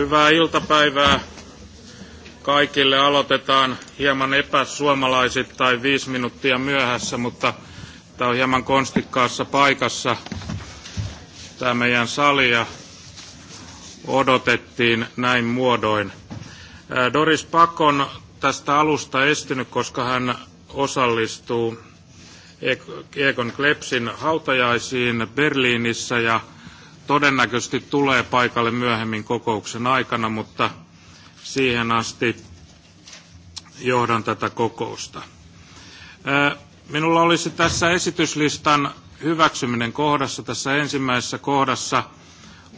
Hyvää iltapäivää kaikille. Aloitetaan hieman epäsuomalaisittain viisi minuuttia myöhässä, mutta tämä on hieman konstikkaassa paikassa. Tämä meidän salia odotettiin näin muodoin. Doris Pakon tästä alusta estynyt, koska hän osallistuu Egon Klepsin hautajaisiin Berliinissä ja todennäköisesti tulee paikalle myöhemmin kokouksen aikana, mutta siihen asti johdan tätä kokousta. Minulla olisi tässä esityslistan hyväksyminen kohdassa. Tässä ensimmäisessä kohdassa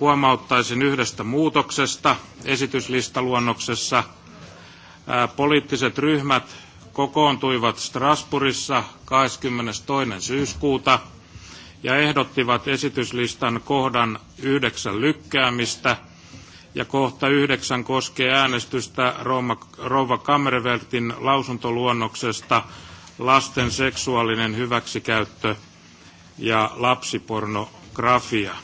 huomauttaisin yhdestä muutoksesta esityslistaluonnoksessa. Poliittiset ryhmät kokoontuivat Strasbourgissa 22. syyskuuta – ja ehdottivat esityslistan kohdan yhdeksän lykkäämistä. Ja kohta yhdeksän koskee äänestystä Rouva, Rouva Kammervertin lausuntoluonnoksesta lasten seksuaalinen hyväksikäyttö ja lapsipornografia.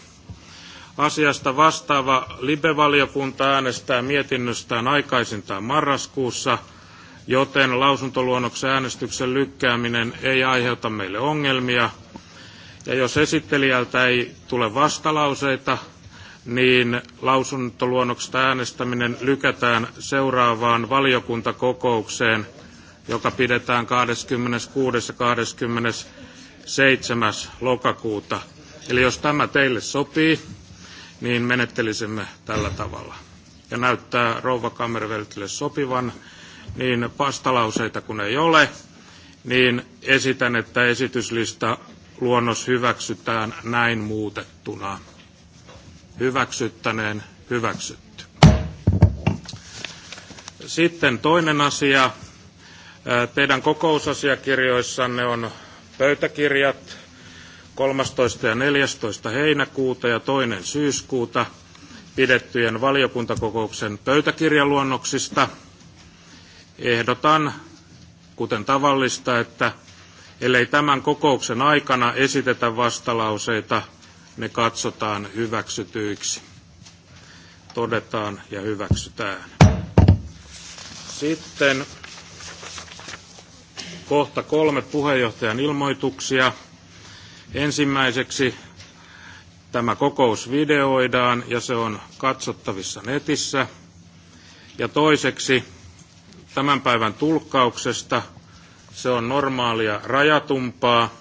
Asiasta vastaava Libe-valiokunta äänestää mietinnöstään aikaisintaan marraskuussa, joten lausuntoluonnoksen äänestyksen lykkääminen ei aiheuta meille ongelmia – Ja jos esittelijältä ei tule vastalauseita, niin lausuntoluonnoksesta äänestäminen lykätään seuraavaan valiokuntakokoukseen, joka pidetään 26. ja 27. lokakuuta. Eli jos tämä teille sopii, niin menettelisimme tällä tavalla. Ja näyttää rouva kameraveltille sopivan, niin vastalauseita kun ei ole, niin esitän, että esityslista luonnos hyväksytään näin muutettuna. Hyväksyttäneen hyväksytty. Sitten toinen asia. Teidän kokousasiakirjoissanne on pöytäkirjat 13. ja 14. heinäkuuta ja toinen syyskuuta pidettyjen valiokuntakokouksen pöytäkirjaluonnoksista. Ehdotan, kuten tavallista, että Ellei tämän kokouksen aikana esitetä vastalauseita, ne katsotaan hyväksytyiksi. Todetaan ja hyväksytään. Sitten kohta kolme puheenjohtajan ilmoituksia. Ensimmäiseksi tämä kokous videoidaan ja se on katsottavissa netissä. Ja toiseksi tämän päivän tulkkauksesta – se on normaalia rajatumpaa,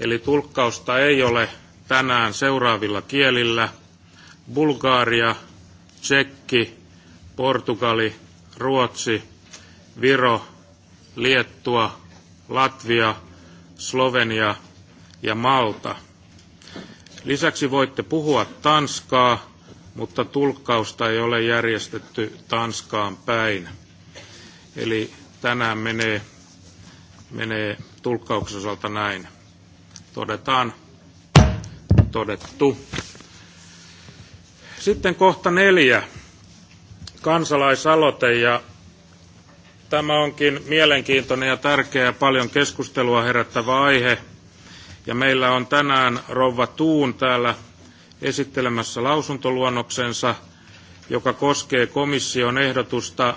eli tulkkausta ei ole tänään seuraavilla kielillä. Bulgaaria, Tsekki, Portugali, Ruotsi, Viro, Liettua, Latvia, Slovenia ja Malta. Lisäksi voitte puhua tanskaa, mutta tulkkausta ei ole järjestetty Tanskaan päin. Eli tänään menee menee tulkkauksen osalta näin. Todetaan todettu. Sitten kohta neljä, kansalaisaloite, ja tämä onkin mielenkiintoinen ja tärkeä ja paljon keskustelua herättävä aihe. Ja meillä on tänään Rova Tuun täällä esittelemässä lausuntoluonnoksensa, joka koskee komission ehdotusta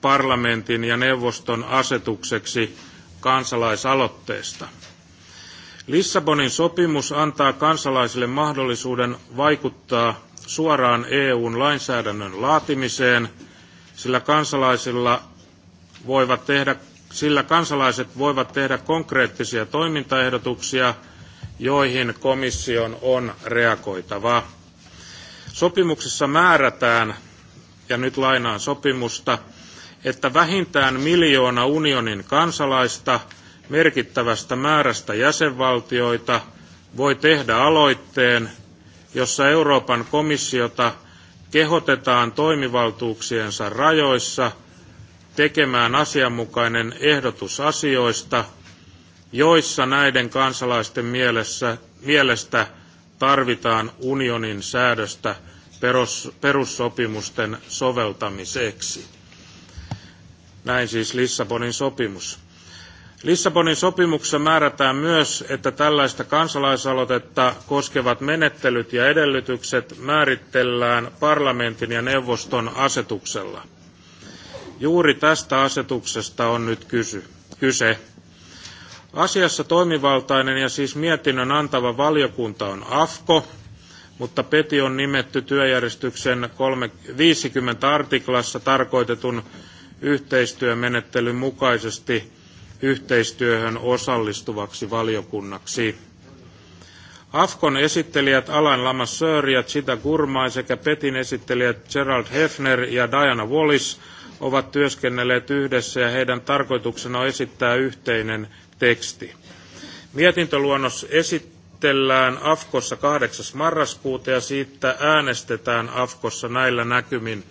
parlamentin ja neuvoston asetukseksi kansalaisaloitteesta. Lissabonin sopimus antaa kansalaisille mahdollisuuden vaikuttaa suoraan EUn lainsäädännön laatimiseen, sillä, kansalaisilla voivat tehdä, sillä kansalaiset voivat tehdä konkreettisia toimintaehdotuksia, joihin komission on reagoitava. Sopimuksessa määrätään, ja nyt lainaan sopimusta, että vähintään miljoona unionin kansalaista merkittävästä määrästä jäsenvaltioita voi tehdä aloitteen, jossa Euroopan komissiota kehotetaan toimivaltuuksiensa rajoissa tekemään asianmukainen ehdotus asioista, joissa näiden kansalaisten mielessä, mielestä tarvitaan unionin säädöstä perussopimusten soveltamiseksi näin siis Lissabonin sopimus. Lissabonin sopimuksessa määrätään myös, että tällaista kansalaisaloitetta koskevat menettelyt ja edellytykset määritellään parlamentin ja neuvoston asetuksella. Juuri tästä asetuksesta on nyt kysy, kyse. Asiassa toimivaltainen ja siis mietinnön antava valiokunta on AFKO, mutta PETI on nimetty työjärjestyksen 50 artiklassa tarkoitetun yhteistyömenettelyn mukaisesti yhteistyöhön osallistuvaksi valiokunnaksi. Afkon esittelijät Alan Lamasseur ja Chita Gurmai sekä Petin esittelijät Gerald Hefner ja Diana Wallis ovat työskennelleet yhdessä ja heidän tarkoituksena on esittää yhteinen teksti. Mietintöluonnos esitellään Afkossa 8. marraskuuta ja siitä äänestetään Afkossa näillä näkymin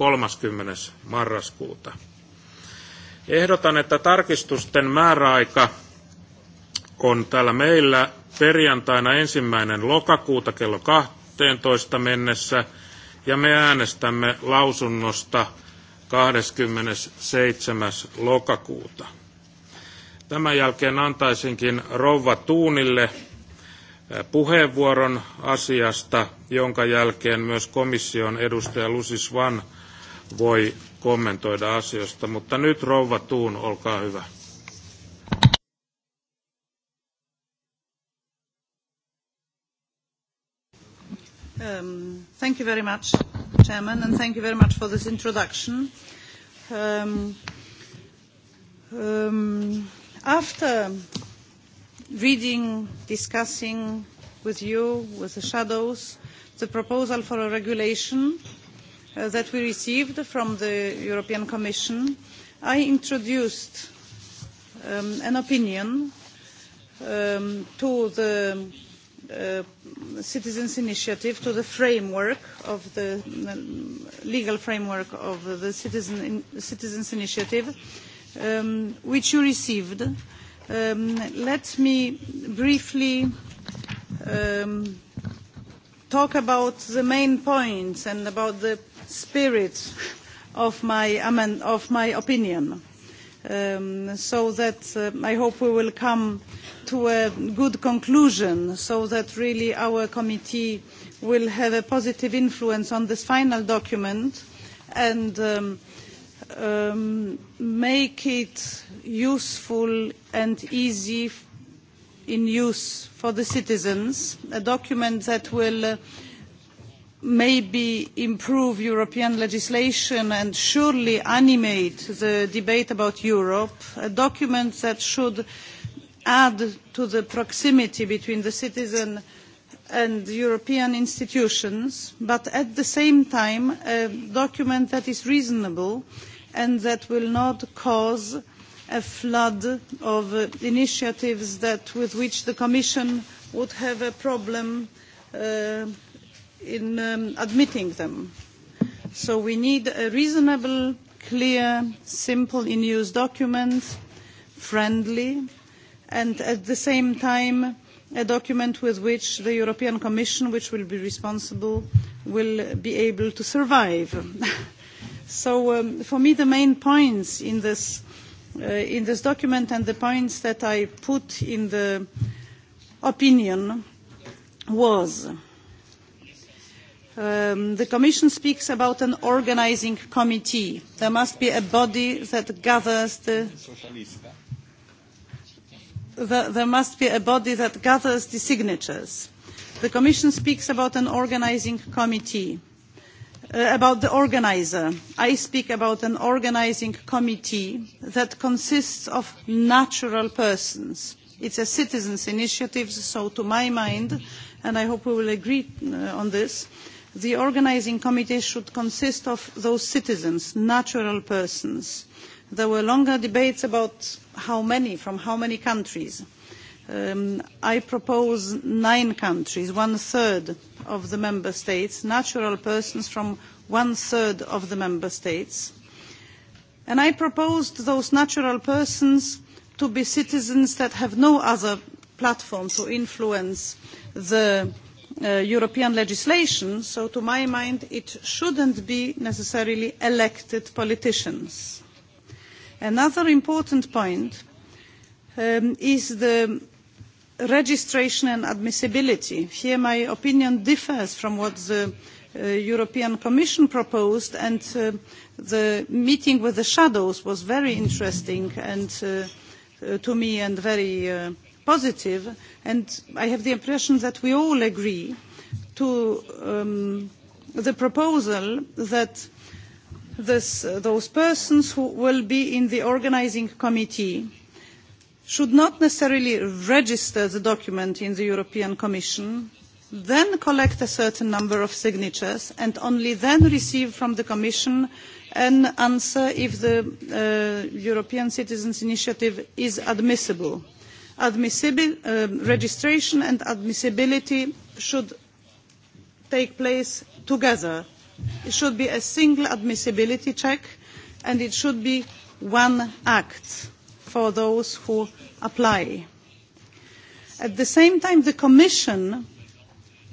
30. marraskuuta. Ehdotan, että tarkistusten määräaika on täällä meillä perjantaina ensimmäinen lokakuuta kello 12 mennessä ja me äänestämme lausunnosta 27. lokakuuta. Tämän jälkeen antaisinkin Rouva Tuunille puheenvuoron asiasta, jonka jälkeen myös komission edustaja Lusis Van voi kommentoida asioista. Mutta nyt rouva Tuun, olkaa hyvä. Um, thank you very much, Chairman, and thank you very much for this introduction. Um, um, after reading, discussing with you, with the shadows, the proposal for a regulation, Uh, that we received from the European Commission, I introduced um, an opinion um, to the Uh, citizens' initiative to the framework of the legal framework of the citizen in, citizens' initiative, um, which you received. Um, let me briefly um, talk about the main points and about the spirit of my, of my opinion. Um, so that uh, I hope we will come to a good conclusion so that really our committee will have a positive influence on this final document and um, um, make it useful and easy in use for the citizens, a document that will uh, maybe improve European legislation and surely animate the debate about Europe, a document that should add to the proximity between the citizen and European institutions, but at the same time a document that is reasonable and that will not cause a flood of uh, initiatives that, with which the Commission would have a problem uh, in um, admitting them. So we need a reasonable, clear, simple in-use document, friendly, and at the same time a document with which the European Commission, which will be responsible, will be able to survive. so um, for me the main points in this, uh, in this document and the points that I put in the opinion was Um, the Commission speaks about an organising committee. There must be a body that gathers the... the there must be a body that gathers the signatures. The Commission speaks about an organising committee. Uh, about the organiser. I speak about an organising committee that consists of natural persons. It's a citizens' initiative, so to my mind, and I hope we will agree uh, on this, uh, the organising committee should consist of those citizens, natural persons. There were longer debates about how many, from how many countries. Um, I propose nine countries, one-third of the member states, natural persons from one-third of the member states. And I proposed those natural persons to be citizens that have no other platform to influence the Uh, European legislation, so to my mind it shouldn't be necessarily elected politicians. Another important point um, is the registration and admissibility. Here my opinion differs from what the uh, European Commission proposed and uh, the meeting with the shadows was very interesting and uh, uh to me and very uh, positive, and I have the impression that we all agree to um, the proposal that this, uh, those persons who will be in the organising committee should not necessarily register the document in the European Commission, then collect a certain number of signatures, and only then receive from the Commission an answer if the uh, European Citizens Initiative is admissible Um, registration and admissibility should take place together. It should be a single admissibility check and it should be one act for those who apply. At the same time, the Commission,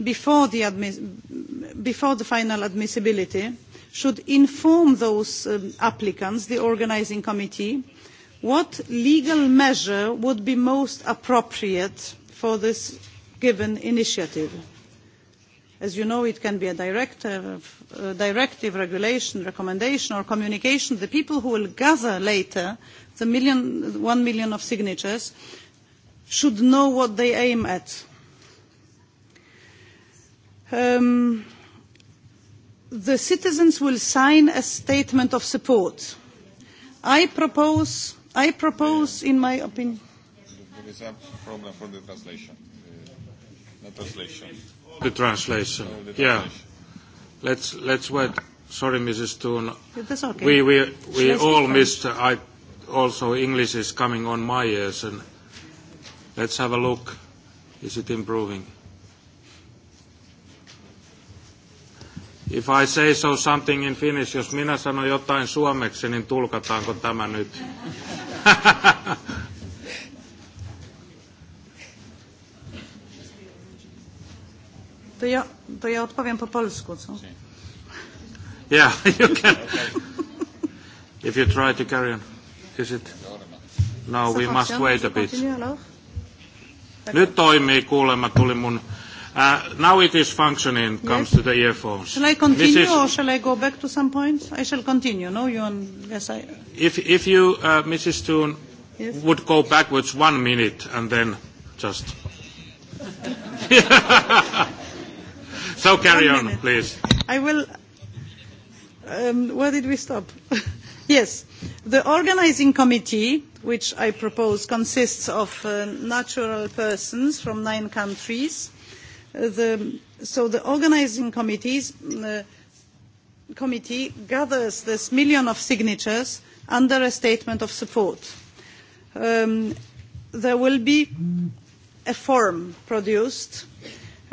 before the, before the final admissibility, should inform those um, applicants, the organising committee, what legal measure would be most appropriate for this given initiative? As you know, it can be a directive, a directive, regulation, recommendation or communication. The people who will gather later the million, one million of signatures should know what they aim at. Um, the citizens will sign a statement of support. I propose I propose, in my opinion. There is a problem for the translation. Uh, the translation. The translation. the translation. Yeah. Let's let's wait. Sorry, Mrs. Toon. That's okay. We we we all missed. I also English is coming on my ears, and let's have a look. Is it improving? If I say so something in Finnish, jos minä sanon jotain suomeksi, niin tulkataanko tämä nyt? To ja, to ja odpowiem po polsku, co? Yeah, you can. If you try to carry on. Is it? No, we must wait a bit. Nyt toimii kuulemma, tuli mun Uh, now it is functioning, yes. comes to the earphones. Shall I continue Mrs. or shall I go back to some points? I shall continue, no? You and yes, I... If, if you, uh, Mrs. Toon, yes. would go backwards one minute and then just... so carry one on, minute. please. I will... Um, where did we stop? yes. The organizing committee, which I propose, consists of uh, natural persons from nine countries the, so the organising committees, mm, uh, committee gathers this million of signatures under a statement of support. Um, there will be a form produced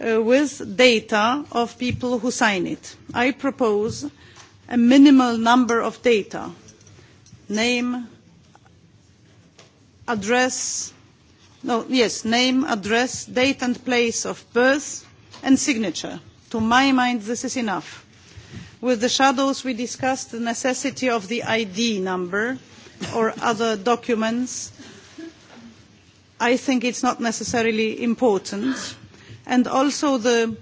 uh, with data of people who sign it. I propose a minimal number of data, name, address, no, yes, name, address, date and place of birth and signature. To my mind, this is enough. With the shadows, we discussed the necessity of the ID number or other documents. I think it's not necessarily important. And also the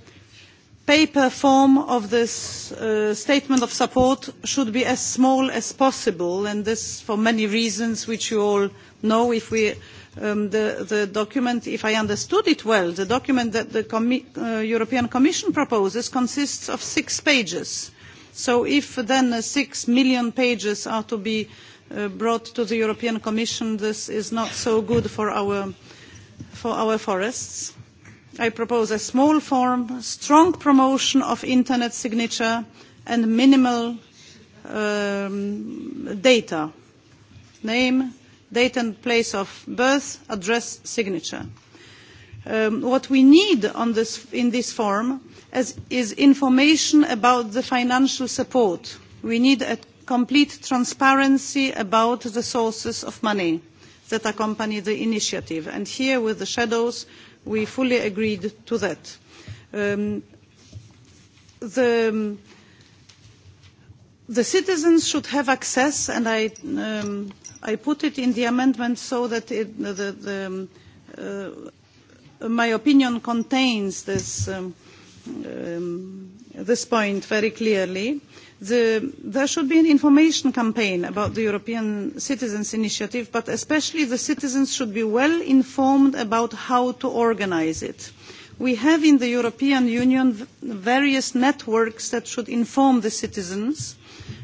paper form of this uh, statement of support should be as small as possible, and this for many reasons which you all know if we um, the, the document, if I understood it well, the document that the Com uh, European Commission proposes consists of six pages. So if then uh, six million pages are to be uh, brought to the European Commission, this is not so good for our, for our forests. I propose a small form, strong promotion of internet signature and minimal um, data, name, date and place of birth, address, signature. Um, what we need this, in this form is information about the financial support. We need a complete transparency about the sources of money that accompany the initiative. And here with the shadows, we fully agreed to that. Um, the, um, the, citizens should have access, and I um, I put it in the amendment so that it, the, the, um, uh, my opinion contains this, um, um, this point very clearly. The, there should be an information campaign about the European Citizens Initiative, but especially the citizens should be well informed about how to organise it. We have in the European Union various networks that should inform the citizens,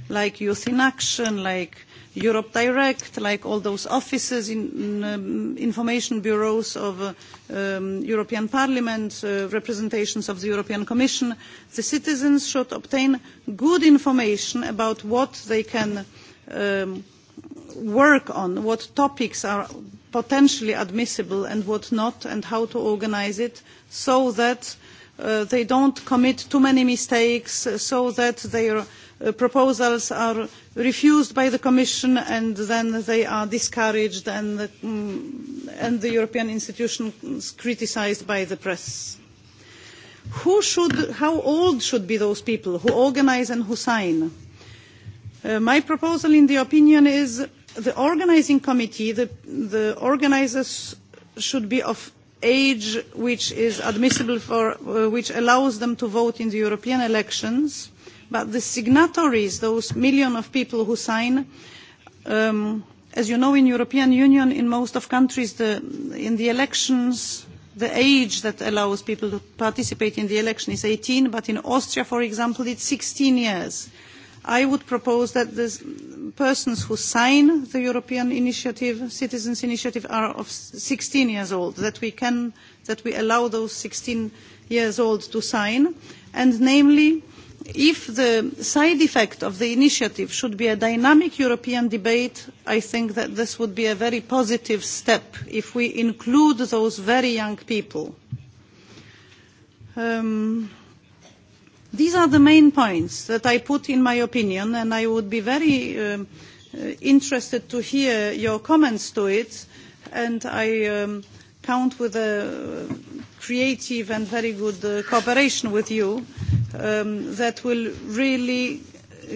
like Youth in Action, like Europe Direct, like all those offices, in, um, information bureaus of uh, um, European Parliament, uh, representations of the European Commission, the citizens should obtain good information about what they can um, work on, what topics are potentially admissible and what not, and how to organise it so that uh, they don't commit too many mistakes, uh, so that their Uh, proposals are refused by the Commission and then they are discouraged and, um, and the European institutions criticised by the press. Who should, how old should be those people who organise and who sign? Uh, my proposal in the opinion is the organising committee, the, the organisers should be of age which is admissible for uh, which allows them to vote in the European elections But the signatories, those million of people who sign, um, as you know, in European Union, in most of countries, the, in the elections, the age that allows people to participate in the election is 18, but in Austria, for example, it's 16 years. I would propose that the persons who sign the European initiative, citizens' initiative, are of 16 years old, that we, can, that we allow those 16 years old to sign, and namely, if the side effect of the initiative should be a dynamic European debate, I think that this would be a very positive step if we include those very young people. Um, these are the main points that I put in my opinion, and I would be very um, uh, interested to hear your comments to it, and I um, count with a creative and very good uh, cooperation with you um, that will really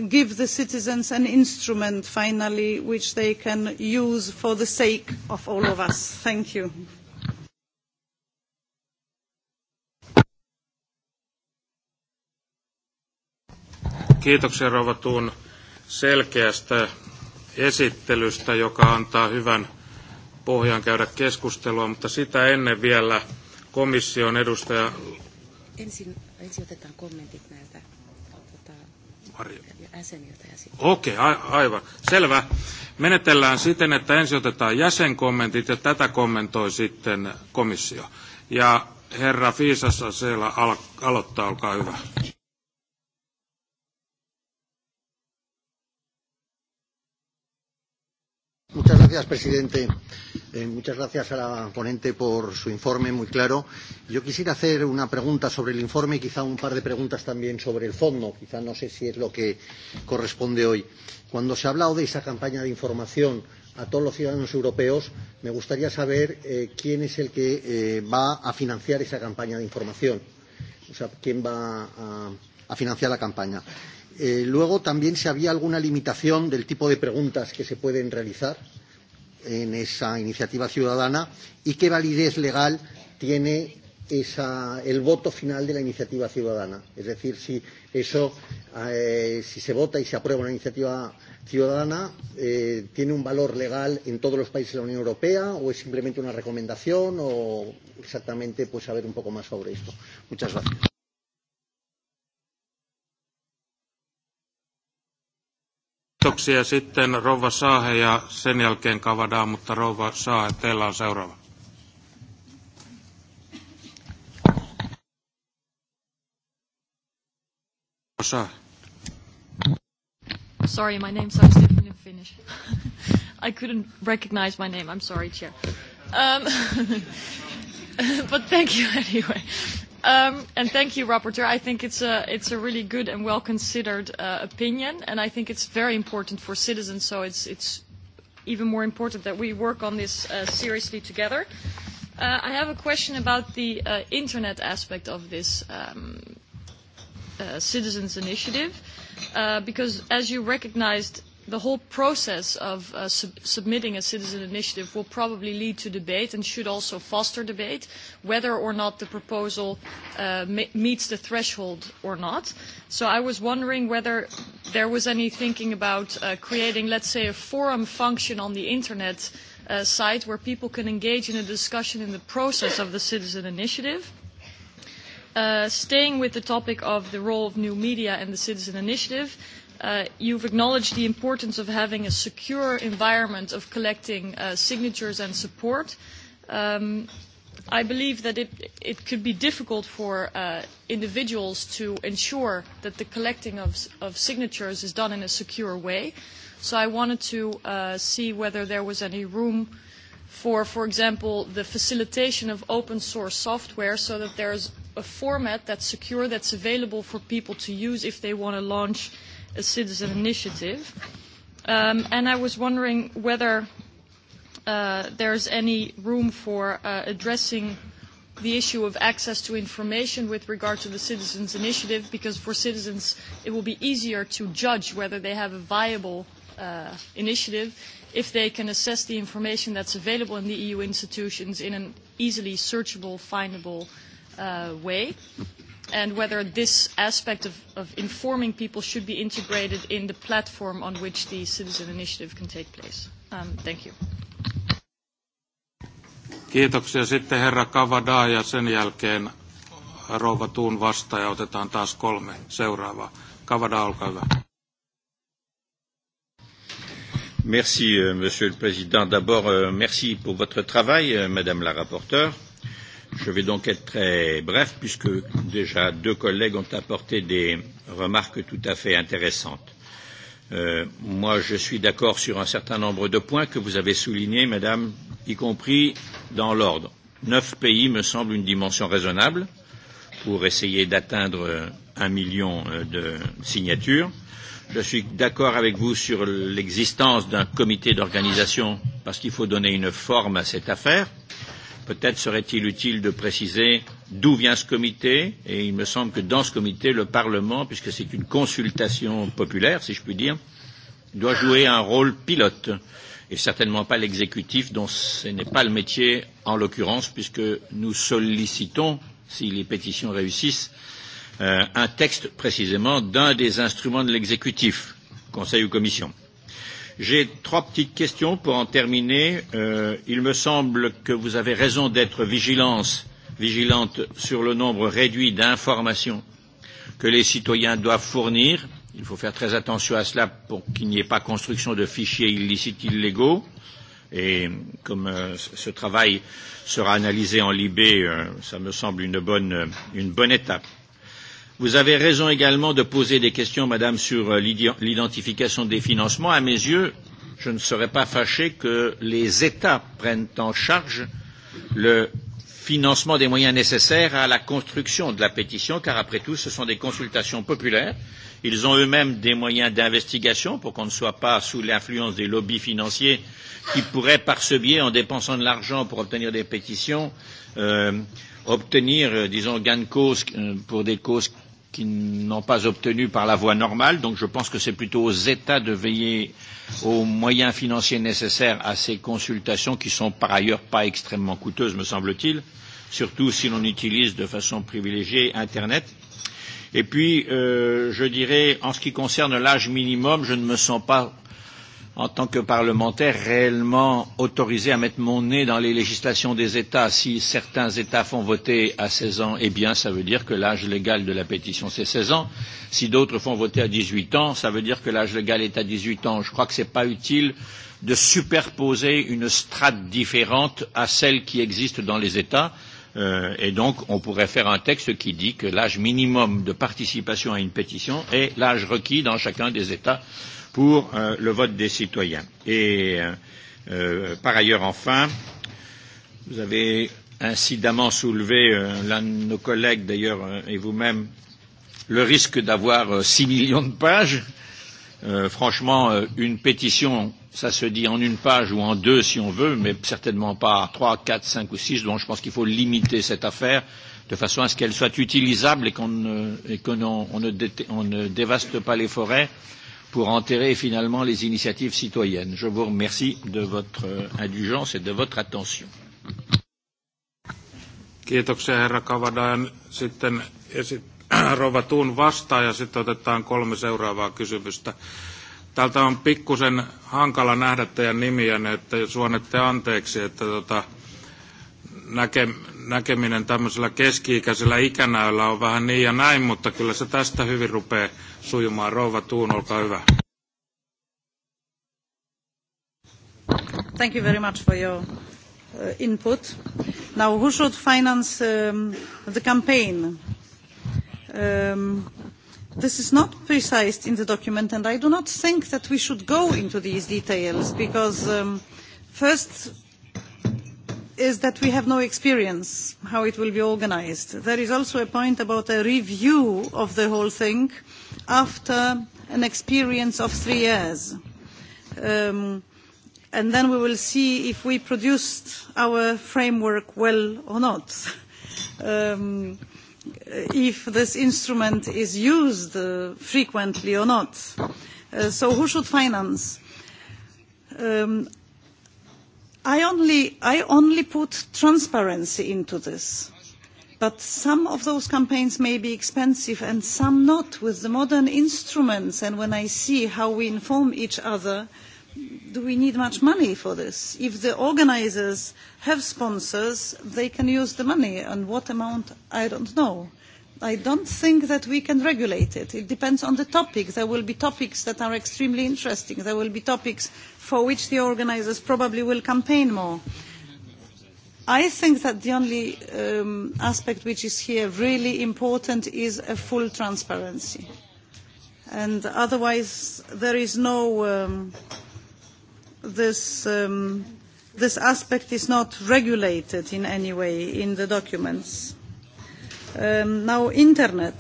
give the citizens an instrument finally which they can use for the sake of all of us. Thank you. Kiitoksia Rova selkeästä esittelystä, joka antaa hyvän pohjan käydä keskustelua, mutta sitä ennen vielä komission edustaja... Ensin, ensin otetaan kommentit näiltä jäseniltä. Ja sitten... Okei, okay, a- aivan. Selvä. Menetellään siten, että ensin otetaan jäsenkommentit ja tätä kommentoi sitten komissio. Ja herra Fiisassa siellä al- aloittaa, olkaa hyvä. Muchas gracias, presidente. Eh, muchas gracias a la ponente por su informe muy claro. Yo quisiera hacer una pregunta sobre el informe y quizá un par de preguntas también sobre el fondo. Quizá no sé si es lo que corresponde hoy. Cuando se ha hablado de esa campaña de información a todos los ciudadanos europeos, me gustaría saber eh, quién es el que eh, va a financiar esa campaña de información. O sea, quién va a, a financiar la campaña. Eh, luego también si había alguna limitación del tipo de preguntas que se pueden realizar en esa iniciativa ciudadana y qué validez legal tiene esa, el voto final de la iniciativa ciudadana. Es decir, si eso, eh, si se vota y se aprueba una iniciativa ciudadana, eh, ¿tiene un valor legal en todos los países de la Unión Europea o es simplemente una recomendación o exactamente pues saber un poco más sobre esto? Muchas gracias. Kiitoksia sitten Rova Saahe ja sen jälkeen Kavadaan, mutta Rova Saahe, teillä on seuraava. Sorry, my name sounds different in Finnish. I couldn't recognize my name. I'm sorry, Chair. Um, but thank you anyway. Um, and thank you, Rapporteur. I think it's a, it's a really good and well-considered uh, opinion, and I think it's very important for citizens, so it's, it's even more important that we work on this uh, seriously together. Uh, I have a question about the uh, internet aspect of this um, uh, citizens' initiative, uh, because as you recognized, the whole process of uh, sub submitting a citizen initiative will probably lead to debate and should also foster debate whether or not the proposal uh, meets the threshold or not. So I was wondering whether there was any thinking about uh, creating, let's say, a forum function on the internet uh, site where people can engage in a discussion in the process of the citizen initiative. Uh, staying with the topic of the role of new media and the citizen initiative, Uh, you've acknowledged the importance of having a secure environment of collecting uh, signatures and support. Um, I believe that it, it could be difficult for uh, individuals to ensure that the collecting of, of signatures is done in a secure way. So I wanted to uh, see whether there was any room for, for example, the facilitation of open source software so that there's a format that's secure, that's available for people to use if they want to launch uh, a citizen initiative. Um, and I was wondering whether uh, there's any room for uh, addressing the issue of access to information with regard to the citizens' initiative, because for citizens it will be easier to judge whether they have a viable uh, initiative if they can assess the information that's available in the EU institutions in an easily searchable, findable uh, way and whether this aspect of, of informing people should be integrated in the platform on which the citizen initiative can take place. Um, thank you. Kiitoksia. Sitten herra Kavada ja sen jälkeen rouva Tuun vastaaja. Otetaan taas kolme seuraavaa. Kavada, olkaa hyvä. Merci, euh, Monsieur le Président. D'abord, euh, merci pour votre travail, euh, Madame la rapporteure. Je vais donc être très bref puisque déjà deux collègues ont apporté des remarques tout à fait intéressantes. Euh, moi, je suis d'accord sur un certain nombre de points que vous avez soulignés, Madame, y compris dans l'ordre. Neuf pays me semble une dimension raisonnable pour essayer d'atteindre un million euh, de signatures. Je suis d'accord avec vous sur l'existence d'un comité d'organisation parce qu'il faut donner une forme à cette affaire. Euh, Peut-être serait-il utile de préciser d'où vient ce comité, et il me semble que dans ce comité, le Parlement, puisque c'est une consultation populaire, si je puis dire, doit jouer un rôle pilote, et certainement pas l'exécutif, dont ce n'est pas le métier en l'occurrence, puisque nous sollicitons, si les pétitions réussissent, euh, un texte précisément d'un des instruments de l'exécutif, Conseil ou Commission. J'ai trois petites questions pour en terminer. Euh, il me semble que vous avez raison d'être vigilante sur le nombre réduit d'informations que les citoyens doivent fournir. Il faut faire très attention à cela pour qu'il n'y ait pas construction de fichiers illicites illégaux. Et comme euh, ce travail sera analysé en Libé, euh, ça me semble une bonne, une bonne étape. Vous avez raison également de poser des questions, Madame, sur euh, l'identification des financements. À mes yeux, je ne serais pas fâché que les États prennent en charge le financement des moyens nécessaires à la construction de la pétition, car après tout, ce sont des consultations populaires. Ils ont eux-mêmes des moyens d'investigation pour qu'on ne soit pas sous l'influence des lobbies financiers qui pourraient, par ce biais, en dépensant de l'argent pour obtenir des pétitions, euh, obtenir, euh, disons, gain de cause euh, pour des causes qui n'ont pas obtenu par la voie normale. Donc je pense que c'est plutôt aux États de veiller aux moyens financiers nécessaires à ces consultations qui sont par ailleurs pas extrêmement coûteuses, me semble-t-il, surtout si l'on utilise de façon privilégiée Internet. Et puis, euh, je dirais, en ce qui concerne l'âge minimum, je ne me sens pas en tant que parlementaire, réellement autorisé à mettre mon nez dans les législations des États. Si certains États font voter à 16 ans, eh bien, ça veut dire que l'âge légal de la pétition, c'est 16 ans. Si d'autres font voter à 18 ans, ça veut dire que l'âge légal est à 18 ans. Je crois que ce n'est pas utile de superposer une strate différente à celle qui existe dans les États. Euh, et donc, on pourrait faire un texte qui dit que l'âge minimum de participation à une pétition est l'âge requis dans chacun des États pour euh, le vote des citoyens. Et euh, euh, par ailleurs, enfin, vous avez incidemment soulevé, euh, l'un de nos collègues d'ailleurs euh, et vous-même, le risque d'avoir euh, 6 millions de pages. Euh, franchement, euh, une pétition, ça se dit en une page ou en deux si on veut, mais certainement pas 3, 4, 5 ou 6, donc je pense qu'il faut limiter cette affaire de façon à ce qu'elle soit utilisable et qu'on ne, qu on, on ne, dé, ne dévaste pas les forêts. Euh, pour enterrer finalement les initiatives citoyennes. Je vous remercie de votre euh, indulgence et de votre attention. Kiitoksia herra Kavadajan. Sitten esit, rouva Tuun vastaa ja sitten otetaan kolme seuraavaa kysymystä. Täältä on pikkusen hankala nähdä teidän nimiänne, että suonette anteeksi, että tota, näke, näkeminen tämmöisellä keski-ikäisellä ikänäöllä on vähän niin ja näin, mutta kyllä se tästä hyvin rupeaa sujumaan. Rouva Tuun, olkaa hyvä. Thank you very much for your uh, input. Now, who should finance um, the campaign? Um, this is not precised in the document, and I do not think that we should go into these details because, um, first, is that we have no experience how it will be organised. There is also a point about a review of the whole thing after an experience of three years. Um, and then we will see if we produced our framework well or not. Um, if this instrument is used uh, frequently or not. Uh, so who should finance? Um, I only, I only put transparency into this. But some of those campaigns may be expensive and some not. With the modern instruments and when I see how we inform each other, do we need much money for this? If the organisers have sponsors, they can use the money. And what amount, I don't know. I don't think that we can regulate it. It depends on the topic. There will be topics that are extremely interesting. There will be topics for which the organisers probably will campaign more. I think that the only um, aspect which is here really important is a full transparency. And otherwise, there is no, um, this, um, this aspect is not regulated in any way in the documents. Um, now, Internet.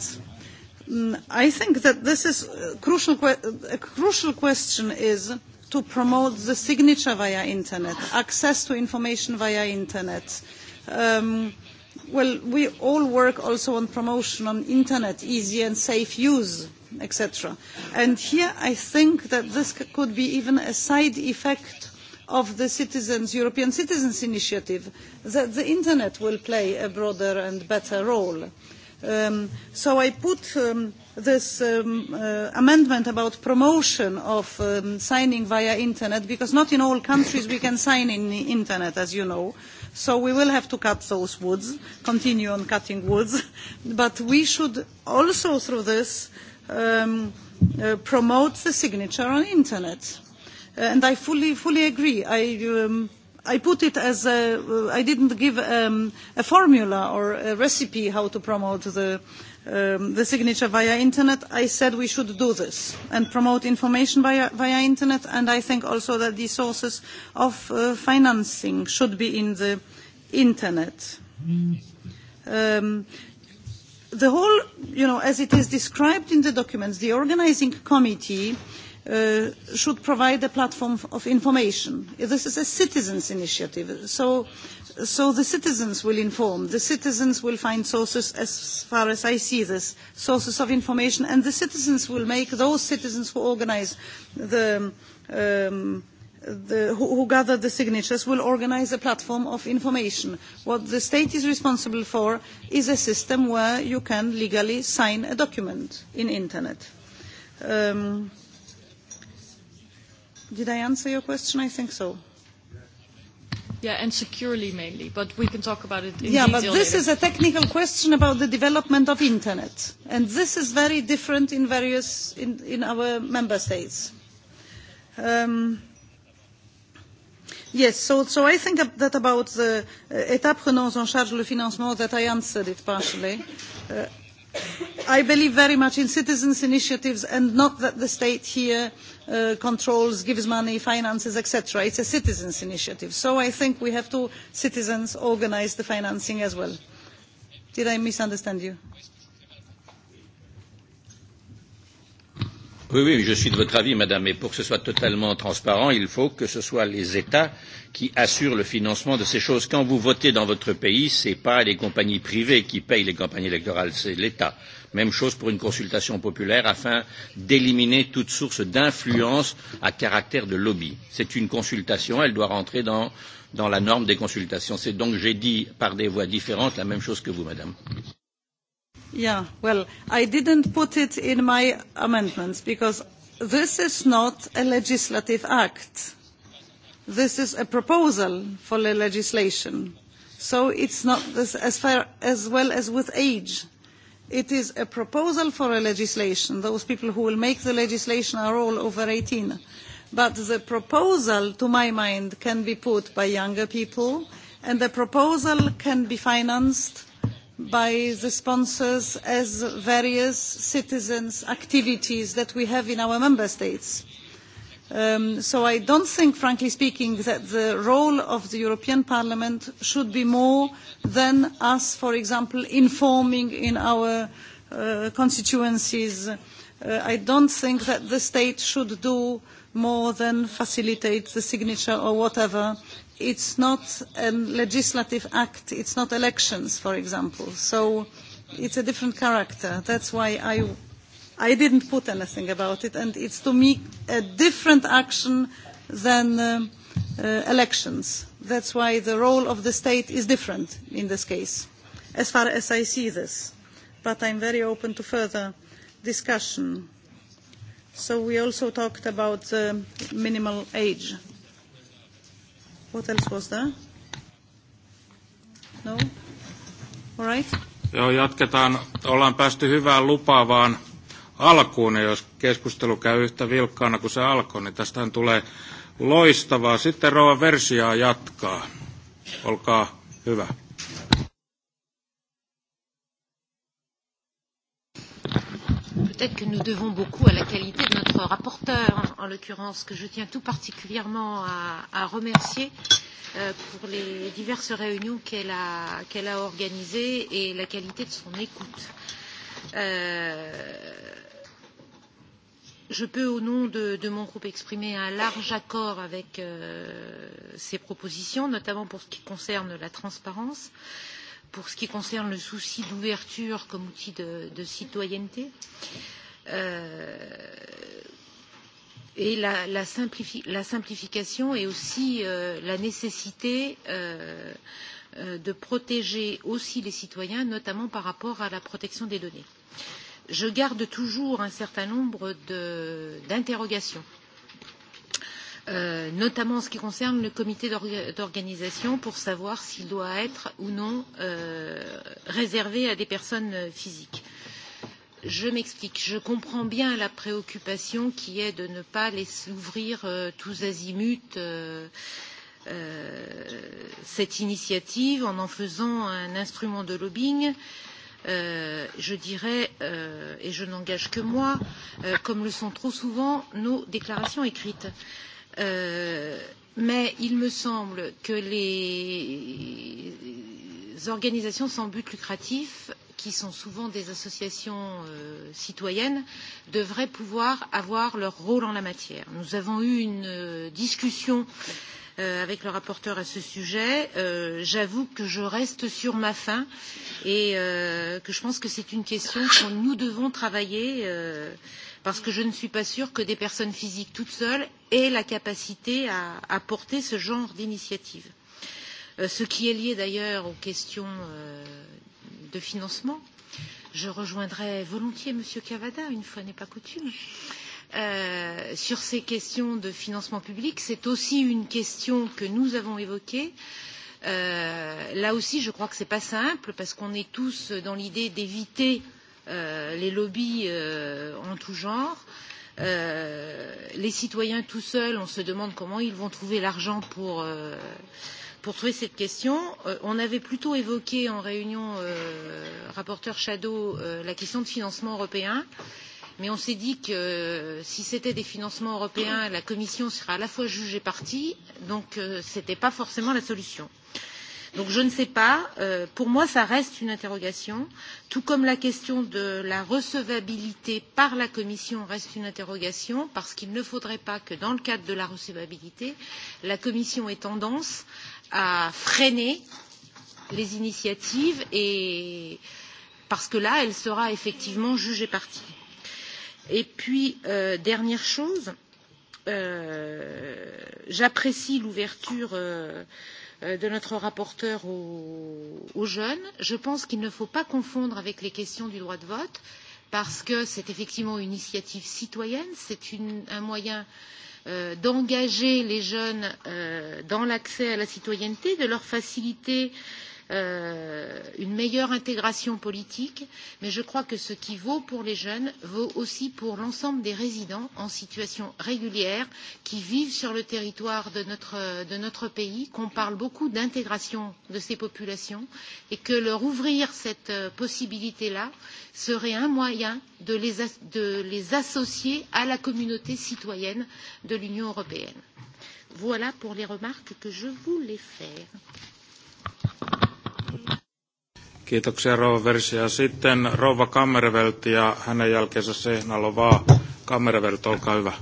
Mm, I think that this is a uh, crucial, uh, a crucial question is, to promote the signature via internet, access to information via internet. Um, well, we all work also on promotion on internet, easy and safe use, etc. And here I think that this could be even a side effect of the citizens, European Citizens Initiative, that the internet will play a broader and better role. Um, so I put um, this um, uh, amendment about promotion of um, signing via internet because not in all countries we can sign in the internet as you know so we will have to cut those woods continue on cutting woods but we should also through this um, uh, promote the signature on internet and i fully fully agree i um, I put it as a, uh, I didn't give um, a formula or a recipe how to promote the um, the signature via internet, I said we should do this and promote information via, via internet. And I think also that the sources of uh, financing should be in the internet. Um, the whole, you know, as it is described in the documents, the organizing committee uh, should provide a platform of information. This is a citizens' initiative, so So the citizens will inform. The citizens will find sources, as far as I see this, sources of information, and the citizens will make those citizens who organise the, um, the who, who gather the signatures will organise a platform of information. What the state is responsible for is a system where you can legally sign a document in internet. Um, did I answer your question? I think so. Yeah, and securely mainly, but we can talk about it in yeah, detail. Yeah, but this later. is a technical question about the development of internet, and this is very different in various in, in our member states. Um, yes, so, so I think that about the uh, état prenant en charge le financement that I answered it partially. Uh, I believe very much in citizens' initiatives and not that the state here uh, controls, gives money, finances, etc. It's a citizens' initiative. So I think we have to, citizens, organise the financing as well. Did I misunderstand you? Oui, oui, je suis de votre avis, madame, mais pour que ce soit totalement transparent, il faut que ce soit les États qui assurent le financement de ces choses. Quand vous votez dans votre pays, ce n'est pas les compagnies privées qui payent les campagnes électorales, c'est l'État. Même chose pour une consultation populaire afin d'éliminer toute source d'influence à caractère de lobby. C'est une consultation, elle doit rentrer dans, dans la norme des consultations. C'est donc, j'ai dit par des voix différentes la même chose que vous, madame. Yeah, well, I didn't put it in my amendments because this is not a legislative act. This is a proposal for the legislation. So it's not this as far as well as with age. It is a proposal for a legislation. Those people who will make the legislation are all over 18. But the proposal, to my mind, can be put by younger people, and the proposal can be financed by the sponsors as various citizens' activities that we have in our member states. Um, so I don't think, frankly speaking, that the role of the European Parliament should be more than us, for example, informing in our uh, constituencies. Uh, I don't think that the state should do more than facilitate the signature or whatever it's not a legislative act, it's not elections, for example. So it's a different character. That's why I, I didn't put anything about it, and it's to me a different action than uh, uh, elections. That's why the role of the state is different in this case, as far as I see this. But I'm very open to further discussion. So we also talked about uh, minimal age What else was there? No? All right. Joo, jatketaan. Ollaan päästy hyvään lupaavaan alkuun, ja jos keskustelu käy yhtä vilkkaana kuin se alkoi, niin tästähän tulee loistavaa. Sitten Rova Versiaa jatkaa. Olkaa hyvä. Peut-être que nous devons beaucoup à la qualité de notre rapporteur, en l'occurrence, que je tiens tout particulièrement à, à remercier euh, pour les diverses réunions qu'elle a, qu a organisées et la qualité de son écoute. Euh, je peux, au nom de, de mon groupe, exprimer un large accord avec euh, ses propositions, notamment pour ce qui concerne la transparence. Euh, pour ce qui concerne le souci d'ouverture comme outil de, de citoyenneté euh, et la, la, simplifi la simplification et aussi euh, la nécessité euh, euh, de protéger aussi les citoyens, notamment par rapport à la protection des données. Je garde toujours un certain nombre d'interrogations euh, notamment en ce qui concerne le comité d'organisation pour savoir s'il doit être ou non euh, réservé à des personnes physiques. Je m'explique. Je comprends bien la préoccupation qui est de ne pas les ouvrir euh, tous azimuts euh, euh, cette initiative en en faisant un instrument de lobbying. Euh, je dirais, euh, et je n'engage que moi, euh, comme le sont trop souvent nos déclarations écrites. Euh, Euh, mais il me semble que les organisations sans but lucratif, qui sont souvent des associations euh, citoyennes, devraient pouvoir avoir leur rôle en la matière. Nous avons eu une euh, discussion euh, avec le rapporteur à ce sujet. Euh, J'avoue que je reste sur ma faim et euh, que je pense que c'est une question que nous devons travailler. Euh, parce que je ne suis pas sûre que des personnes physiques toutes seules aient la capacité à, à porter ce genre d'initiative. Euh, ce qui est lié d'ailleurs aux questions euh, de financement, je rejoindrai volontiers M. Cavada, une fois n'est pas coutume. Euh, sur ces questions de financement public, c'est aussi une question que nous avons évoquée. Euh, là aussi, je crois que ce n'est pas simple parce qu'on est tous dans l'idée d'éviter euh, Euh, les lobbies euh, en tout genre. Euh, les citoyens tout seuls, on se demande comment ils vont trouver l'argent pour, euh, pour trouver cette question. Euh, on avait plutôt évoqué en réunion euh, rapporteur Shadow euh, la question de financement européen. Mais on s'est dit que euh, si c'était des financements européens, la Commission serait à la fois juge et partie, donc euh, ce n'était pas forcément la solution. Euh, Donc je ne sais pas, euh, pour moi ça reste une interrogation, tout comme la question de la recevabilité par la Commission reste une interrogation, parce qu'il ne faudrait pas que dans le cadre de la recevabilité, la Commission ait tendance à freiner les initiatives et parce que là, elle sera effectivement jugée partie. Et puis, euh, dernière chose, euh, j'apprécie l'ouverture euh, Euh, de notre rapporteur aux, aux jeunes. Je pense qu'il ne faut pas confondre avec les questions du droit de vote, parce que c'est effectivement une initiative citoyenne, c'est un moyen euh, d'engager les jeunes euh, dans l'accès à la citoyenneté, de leur faciliter euh, euh, une meilleure intégration politique, mais je crois que ce qui vaut pour les jeunes vaut aussi pour l'ensemble des résidents en situation régulière qui vivent sur le territoire de notre, de notre pays, qu'on parle beaucoup d'intégration de ces populations et que leur ouvrir cette euh, possibilité-là serait un moyen de les, de les associer à la communauté citoyenne de l'Union européenne. Voilà pour les remarques que je voulais faire. Kiitoksia Rova Versi. Ja sitten Rova Kammervelt ja hänen jälkeensä Sehnalo Lovaa. Kammervelt, olkaa hyvä.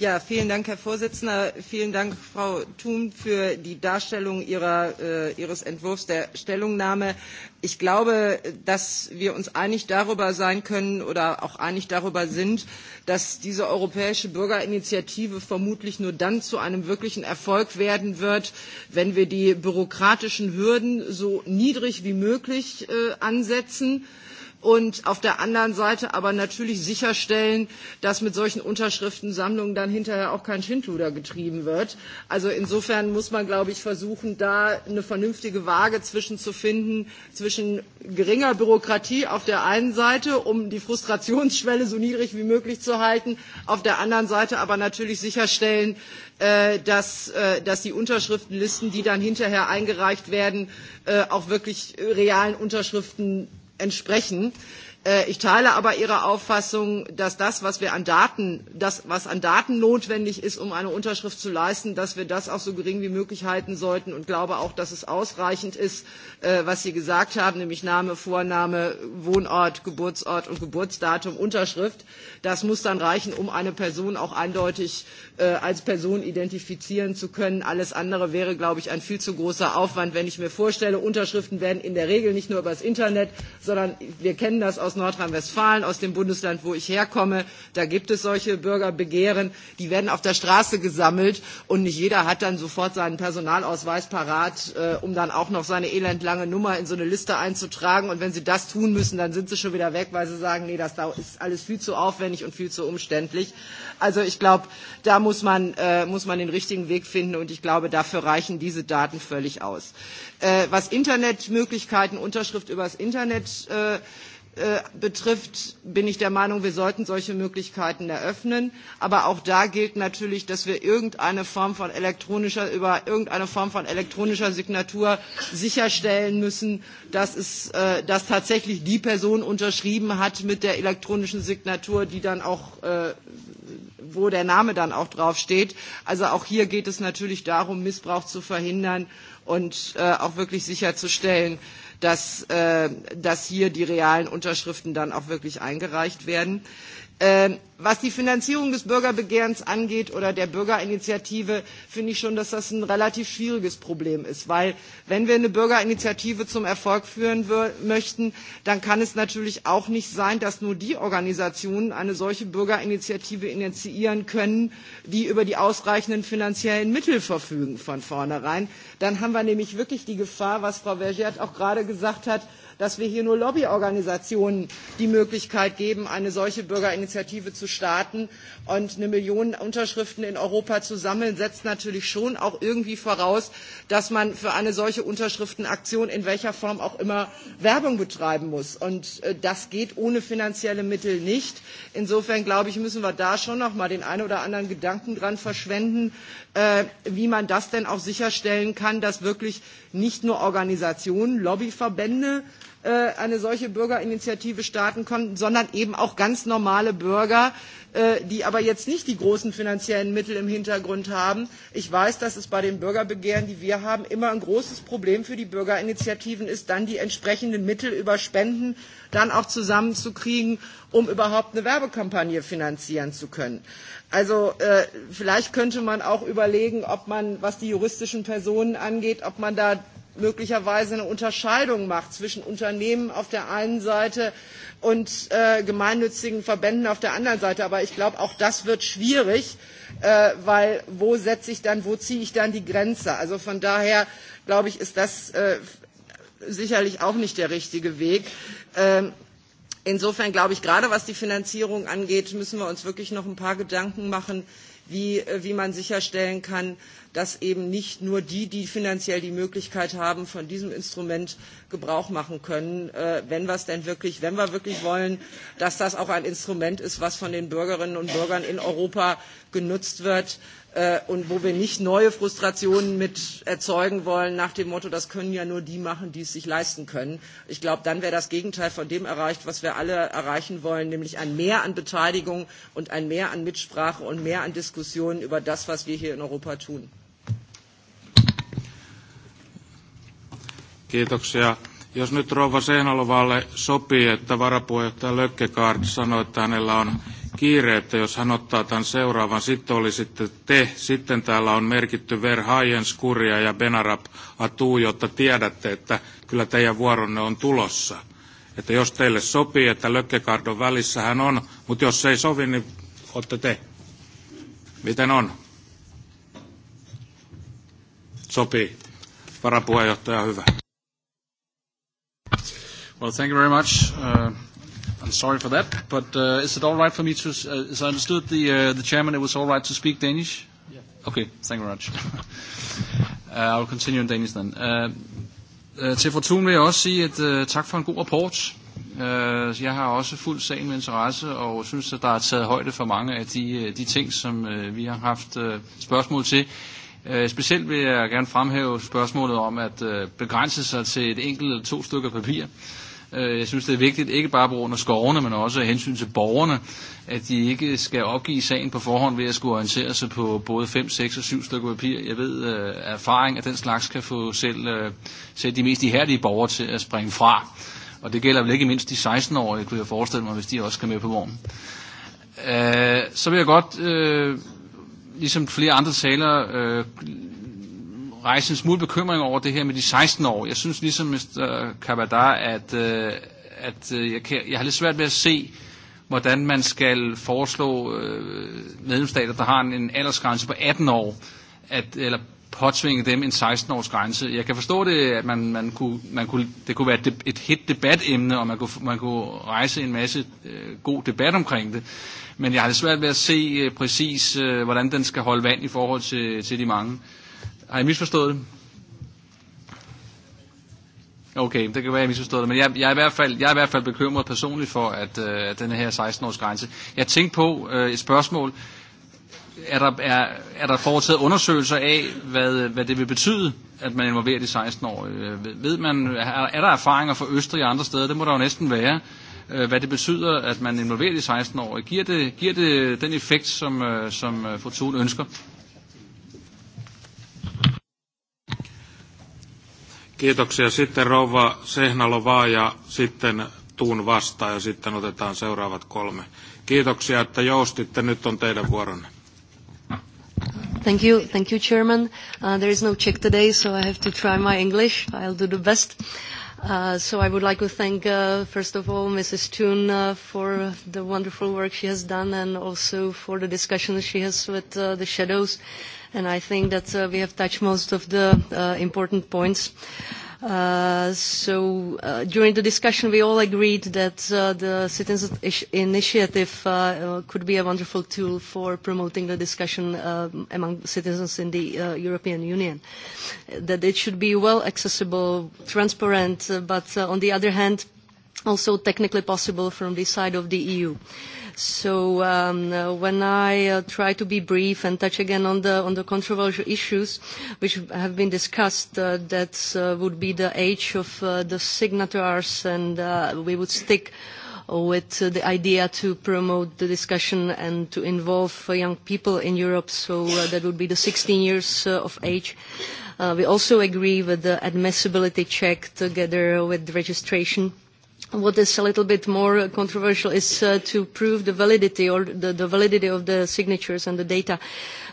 Ja, vielen Dank, Herr Vorsitzender. Vielen Dank, Frau Thun, für die Darstellung ihrer, äh, Ihres Entwurfs der Stellungnahme. Ich glaube, dass wir uns einig darüber sein können oder auch einig darüber sind, dass diese europäische Bürgerinitiative vermutlich nur dann zu einem wirklichen Erfolg werden wird, wenn wir die bürokratischen Hürden so niedrig wie möglich äh, ansetzen. Äh, und auf der anderen Seite aber natürlich sicherstellen, dass mit solchen Unterschriftensammlungen dann hinterher auch kein Schindluder getrieben wird. Also insofern muss man, glaube ich, versuchen, da eine vernünftige Waage zwischen zu finden, zwischen geringer Bürokratie auf der einen Seite, um die Frustrationsschwelle so niedrig wie möglich zu halten, auf der anderen Seite aber natürlich sicherstellen, äh, dass, äh, dass die Unterschriftenlisten, die dann hinterher eingereicht werden, äh, auch wirklich realen Unterschriften entsprechen. Äh, ich teile aber Ihre Auffassung, dass das, was wir an Daten, das, was an Daten notwendig ist, um eine Unterschrift zu leisten, dass wir das auch so gering wie möglich halten sollten und glaube auch, dass es ausreichend ist, äh, was Sie gesagt haben, nämlich Name, Vorname, Wohnort, Geburtsort und Geburtsdatum, Unterschrift. Das muss dann reichen, um eine Person auch eindeutig Äh, als Person identifizieren zu können. Alles andere wäre, glaube ich, ein viel zu großer Aufwand, wenn ich mir vorstelle, Unterschriften werden in der Regel nicht nur über das Internet, sondern wir kennen das aus Nordrhein-Westfalen, aus dem Bundesland, wo ich herkomme. Da gibt es solche Bürgerbegehren, die werden auf der Straße gesammelt und nicht jeder hat dann sofort seinen Personalausweis parat, äh, um dann auch noch seine elendlange Nummer in so eine Liste einzutragen. Und wenn sie das tun müssen, dann sind sie schon wieder weg, weil sie sagen, nee, das da ist alles viel zu aufwendig und viel zu umständlich. Also ich glaube, da muss muss man, äh, muss man den richtigen Weg finden und ich glaube, dafür reichen diese Daten völlig aus. Äh, was Internetmöglichkeiten, Unterschrift übers Internet äh, äh, betrifft, bin ich der Meinung, wir sollten solche Möglichkeiten eröffnen. Aber auch da gilt natürlich, dass wir irgendeine Form von elektronischer, über irgendeine Form von elektronischer Signatur sicherstellen müssen, dass, es, äh, dass tatsächlich die Person unterschrieben hat mit der elektronischen Signatur, die dann auch äh, wo der Name dann auch drauf steht. Also auch hier geht es natürlich darum, Missbrauch zu verhindern und äh, auch wirklich sicherzustellen, dass, äh, dass hier die realen Unterschriften dann auch wirklich eingereicht werden. Äh, Ähm, was die Finanzierung des Bürgerbegehrens angeht oder der Bürgerinitiative, finde ich schon, dass das ein relativ schwieriges Problem ist. Weil wenn wir eine Bürgerinitiative zum Erfolg führen möchten, dann kann es natürlich auch nicht sein, dass nur die Organisationen eine solche Bürgerinitiative initiieren können, die über die ausreichenden finanziellen Mittel verfügen von vornherein. Dann haben wir nämlich wirklich die Gefahr, was Frau Vergiat auch gerade gesagt hat, dass wir hier nur Lobbyorganisationen die Möglichkeit geben, eine solche Bürgerinitiative zu starten. Und eine Million Unterschriften in Europa zu sammeln, setzt natürlich schon auch irgendwie voraus, dass man für eine solche Unterschriftenaktion in welcher Form auch immer Werbung betreiben muss. Und äh, das geht ohne finanzielle Mittel nicht. Insofern glaube ich, müssen wir da schon noch mal den einen oder anderen Gedanken dran verschwenden, äh, wie man das denn auch sicherstellen kann, dass wirklich nicht nur Organisationen, Lobbyverbände, Äh, eine solche Bürgerinitiative starten konnten, sondern eben auch ganz normale Bürger, äh, die aber jetzt nicht die großen finanziellen Mittel im Hintergrund haben. Ich weiß, dass es bei den Bürgerbegehren, die wir haben, immer ein großes Problem für die Bürgerinitiativen ist, dann die entsprechenden Mittel über Spenden dann auch zusammenzukriegen, um überhaupt eine Werbekampagne finanzieren zu können. Also äh, vielleicht könnte man auch überlegen, ob man, was die juristischen Personen angeht, ob man da möglicherweise eine Unterscheidung macht zwischen Unternehmen auf der einen Seite und äh, gemeinnützigen Verbänden auf der anderen Seite. Aber ich glaube, auch das wird schwierig, äh, weil wo setze ich dann, wo ziehe ich dann die Grenze? Also von daher, glaube ich, ist das äh, sicherlich auch nicht der richtige Weg. Ähm, insofern glaube ich, gerade was die Finanzierung angeht, müssen wir uns wirklich noch ein paar Gedanken machen, wie, äh, wie man sicherstellen kann, dass eben nicht nur die, die finanziell die Möglichkeit haben, von diesem Instrument Gebrauch machen können, äh, wenn wir es denn wirklich, wenn wir wirklich wollen, dass das auch ein Instrument ist, was von den Bürgerinnen und Bürgern in Europa genutzt wird äh, und wo wir nicht neue Frustrationen mit erzeugen wollen nach dem Motto, das können ja nur die machen, die es sich leisten können. Ich glaube, dann wäre das Gegenteil von dem erreicht, was wir alle erreichen wollen, nämlich ein Mehr an Beteiligung und ein Mehr an Mitsprache und mehr an Diskussionen über das, was wir hier in Europa tun. Kiitoksia. Jos nyt Rova Seinalovalle sopii, että varapuheenjohtaja Lökkekaard sanoi, että hänellä on kiire, että jos hän ottaa tämän seuraavan, sitten oli sitten te, sitten täällä on merkitty Verhaien, Kuria ja Benarab Atuu, jotta tiedätte, että kyllä teidän vuoronne on tulossa. Että jos teille sopii, että Lökkekardon välissä hän on, mutta jos ei sovi, niin otte te. Miten on? Sopii. Varapuheenjohtaja, hyvä. Well, thank you very much. Uh, I'm sorry for that, but uh, is it all right for me to, uh, as I understood the, uh, the chairman, it was all right to speak Danish? Yeah. Okay, thank you very much. uh, I'll continue in Danish then. Uh, uh, til Fortun vil jeg også sige, at uh, tak for en god rapport. Uh, jeg har også fuld sagen med interesse, og synes, at der er taget højde for mange af de, uh, de ting, som uh, vi har haft uh, spørgsmål til. Uh, specielt vil jeg gerne fremhæve spørgsmålet om at uh, begrænse sig til et enkelt eller to stykker papir. Øh, jeg synes, det er vigtigt, ikke bare på grund af skovene, men også af hensyn til borgerne, at de ikke skal opgive sagen på forhånd ved at skulle orientere sig på både 5, 6 og 7 stykker papir. Jeg ved, at øh, erfaring af den slags kan få selv, øh, selv de mest ihærdige borgere til at springe fra. Og det gælder vel ikke mindst de 16-årige, kunne jeg forestille mig, hvis de også skal med på vognen. så vil jeg godt, ligesom flere andre talere, rejse en smule bekymring over det her med de 16 år. Jeg synes ligesom Mr. Kabadar, at, øh, at øh, jeg, kan, jeg har lidt svært ved at se, hvordan man skal foreslå øh, medlemsstater, der har en, en aldersgrænse på 18 år, at, eller påtvinge dem en 16-års grænse. Jeg kan forstå det, at man, man kunne, man kunne, det kunne være et, et hit debatemne, og man kunne, man kunne rejse en masse øh, god debat omkring det. Men jeg har det svært ved at se øh, præcis, øh, hvordan den skal holde vand i forhold til, til de mange. Øh, Har I misforstået det? Okay, det kan være, jeg misforstået det, men jeg, jeg, er i hvert fald, jeg er i hvert fald bekymret personligt for, at, øh, at den her 16-års grænse. Jeg tænkte på øh, et spørgsmål. Er der, er, er der foretaget undersøgelser af, hvad, hvad det vil betyde, at man involverer de 16-årige? Øh, ved man, er, er der erfaringer fra Østrig og andre steder? Det må der jo næsten være. Øh, hvad det betyder, at man involverer de 16 år? Giver det, giver det den effekt, som, øh, som Fortun ønsker? Kiitoksia. Sitten rouva Sehnalovaa ja sitten Tuun vastaan ja sitten otetaan seuraavat kolme. Kiitoksia, että joustitte. Nyt on teidän vuoronne. Thank you, thank you, Chairman. Uh, there is no check today, so I have to try my English. I'll do the best. Uh, so I would like to thank, uh, first of all, Mrs. Toon uh, for the wonderful work she has done and also for the discussions she has with uh, the shadows. Uh, and I think that uh, we have touched most of the uh, important points. Uh, so uh, during the discussion, we all agreed that uh, the citizens' initiative uh, uh, could be a wonderful tool for promoting the discussion um, among citizens in the uh, European Union. That it should be well accessible, transparent, but on the other hand, also technically possible from the side of the EU. So um, uh, when I uh, try to be brief and touch again on the, on the controversial issues which have been discussed, uh, that uh, would be the age of uh, the signatories, and uh, we would stick with the idea to promote the discussion and to involve young people in Europe, so that would be the 16 years of age. we also agree with the admissibility check together with registration what is a little bit more controversial is uh, to prove the validity or the, the validity of the signatures and the data.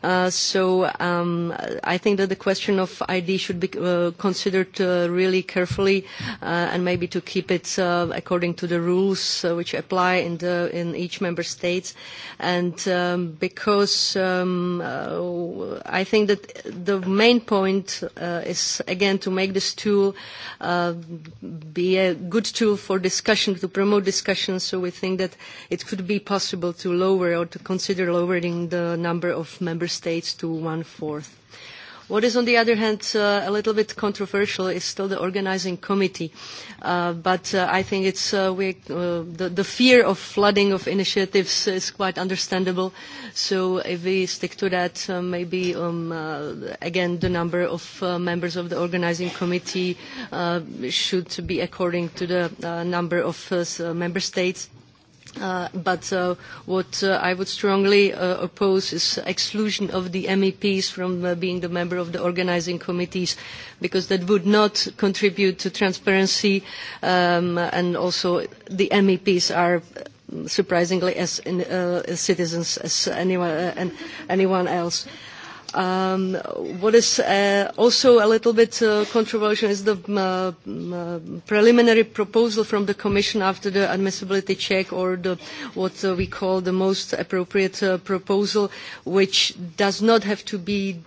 Uh, so um, I think that the question of ID should be uh, considered uh, really carefully uh, and maybe to keep it uh, according to the rules uh, which apply in, the, in each member state. And um, because um, uh, I think that the main point uh, is, again, to make this tool uh, be a good tool for discussion, to promote discussion. So we think that it could be possible to lower or to consider lowering the number of member member states to one-fourth. What is, on the other hand, uh, a little bit controversial is still the organizing committee. Uh, but uh, I think it's uh, we, uh, the, the, fear of flooding of initiatives is quite understandable. So if we stick to that, uh, maybe, um, again, the number of members of the organizing committee should be according to the number of member states Uh, but uh, what uh, I would strongly uh, oppose is exclusion of the MEPs from uh, being the member of the organising committees, because that would not contribute to transparency, um, and also the MEPs are um, surprisingly as, in, citizens as anyone, anyone else. Um, what is uh, also a little bit uh, controversial is the uh, uh preliminary proposal from the Commission after the admissibility check or the, what uh, we call the most appropriate uh, proposal, which does not have to be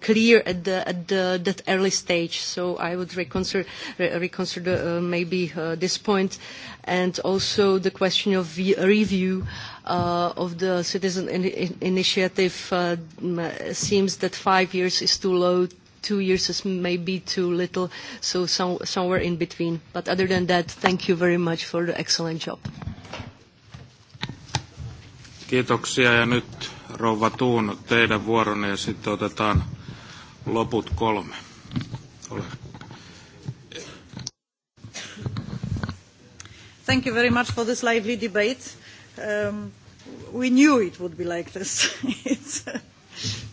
clear at, the, at the, that early stage. So I would reconsider, re reconsider maybe this point. And also the question of review. Uh, uh, of the citizen in initiative uh, seems that five years is too low, two years is maybe too little, so some, somewhere in between. But other than that, thank you very much for the excellent job. Kiitoksia ja nyt rouva Tuun teidän vuoronne ja sitten otetaan loput kolme. Ole. Thank you very much for this lively debate. Um, we knew it would be like this. it's, uh,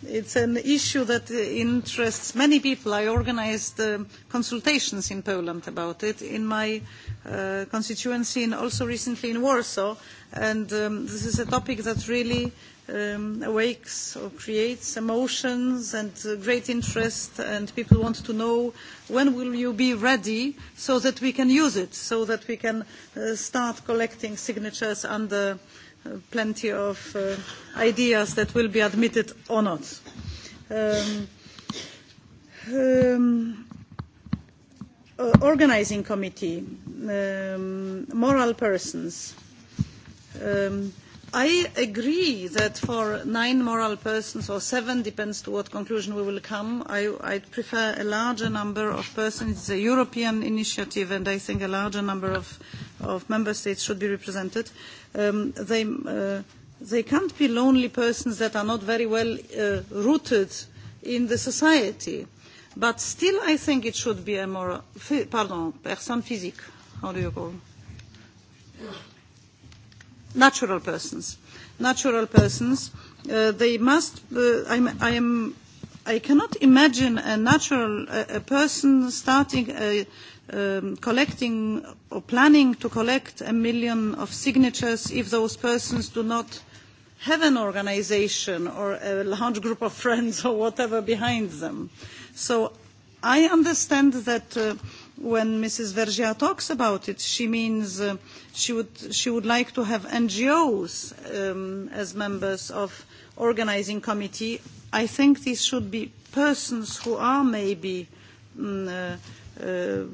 it's an issue that interests many people. I organized uh, consultations in Poland about it, in my uh, constituency and also recently in Warsaw. And um, this is a topic that really um, awakes or creates emotions and uh, great interest and people want to know when will you be ready so that we can use it, so that we can uh, start collecting signatures under uh, plenty of uh, ideas that will be admitted or not. Um, um, uh, organizing committee, um, moral persons, um, I agree that for nine moral persons or seven, depends to what conclusion we will come, I, I'd prefer a larger number of persons. It's a European initiative and I think a larger number of, of member states should be represented. Um, they, uh, they can't be lonely persons that are not very well uh, rooted in the society. But still I think it should be a moral, pardon, personne physique, how do you call it? natural persons. Natural persons, uh, they must, uh, I'm, I, am, I cannot imagine a natural uh, a person starting a, um, collecting or planning to collect a million of signatures if those persons do not have an organisation or a large group of friends or whatever behind them. So I understand that uh, when Mrs. Vergia talks about it, she means uh, she, would, she would like to have NGOs um, as members of organizing committee. I think these should be persons who are maybe um, uh, uh,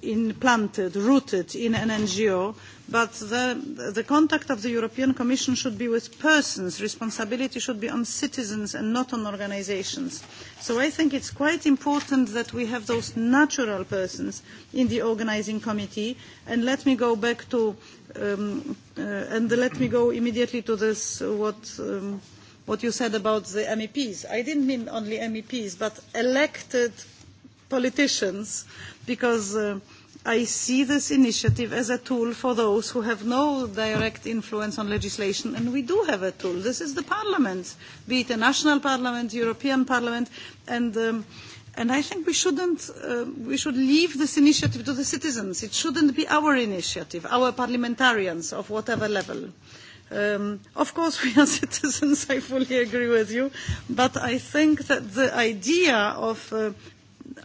implanted, rooted in an NGO, but the, the contact of the European Commission should be with persons. Responsibility should be on citizens and not on organizations. So I think it's quite important that we have those natural persons in the organizing committee. And let me go back to, um, uh, and let me go immediately to this, what... Um, what you said about the MEPs. I didn't mean only MEPs, but elected politicians because uh, I see this initiative as a tool for those who have no direct influence on legislation, and we do have a tool. This is the Parliament, be it a national parliament, European Parliament, and, um, and I think we shouldn't uh, we should leave this initiative to the citizens. It shouldn't be our initiative, our parliamentarians of whatever level. Um, of course, we are citizens, I fully agree with you, but I think that the idea of uh,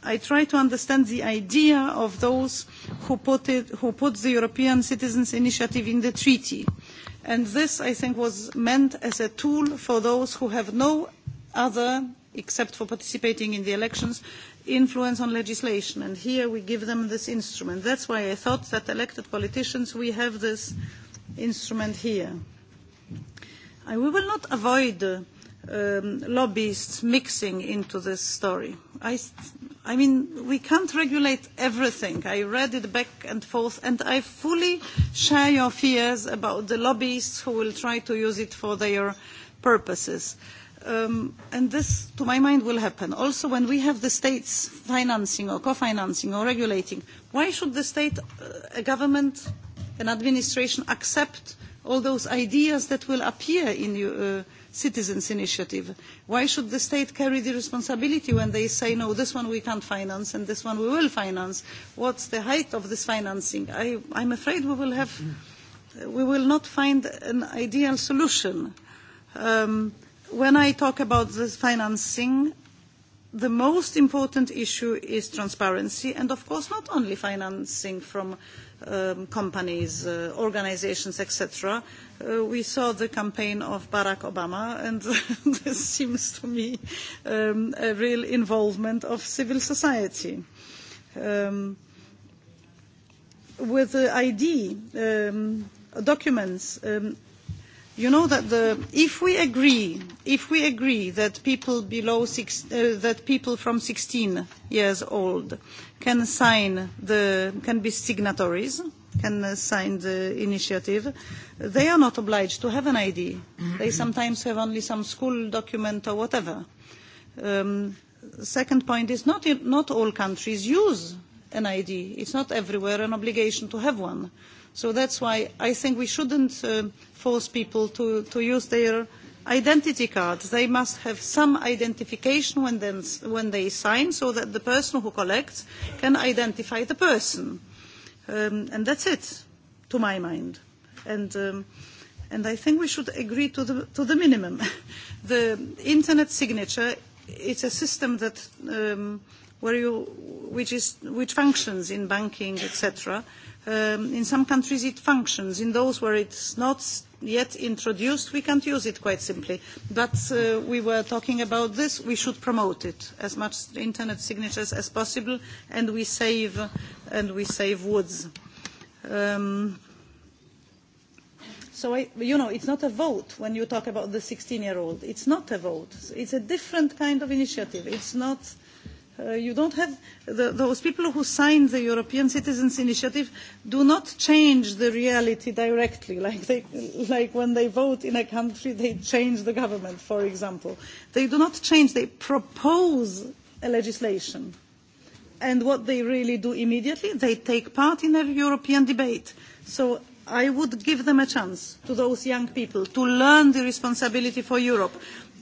I try to understand the idea of those who put, it, who put the European Citizens' Initiative in the treaty. And this, I think, was meant as a tool for those who have no other, except for participating in the elections, influence on legislation. And here we give them this instrument. That's why I thought that elected politicians, we have this instrument here. I, we will not avoid um, lobbyists mixing into this story. I, I mean, we can't regulate everything. I read it back and forth, and I fully share your fears about the lobbyists who will try to use it for their purposes. Um, and this, to my mind, will happen. Also, when we have the states financing or co-financing or regulating, why should the state, uh, a government, an administration accept all those ideas that will appear in uh, citizens' initiative. Why should the state carry the responsibility when they say, no, this one we can't finance and this one we will finance? What's the height of this financing? I, I'm afraid we will, have, we will not find an ideal solution. Um, when I talk about this financing, the most important issue is transparency and, of course, not only financing from um, companies, uh, organizations, etc. Uh, we saw the campaign of Barack Obama, and this seems to me um, a real involvement of civil society. Um, with the ID um, documents, um, you know that the, if we agree if we agree that people below six, uh, that people from 16 years old can sign the can be signatories can sign the initiative they are not obliged to have an id they sometimes have only some school document or whatever um, second point is not not all countries use an id it's not everywhere an obligation to have one so that's why i think we shouldn't uh, force people to, to use their identity cards. They must have some identification when, when they sign so that the person who collects can identify the person. Um, and that's it, to my mind. And, um, and I think we should agree to the, to the minimum. the internet signature, it's a system that, um, where you, which, is, which functions in banking, etc. Um, in some countries it functions. In those where it's not, yet introduced, we can't use it quite simply. But uh, we were talking about this. We should promote it as much internet signatures as possible, and we save and we save woods. Um, so I, you know, it's not a vote when you talk about the 16-year-old. It's not a vote. It's a different kind of initiative. It's not Uh, you don't have the, those people who signed the European Citizens Initiative do not change the reality directly, like, they, like when they vote in a country, they change the government, for example. They do not change; they propose a legislation. And what they really do immediately, they take part in a European debate. So I would give them a chance to those young people to learn the responsibility for Europe,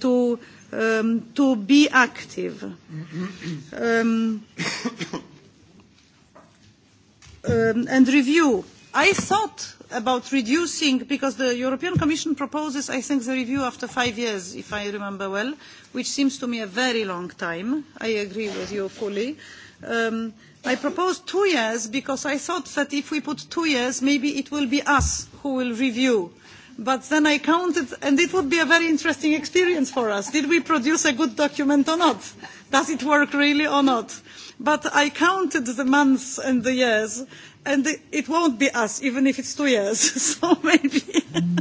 to um, to be active. Um, um, and review. I thought about reducing, because the European Commission proposes, I think, the review after five years, if I remember well, which seems to me a very long time. I agree with you fully. Um, I proposed two years because I thought that if we put two years, maybe it will be us who will review uh, But then I counted, and it would be a very interesting experience for us. Did we produce a good document or not? Does it work really or not? But I counted the months and the years, and it won't be us, even if it's two years. so maybe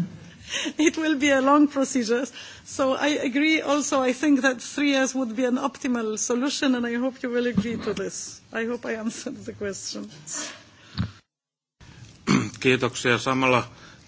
it will be a long procedure. So I agree also, I think that three years would be an optimal solution, and I hope you will agree to this. I hope I answered the question. Kiitoksia. Samalla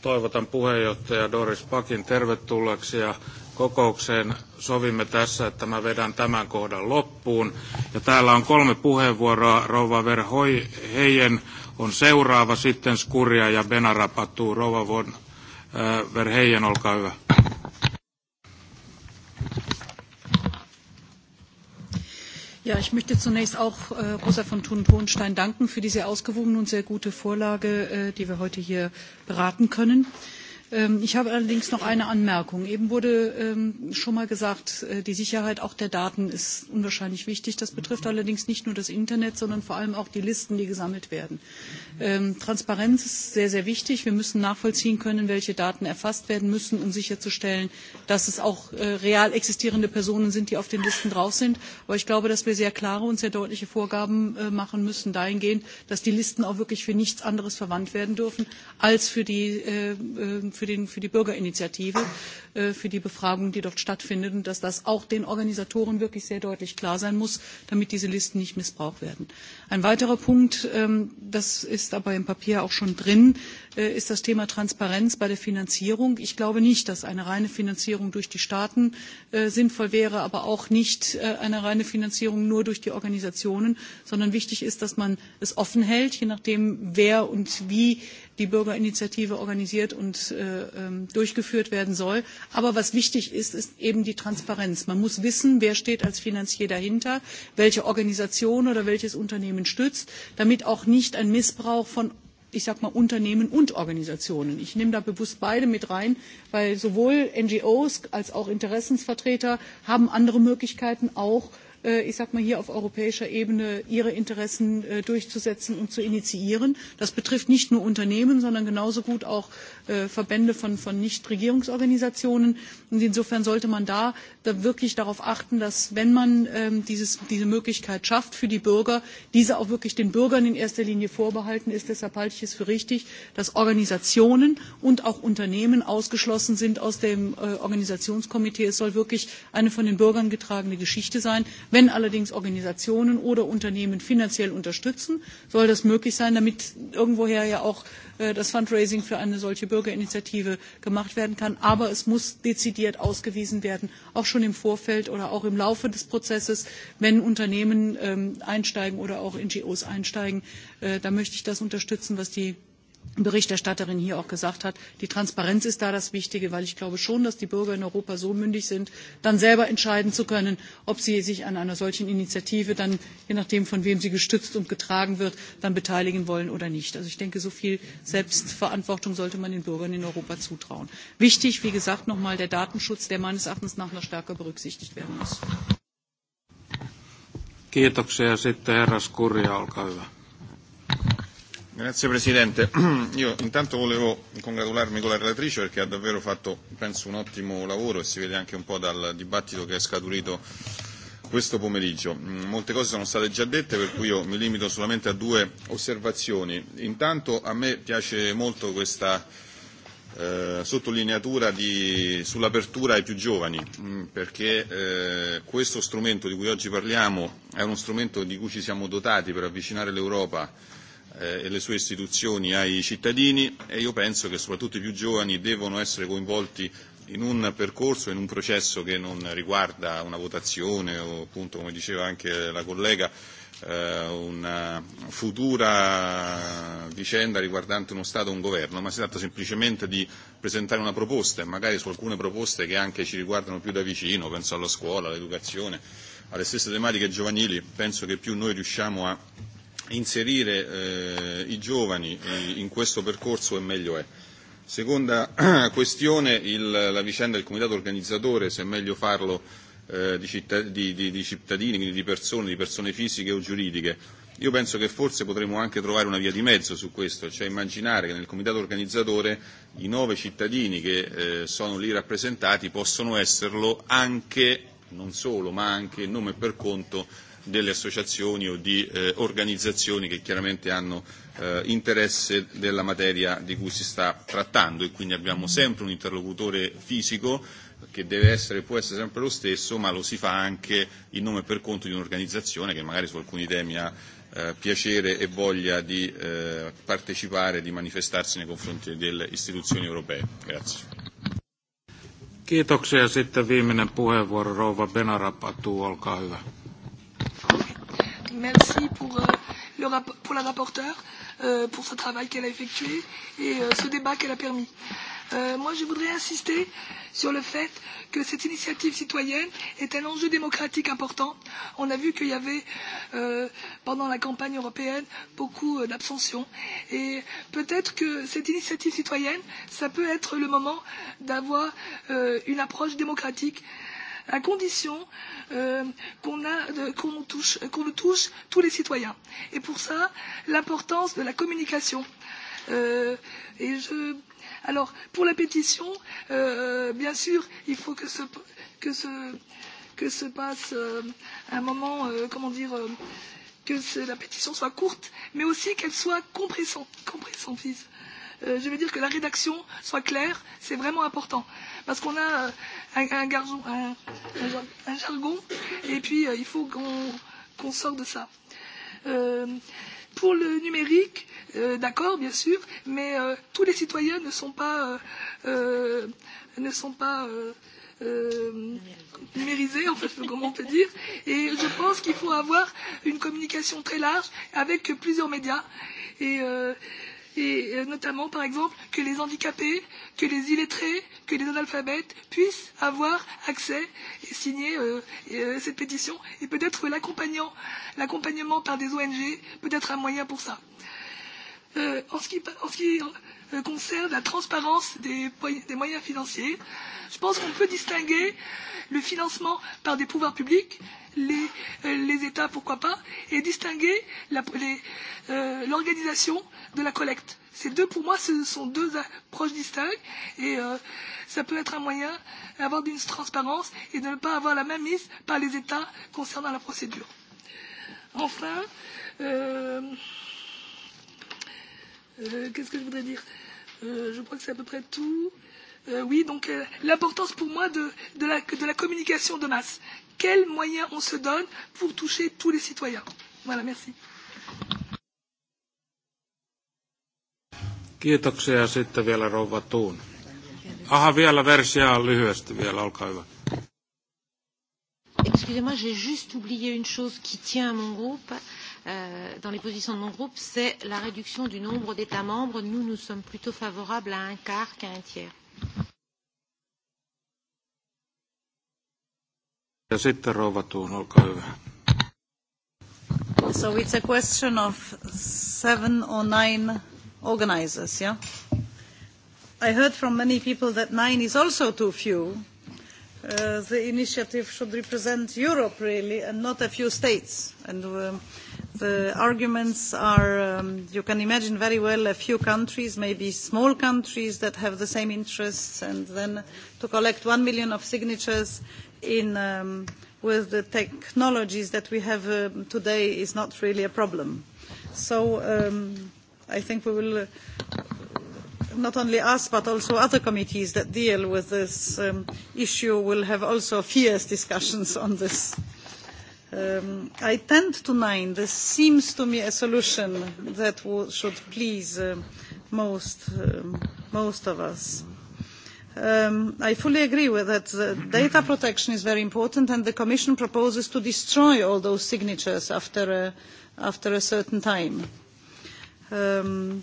toivotan puheenjohtaja Doris Pakin tervetulleeksi ja kokoukseen sovimme tässä, että mä vedän tämän kohdan loppuun. Ja täällä on kolme puheenvuoroa. Rova Verhoi Heijen on seuraava, sitten Skuria ja Benarapatuu. Rova von äh, Verheijen, olkaa hyvä. Ja, ich möchte zunächst auch äh, Rosa von Thun-Hohenstein danken für diese ausgewogene und sehr gute Vorlage, äh, die wir heute hier beraten können. Äh, Ähm, ich habe allerdings noch eine Anmerkung. Eben wurde ähm, schon mal gesagt, äh, die Sicherheit auch der Daten ist unwahrscheinlich wichtig. Das betrifft allerdings nicht nur das Internet, sondern vor allem auch die Listen, die gesammelt werden. Ähm, Transparenz ist sehr, sehr wichtig. Wir müssen nachvollziehen können, welche Daten erfasst werden müssen, um sicherzustellen, dass es auch äh, real existierende Personen sind, die auf den Listen drauf sind. Aber ich glaube, dass wir sehr klare und sehr deutliche Vorgaben äh, machen müssen dahingehend, dass die Listen auch wirklich für nichts anderes verwandt werden dürfen als für die für, den, für die Bürgerinitiative, äh, für die Befragung, die dort stattfindet und dass das auch den Organisatoren wirklich sehr deutlich klar sein muss, damit diese Listen nicht missbraucht werden. Ein weiterer Punkt, ähm, das ist aber im Papier auch schon drin, äh, ist das Thema Transparenz bei der Finanzierung. Ich glaube nicht, dass eine reine Finanzierung durch die Staaten äh, sinnvoll wäre, aber auch nicht äh, eine reine Finanzierung nur durch die Organisationen, sondern wichtig ist, dass man es offen hält, je nachdem, wer und wie die Bürgerinitiative organisiert und äh, ähm, durchgeführt werden soll. Aber was wichtig ist, ist eben die Transparenz. Man muss wissen, wer steht als Finanzier dahinter, welche Organisation oder welches Unternehmen stützt, damit auch nicht ein Missbrauch von ich sage mal Unternehmen und Organisationen. Ich nehme da bewusst beide mit rein, weil sowohl NGOs als auch Interessensvertreter haben andere Möglichkeiten auch Äh, ich sag mal hier auf europäischer Ebene ihre Interessen äh, durchzusetzen und zu initiieren. Das betrifft nicht nur Unternehmen, sondern genauso gut auch äh, Verbände von, von Nichtregierungsorganisationen. Und insofern sollte man da, da wirklich darauf achten, dass wenn man ähm, dieses, diese Möglichkeit schafft für die Bürger, diese auch wirklich den Bürgern in erster Linie vorbehalten ist. Deshalb halte ich es für richtig, dass Organisationen und auch Unternehmen ausgeschlossen sind aus dem Organisationskomitee. Es soll wirklich eine von den Bürgern getragene Geschichte sein. Wenn allerdings Organisationen oder Unternehmen finanziell unterstützen, soll das möglich sein, damit irgendwoher ja auch äh, das Fundraising für eine solche Bürgerinitiative gemacht werden kann. Aber es muss dezidiert ausgewiesen werden, auch schon im Vorfeld oder auch im Laufe des Prozesses, wenn Unternehmen ähm, einsteigen oder auch NGOs einsteigen. Äh, da möchte ich das unterstützen, was die Berichterstatterin hier auch gesagt hat, die Transparenz ist da das Wichtige, weil ich glaube schon, dass die Bürger in Europa so mündig sind, dann selber entscheiden zu können, ob sie sich an einer solchen Initiative dann, je nachdem von wem sie gestützt und getragen wird, dann beteiligen wollen oder nicht. Also ich denke, so viel Selbstverantwortung sollte man den Bürgern in Europa zutrauen. Wichtig, wie gesagt, nochmal der Datenschutz, der meines Erachtens nach noch stärker berücksichtigt werden muss. Kiitoksia. Sitten herra Skurja, olkaa hyvä. Grazie Presidente. Io intanto volevo congratularmi con la relatrice perché ha davvero fatto, penso, un ottimo lavoro e si vede anche un po' dal dibattito che è scaturito questo pomeriggio. Mm, molte cose sono state già dette per cui io mi limito solamente a due osservazioni. Intanto a me piace molto questa eh, sottolineatura di, sull'apertura ai più giovani, mm, perché eh, questo strumento di cui oggi parliamo è uno strumento di cui ci siamo dotati per avvicinare l'Europa eh, e le sue istituzioni ai cittadini e io penso che soprattutto i più giovani devono essere coinvolti in un percorso, in un processo che non riguarda una votazione o appunto, come diceva anche la collega, eh, una futura vicenda riguardante uno Stato o un governo, ma si tratta semplicemente di presentare una proposta e magari su alcune proposte che anche ci riguardano più da vicino, penso alla scuola, all'educazione, alle stesse tematiche giovanili, penso che più noi riusciamo a inserire eh, i giovani eh, in questo percorso e meglio è. Seconda questione, il, la vicenda del comitato organizzatore, se è meglio farlo eh, di, città, di, di, di cittadini, quindi di persone, di persone fisiche o giuridiche. Io penso che forse potremmo anche trovare una via di mezzo su questo, cioè immaginare che nel comitato organizzatore i nove cittadini che eh, sono lì rappresentati possono esserlo anche non solo, ma anche in nome e per conto delle associazioni o di eh, organizzazioni che chiaramente hanno eh, interesse della materia di cui si sta trattando e quindi abbiamo sempre un interlocutore fisico che deve essere, può essere sempre lo stesso, ma lo si fa anche in nome e per conto di un'organizzazione che magari su alcuni temi ha eh, piacere e voglia di eh, partecipare, di manifestarsi nei confronti delle istituzioni europee. Grazie. Kiitoksia. Sitten viimeinen puheenvuoro, rouva Benarapatu, olkaa hyvä. Merci pour, euh, le pour la rapporteure, euh, pour ce travail qu'elle a effectué et euh, ce débat qu'elle a permis. Euh, Euh, moi, je voudrais insister sur le fait que cette initiative citoyenne est un enjeu démocratique important. On a vu qu'il y avait, euh, pendant la campagne européenne, beaucoup euh, d'abstention. Et peut-être que cette initiative citoyenne, ça peut être le moment d'avoir euh, une approche démocratique à condition euh, qu'on qu touche, qu touche tous les citoyens. Et pour ça, l'importance de la communication. Euh, et je Alors, pour la pétition, euh, euh, bien sûr, il faut que ce, que ce, que se passe euh, un moment, euh, comment dire, euh, que la pétition soit courte, mais aussi qu'elle soit compréhensive. Euh, je veux dire que la rédaction soit claire, c'est vraiment important. Parce qu'on a euh, un, un, gargon, un, un jargon, et puis euh, il faut qu'on qu sorte de ça. Euh, pour le numérique, euh, d'accord, bien sûr, mais euh, tous les citoyens ne sont pas, euh, euh, ne sont pas euh, euh, numérisés, en fait, comment on peut dire. Et je pense qu'il faut avoir une communication très large avec plusieurs médias. Et euh, et euh, notamment par exemple que les handicapés, que les illettrés, que les analphabètes puissent avoir accès et signer euh, euh, cette pétition et peut-être l'accompagnement par des ONG peut être un moyen pour ça euh, en ce qui, en ce qui euh, concerne la transparence des, des moyens financiers, je pense qu'on peut distinguer le financement par des pouvoirs publics, les, euh, les États, pourquoi pas, et distinguer euh, l'organisation euh, de la collecte. Ces deux, pour moi, ce sont deux approches distinctes et euh, ça peut être un moyen d'avoir une transparence et de ne pas avoir la même mise par les États concernant la procédure. Enfin, euh, Euh, qu'est-ce que je voudrais dire euh, Je crois que c'est à peu près tout. Euh, oui, donc euh, l'importance pour moi de, de, la, de la communication de masse. Quels moyens on se donne pour toucher tous les citoyens Voilà, merci. Kiitoksia. Sitten vielä rouva Tuun. Aha, vielä versiä lyhyesti vielä, olkaa hyvä. Excusez-moi, j'ai juste oublié une chose qui tient à mon groupe. Euh, Euh, dans les positions de mon groupe, c'est la réduction du nombre d'États membres. Nous, nous sommes plutôt favorables à un quart qu'à un tiers. Ja sitten rouva Tuun, olkaa hyvä. So it's a question of seven or nine organizers, yeah? I heard from many people that nine is also too few. Uh, the initiative should represent Europe, really, and not a few states. And uh, The arguments are, um, you can imagine very well, a few countries, maybe small countries that have the same interests, and then to collect one million of signatures in, um, with the technologies that we have um, today is not really a problem. So um, I think we will, uh, not only us, but also other committees that deal with this um, issue will have also fierce discussions on this. Um, I tend to nine. This seems to me a solution that should please uh, most, um, most of us. Um, I fully agree with that. The uh, data protection is very important, and the Commission proposes to destroy all those signatures after a, after a certain time. Um,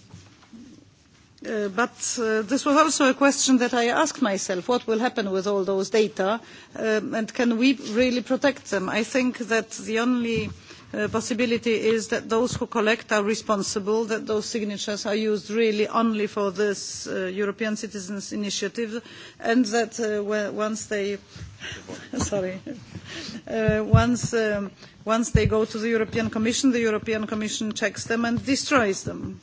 Uh, but uh, this was also a question that I asked myself, what will happen with all those data um, and can we really protect them? I think that the only uh, possibility is that those who collect are responsible, that those signatures are used really only for this European Citizens Initiative and that once they... sorry. once, um, once they go to the European Commission, the European Commission checks them and destroys them.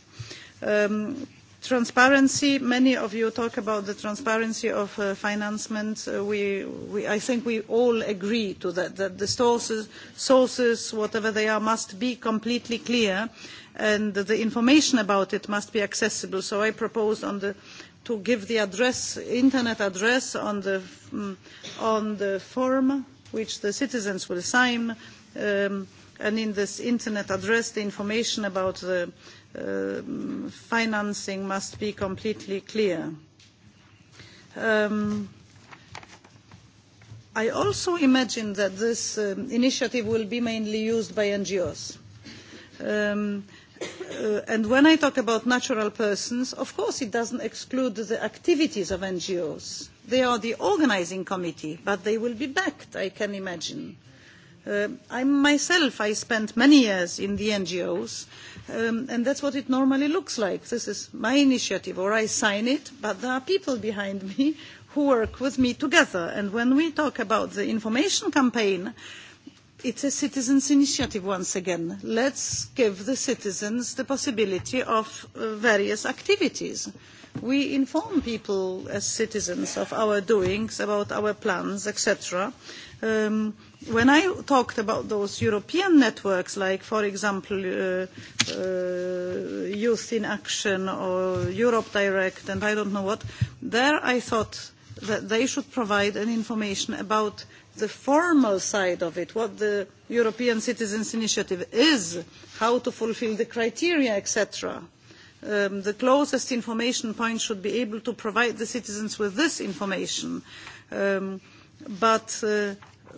Um, Transparency, many of you talk about the transparency of uh, financement. Uh, we, we, I think we all agree to that, that the sources, sources, whatever they are, must be completely clear and the information about it must be accessible. So I proposed on the, to give the address, internet address on the, um, on the form which the citizens will sign um, and in this internet address the information about the Uh, financing must be completely clear. Um, I also imagine that this um, initiative will be mainly used by NGOs. Um, uh, and when I talk about natural persons, of course it doesn't exclude the activities of NGOs. They are the organising committee, but they will be backed, I can imagine. Uh, I myself, I spent many years in the NGOs, Um, and that's what it normally looks like. This is my initiative, or I sign it, but there are people behind me who work with me together. And when we talk about the information campaign, it's a citizens' initiative once again. Let's give the citizens the possibility of uh, various activities. We inform people as citizens of our doings, about our plans, etc Um, when I talked about those European networks, like, for example, uh, uh, Youth in Action or Europe Direct, and I don't know what, there I thought that they should provide an information about the formal side of it, what the European Citizens Initiative is, how to fulfil the criteria, etc. Um, the closest information point should be able to provide the citizens with this information. Um, but uh,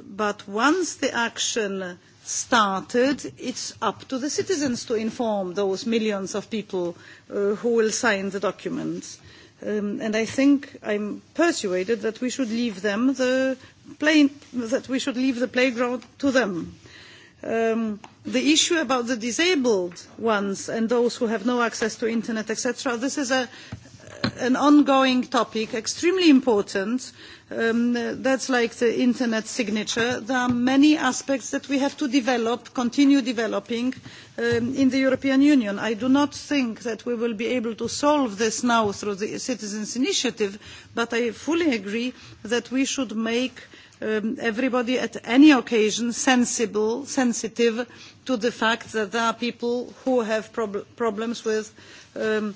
But once the action started, it's up to the citizens to inform those millions of people uh, who will sign the documents. Um, and I think I'm persuaded that we should leave them the play, that we should leave the playground to them. Um, the issue about the disabled ones and those who have no access to internet, etc., this is a, an ongoing topic, extremely important. Um, that's like the internet signature. There are many aspects that we have to develop, continue developing um, in the European Union. I do not think that we will be able to solve this now through the citizens' initiative, but I fully agree that we should make Um, everybody at any occasion sensible, sensitive to the fact that there are people who have prob problems with um,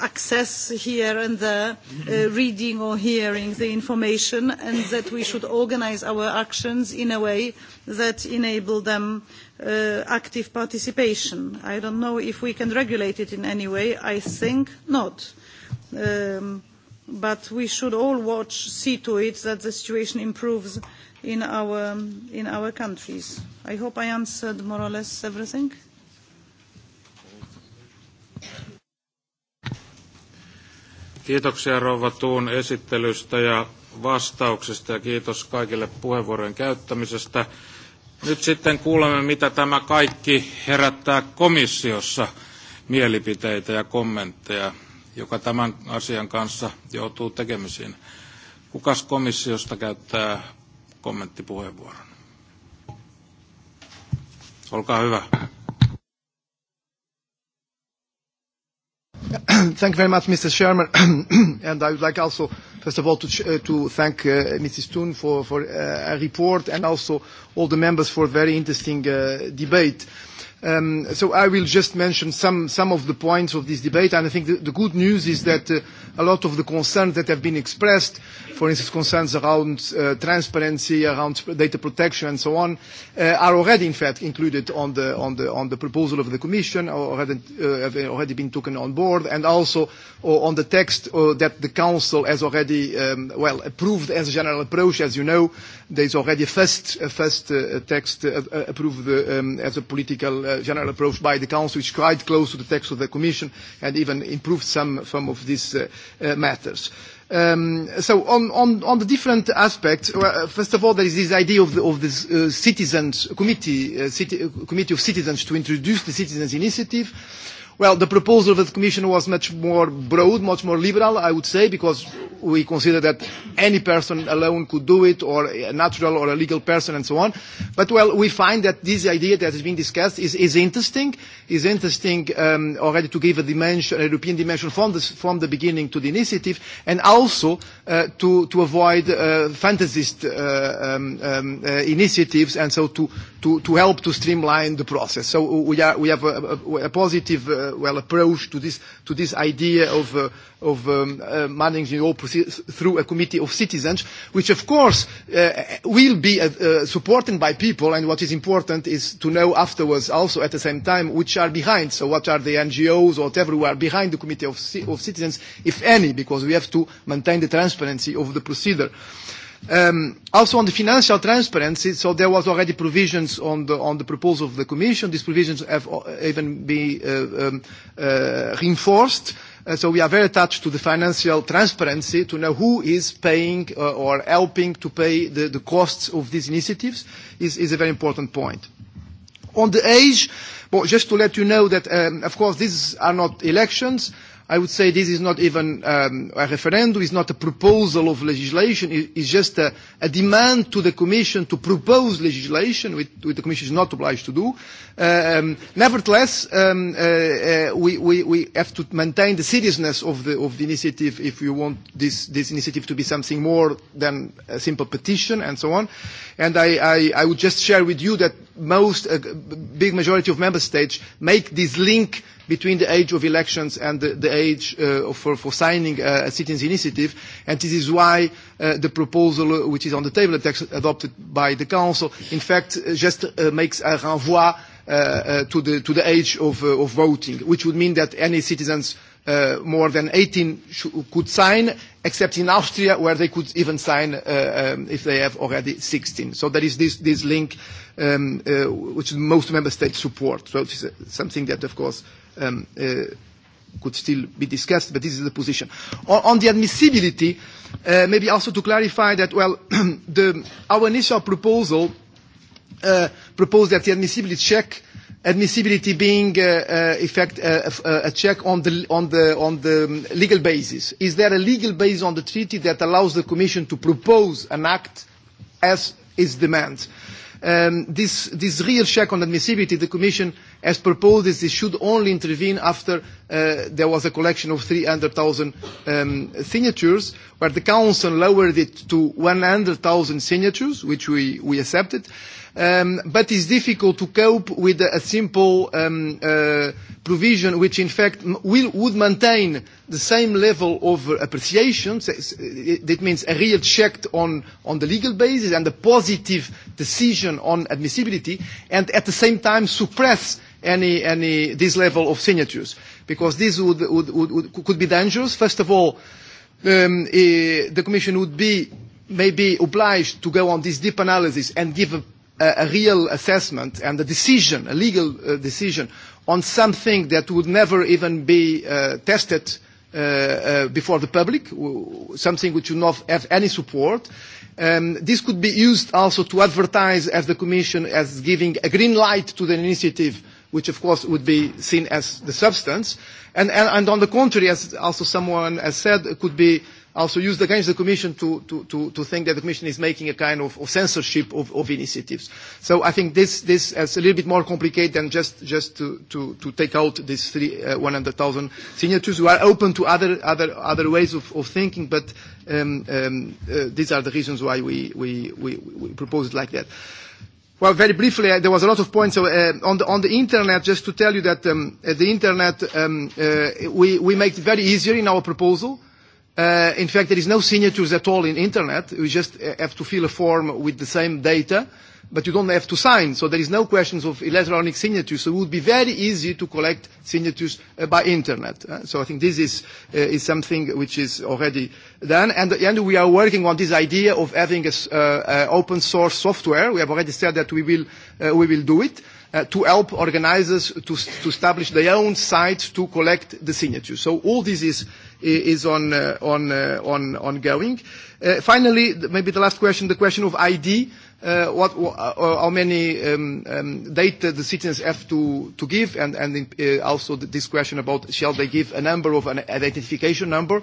access here and there, uh, reading or hearing the information, and that we should organise our actions in a way that enable them uh, active participation. I don't know if we can regulate it in any way. I think not. Um, but we should all watch, see to it that the situation improves in our, in our countries. I hope I answered more or less everything. Kiitoksia rouva Tuun esittelystä ja vastauksesta ja kiitos kaikille puheenvuorojen käyttämisestä. Nyt sitten kuulemme, mitä tämä kaikki herättää komissiossa mielipiteitä ja kommentteja, joka tämän asian kanssa joutuu tekemisiin. Kukas komissiosta käyttää kommenttipuheenvuoron? Olkaa hyvä. Thank you very much, Mr. Chairman. and I would like also, first of all, to, uh, to thank uh, Mrs. Toon for, for uh, a report and also all the members for a very interesting uh, debate. Um, so I will just mention some, some of the points of this debate, and I think the, the good news is that uh, a lot of the concerns that have been expressed, for instance, concerns around uh, transparency, around data protection, and so on, uh, are already, in fact, included on the, on the, on the proposal of the Commission, or already, uh, have already been taken on board, and also uh, on the text uh, that the Council has already, um, well, approved as a general approach. As you know, there is already a first, a first uh, text uh, approved um, as a political uh, general approach by the Council, which is quite close to the text of the Commission and even improved some, some of these uh, uh, matters. Um, so on, on, on the different aspects, well, uh, first of all, there is this idea of, the, of this uh, citizens committee, uh, city, uh, committee of citizens to introduce the citizens initiative. Well, the proposal of the Commission was much more broad, much more liberal, I would say, because we consider that any person alone could do it, or a natural or a legal person, and so on. But, well, we find that this idea that is being discussed is, is interesting, is interesting um, already to give a dimension, a European dimension from the, from the beginning to the initiative, and also uh, to, to avoid uh, fantasist uh, um, um, uh, initiatives, and so to to, to help to streamline the process. So we, are, we have a, a, a positive uh, well, approach to this, to this idea of, uh, of um, uh, managing all process through a committee of citizens, which of course uh, will be uh, uh, supported by people. And what is important is to know afterwards also at the same time which are behind. So what are the NGOs or whatever who are behind the committee of, of citizens, if any, because we have to maintain the transparency of the procedure. Um, also on the financial transparency, so there was already provisions on the, on the proposal of the Commission. These provisions have uh, even been uh, um, uh, reinforced. Uh, so we are very attached to the financial transparency to know who is paying uh, or helping to pay the, the costs of these initiatives is, is a very important point. On the age, well, just to let you know that, um, of course, these are not elections. I would say this is not even um, a referendum, it's not a proposal of legislation, it, it's just a, a demand to the Commission to propose legislation, which, which the Commission is not obliged to do. Um, nevertheless, um, uh, uh, we, we, we have to maintain the seriousness of the, of the initiative if we want this, this initiative to be something more than a simple petition and so on. And I, I, I would just share with you that most uh, big majority of member states make this link between the age of elections and the, the age uh, for, for signing uh, a citizens' initiative. And this is why uh, the proposal uh, which is on the table, the text adopted by the Council, in fact, uh, just uh, makes a renvoi uh, uh, to, the, to the age of, uh, of voting, which would mean that any citizens' uh, more than 18 could sign, except in Austria, where they could even sign uh, um, if they have already 16. So there is this, this link, um, uh, which most member states support. So it's uh, something that, of course, um, uh, could still be discussed, but this is the position. On, on the admissibility, uh, maybe also to clarify that, well, the, our initial proposal uh, proposed that the admissibility check admissibility being, uh, uh, effect, uh, uh, uh, a check on the, on, the, on the legal basis. Is there a legal basis on the treaty that allows the Commission to propose an act as is demands? Um, this, this real check on admissibility, the Commission has proposed is it should only intervene after uh, there was a collection of 300,000 um, signatures, where the Council lowered it to 100,000 signatures, which we, we accepted. Uh, um, but is difficult to cope with a simple um, uh, provision which in fact will, would maintain the same level of appreciation, that means a real check on, on the legal basis and a positive decision on admissibility, and at the same time suppress any, any, this level of signatures, because this would, would, would, could be dangerous. First of all, um, eh, the Commission would be maybe obliged to go on this deep analysis and give a a, a real assessment and a decision, a legal uh, decision, on something that would never even be uh, tested uh, uh, before the public, something which would not have any support. Um, this could be used also to advertise as the Commission as giving a green light to the initiative which of course would be seen as the substance, and, and, and on the contrary, as also someone has said, it could be also use against the Commission to, to, to, to think that the Commission is making a kind of, of censorship of, of initiatives. So I think this, this is a little bit more complicated than just, just to, to, to take out these uh, 100,000 signatures. We are open to other, other, other ways of, of thinking, but um, um, uh, these are the reasons why we, we, we, we propose it like that. Well, very briefly, uh, there was a lot of points so, uh, on, the, on the internet. Just to tell you that um, uh, the internet, um, uh, we, we make it very easier in our proposal. Uh, Uh, in fact, there is no signatures at all in internet. You just uh, have to fill a form with the same data, but you don't have to sign. So there is no questions of electronic signatures. So it would be very easy to collect signatures uh, by internet. Uh, so I think this is, uh, is something which is already done. And, and we are working on this idea of having a, uh, uh, open source software. We have already said that we will, uh, we will do it. Uh, to help organizers to, to establish their own sites to collect the signatures. So all this is is on, uh, on, uh, on, ongoing. Uh, finally, maybe the last question, the question of ID. Uh, what, uh, how many um, um, data the citizens have to, to give, and, and uh, also this question about shall they give a number of an identification number.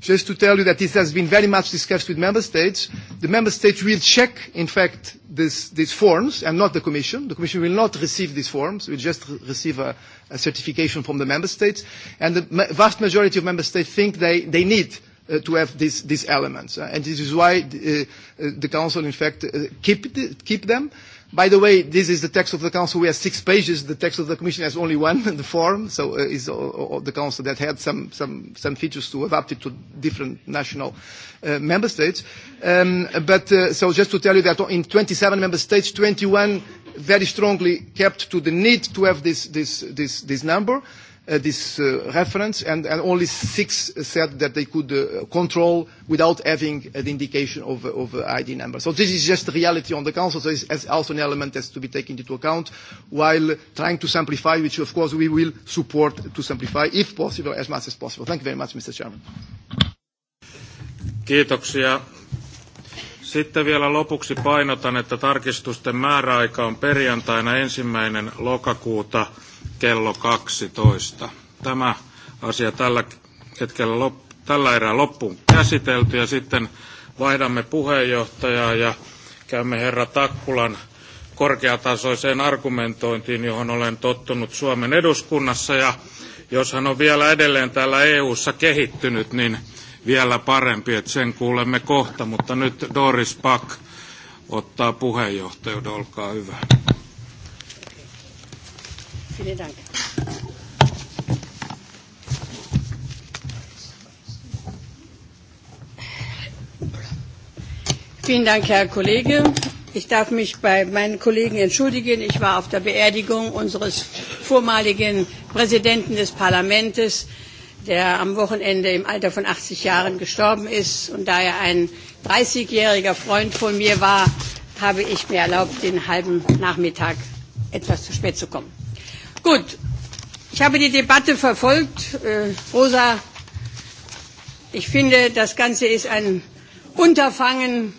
Just to tell you that this has been very much discussed with member states. The member states will check, in fact, this, these forms and not the Commission. The Commission will not receive these forms. It will just receive a, a certification from the member states. And the ma vast majority of member states think they, they need uh, to have these, these elements. Uh, and this is why the, uh, uh, the Council, in fact, uh, keep, the, keep them. By the way, this is the text of the Council. We have six pages. The text of the Commission has only one, the form. So uh, it's all, all the Council that had some, some, some features to adapt it to different national uh, member states. Um, but uh, so just to tell you that in 27 member states, 21 very strongly kept to the need to have this, this, this, this number uh, this uh, reference, and, and only six said that they could uh, control without having an indication of, uh, of uh, ID number. So this is just the reality on the council. So it's also an element that has to be taken into account while trying to simplify, which of course we will support to simplify, if possible, as much as possible. Thank you very much, Mr. Chairman. Kiitoksia. Sitten vielä lopuksi painotan, että tarkistusten määräaika on perjantaina ensimmäinen lokakuuta kello 12. Tämä asia tällä hetkellä loppuu tällä erää loppuun käsitelty ja sitten vaihdamme puheenjohtajaa ja käymme herra Takkulan korkeatasoiseen argumentointiin, johon olen tottunut Suomen eduskunnassa ja jos hän on vielä edelleen täällä EU-ssa kehittynyt, niin vielä parempi, että sen kuulemme kohta, mutta nyt Doris Pak ottaa puheenjohtajuuden, olkaa hyvä. Vielen Dank. Vielen Dank, Herr Kollege. Ich darf mich bei meinen Kollegen entschuldigen. Ich war auf der Beerdigung unseres vormaligen Präsidenten des Parlaments, der am Wochenende im Alter von 80 Jahren gestorben ist. Und da er ein 30-jähriger Freund von mir war, habe ich mir erlaubt, den halben Nachmittag etwas zu spät zu kommen. Gut, ich habe die Debatte verfolgt. Äh, Rosa, ich finde, das Ganze ist ein Unterfangen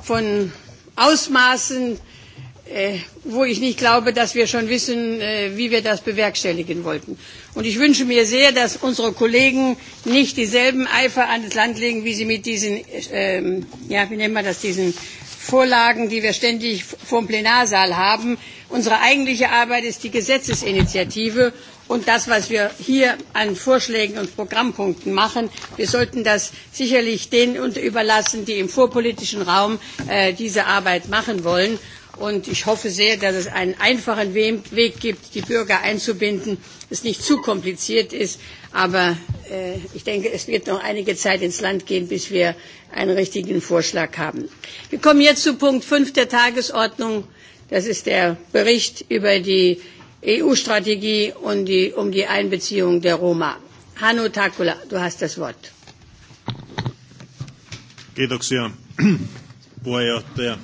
von Ausmaßen, äh, wo ich nicht glaube, dass wir schon wissen, äh, wie wir das bewerkstelligen wollten. Und ich wünsche mir sehr, dass unsere Kollegen nicht dieselben Eifer an das Land legen, wie sie mit diesen, äh, ja, wie nennen wir das, diesen Vorlagen, die wir ständig vor dem Plenarsaal haben. Unsere eigentliche Arbeit ist die Gesetzesinitiative und das, was wir hier an Vorschlägen und Programmpunkten machen. Wir sollten das sicherlich denen überlassen, die im vorpolitischen Raum äh, diese Arbeit machen wollen. Und ich hoffe sehr, dass es einen einfachen Weg gibt, die Bürger einzubinden, es nicht zu kompliziert ist. Aber äh, ich denke, es wird noch einige Zeit ins Land gehen, bis wir einen richtigen Vorschlag haben. Wir kommen jetzt zu Punkt 5 der Tagesordnung. Das ist der Bericht über die EU-Strategie und die, um die Einbeziehung der Roma. Hannu Takula, du hast das Wort. Kiitoksia puheenjohtaja.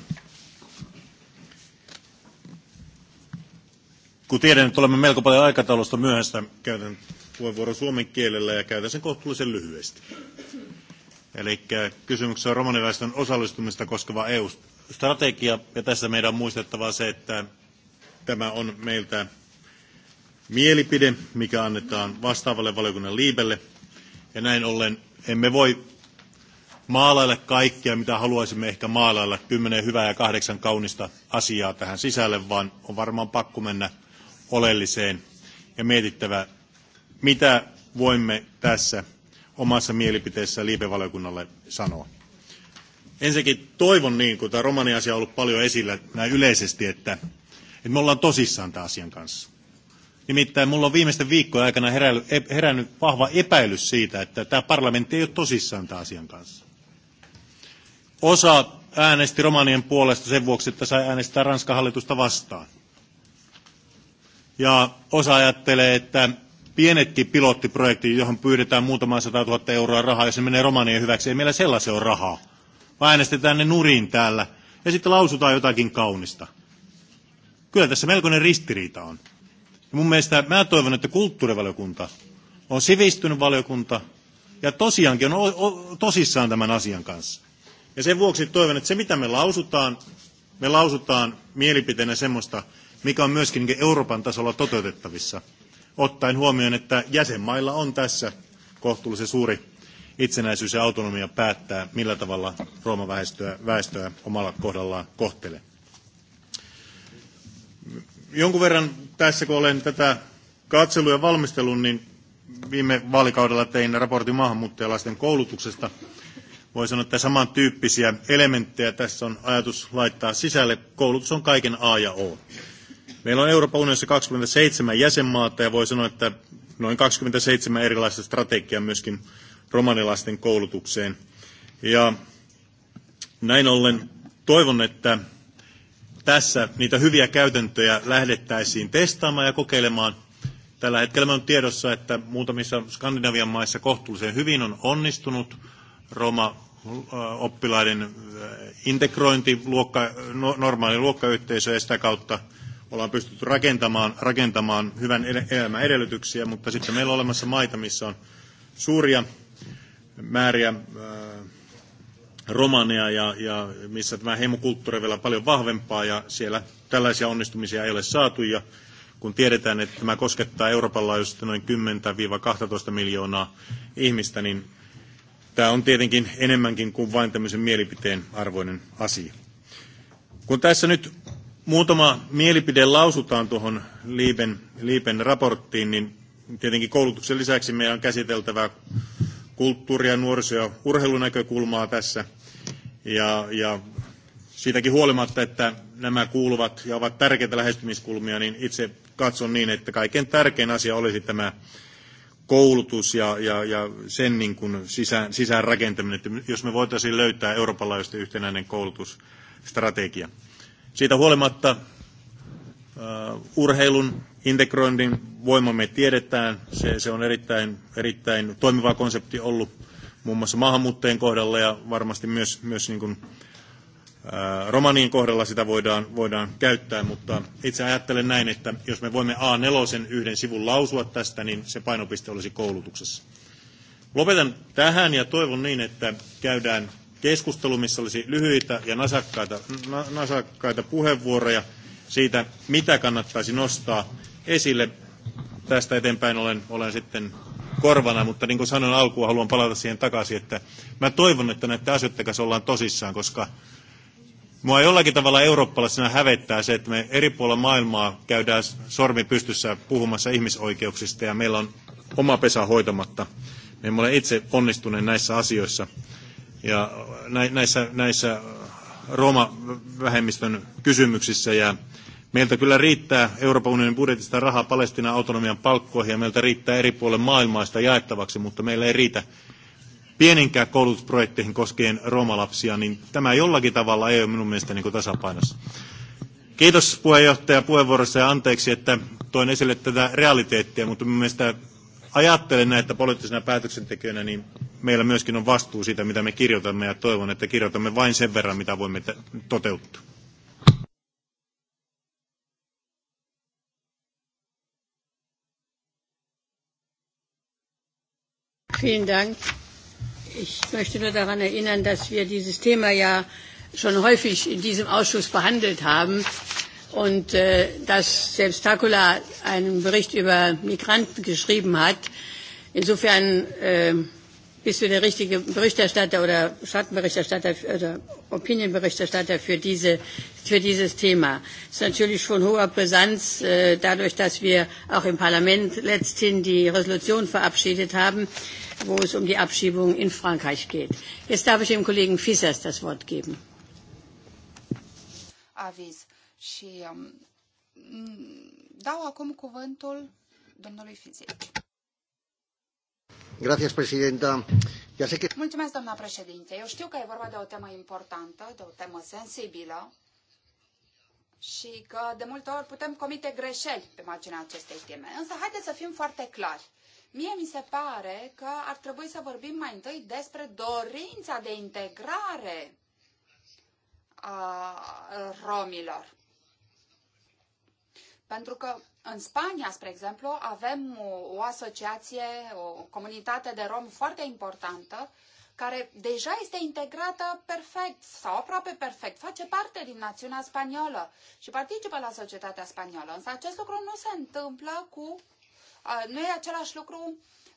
Kun tiedän, että olemme melko paljon aikataulusta myöhässä, käytän puheenvuoron suomen kielellä ja käytän sen kohtuullisen lyhyesti. Eli kysymyksessä on romaniväestön osallistumista koskeva EU-strategia, ja tässä meidän on muistettava se, että tämä on meiltä mielipide, mikä annetaan vastaavalle valiokunnan liibelle, ja näin ollen emme voi maalailla kaikkia, mitä haluaisimme ehkä maalailla, kymmenen hyvää ja kahdeksan kaunista asiaa tähän sisälle, vaan on varmaan pakko mennä – oleelliseen ja mietittävä, mitä voimme tässä omassa mielipiteessä liipevaliokunnalle sanoa. Ensinnäkin toivon, niin kun tämä romaniasia on ollut paljon esillä näin yleisesti, että, että me ollaan tosissaan tämän asian kanssa. Nimittäin minulla on viimeisten viikkojen aikana herännyt, herännyt vahva epäilys siitä, että tämä parlamentti ei ole tosissaan tämän asian kanssa. Osa äänesti romanien puolesta sen vuoksi, että sai äänestää Ranskan hallitusta vastaan. Ja osa ajattelee, että pienetkin pilottiprojekti, johon pyydetään muutama sata tuhatta euroa rahaa, jos se menee romanien hyväksi, ei meillä sellaisen ole rahaa. Vaan äänestetään ne nurin täällä ja sitten lausutaan jotakin kaunista. Kyllä tässä melkoinen ristiriita on. Ja mun mielestä mä toivon, että kulttuurivaliokunta on sivistynyt valiokunta ja tosiaankin on tosissaan tämän asian kanssa. Ja sen vuoksi toivon, että se mitä me lausutaan, me lausutaan mielipiteenä semmoista, mikä on myöskin Euroopan tasolla toteutettavissa, ottaen huomioon, että jäsenmailla on tässä kohtuullisen suuri itsenäisyys ja autonomia päättää, millä tavalla Rooman väestöä, väestöä omalla kohdallaan kohtelee. Jonkun verran tässä, kun olen tätä katselua ja valmistelun, niin viime vaalikaudella tein raportin maahanmuuttajalaisten koulutuksesta. Voi sanoa, että samantyyppisiä elementtejä tässä on ajatus laittaa sisälle. Koulutus on kaiken A ja O. Meillä on Euroopan unionissa 27 jäsenmaata ja voi sanoa, että noin 27 erilaista strategiaa myöskin romanilaisten koulutukseen. Ja näin ollen toivon, että tässä niitä hyviä käytäntöjä lähdettäisiin testaamaan ja kokeilemaan. Tällä hetkellä on tiedossa, että muutamissa Skandinavian maissa kohtuullisen hyvin on onnistunut Roma-oppilaiden integrointi luokka, normaali luokkayhteisö ja sitä kautta – ollaan pystytty rakentamaan, rakentamaan hyvän elämän edellytyksiä, mutta sitten meillä on olemassa maita, missä on suuria määriä äh, romaneja ja, ja missä tämä heimokulttuuri on vielä paljon vahvempaa ja siellä tällaisia onnistumisia ei ole saatu ja kun tiedetään, että tämä koskettaa Euroopan laajuisesti noin 10-12 miljoonaa ihmistä, niin tämä on tietenkin enemmänkin kuin vain tämmöisen mielipiteen arvoinen asia. Kun tässä nyt muutama mielipide lausutaan tuohon Liipen, Liipen raporttiin, niin tietenkin koulutuksen lisäksi meidän on käsiteltävä kulttuuri- ja nuoriso- ja urheilunäkökulmaa tässä. Ja, ja siitäkin huolimatta, että nämä kuuluvat ja ovat tärkeitä lähestymiskulmia, niin itse katson niin, että kaiken tärkein asia olisi tämä koulutus ja, ja, ja sen niin kuin sisään, sisään rakentaminen, että jos me voitaisiin löytää Euroopan laajuisesti yhtenäinen koulutusstrategia. Siitä huolimatta uh, urheilun integroinnin voimamme tiedetään. Se, se on erittäin, erittäin toimiva konsepti ollut muun muassa maahanmuuttajien kohdalla ja varmasti myös, myös niin kuin, uh, romaniin kohdalla sitä voidaan, voidaan käyttää, mutta itse ajattelen näin, että jos me voimme A4 yhden sivun lausua tästä, niin se painopiste olisi koulutuksessa. Lopetan tähän ja toivon niin, että käydään keskustelu, missä olisi lyhyitä ja nasakkaita, nasakkaita puheenvuoroja siitä, mitä kannattaisi nostaa esille. Tästä eteenpäin olen, olen sitten korvana, mutta niin kuin sanoin alkuun, haluan palata siihen takaisin, että mä toivon, että näiden asioiden kanssa ollaan tosissaan, koska Mua jollakin tavalla eurooppalaisena hävettää se, että me eri puolilla maailmaa käydään sormi pystyssä puhumassa ihmisoikeuksista ja meillä on oma pesä hoitamatta. Me emme ole itse onnistuneet näissä asioissa. Ja näissä, näissä Rooma-vähemmistön kysymyksissä ja meiltä kyllä riittää Euroopan unionin budjetista rahaa Palestinan autonomian palkkoihin ja meiltä riittää eri puolille maailmaista jaettavaksi, mutta meillä ei riitä pieninkään koulutusprojekteihin koskien roomalapsia, niin tämä jollakin tavalla ei ole minun mielestäni niin tasapainossa. Kiitos puheenjohtaja puheenvuorossa ja anteeksi, että toin esille tätä realiteettia, mutta minun mielestä ajattelen näitä poliittisena päätöksentekijöinä, niin meillä myöskin on vastuu siitä, mitä me kirjoitamme, ja toivon, että kirjoitamme vain sen verran, mitä voimme toteuttaa. Vielen Dank. Ich möchte nur daran erinnern, dass wir dieses Thema ja schon häufig in diesem Ausschuss behandelt haben und äh, dass selbst Takula einen Bericht über Migranten geschrieben hat. Insofern äh, Bist du der richtige Berichterstatter oder Schattenberichterstatter oder Opinionberichterstatter für, diese, für dieses Thema? Das ist natürlich von hoher Brisanz, äh, dadurch, dass wir auch im Parlament letzthin die Resolution verabschiedet haben, wo es um die Abschiebung in Frankreich geht. Jetzt darf ich dem Kollegen Fissers das Wort geben. Avis. Și um, dau acum cuvântul domnului Fizic doamnă președintă Mulțumesc, președinte. Eu știu că e vorba de o temă importantă, de o temă sensibilă și că de multe ori putem comite greșeli pe marginea acestei teme. Însă haideți să fim foarte clari. Mie mi se pare că ar trebui să vorbim mai întâi despre dorința de integrare a romilor. Pentru că în Spania, spre exemplu, avem o, o asociație, o comunitate de rom foarte importantă, care deja este integrată perfect sau aproape perfect, face parte din națiunea spaniolă și participă la societatea spaniolă. Însă acest lucru nu se întâmplă cu. nu e același lucru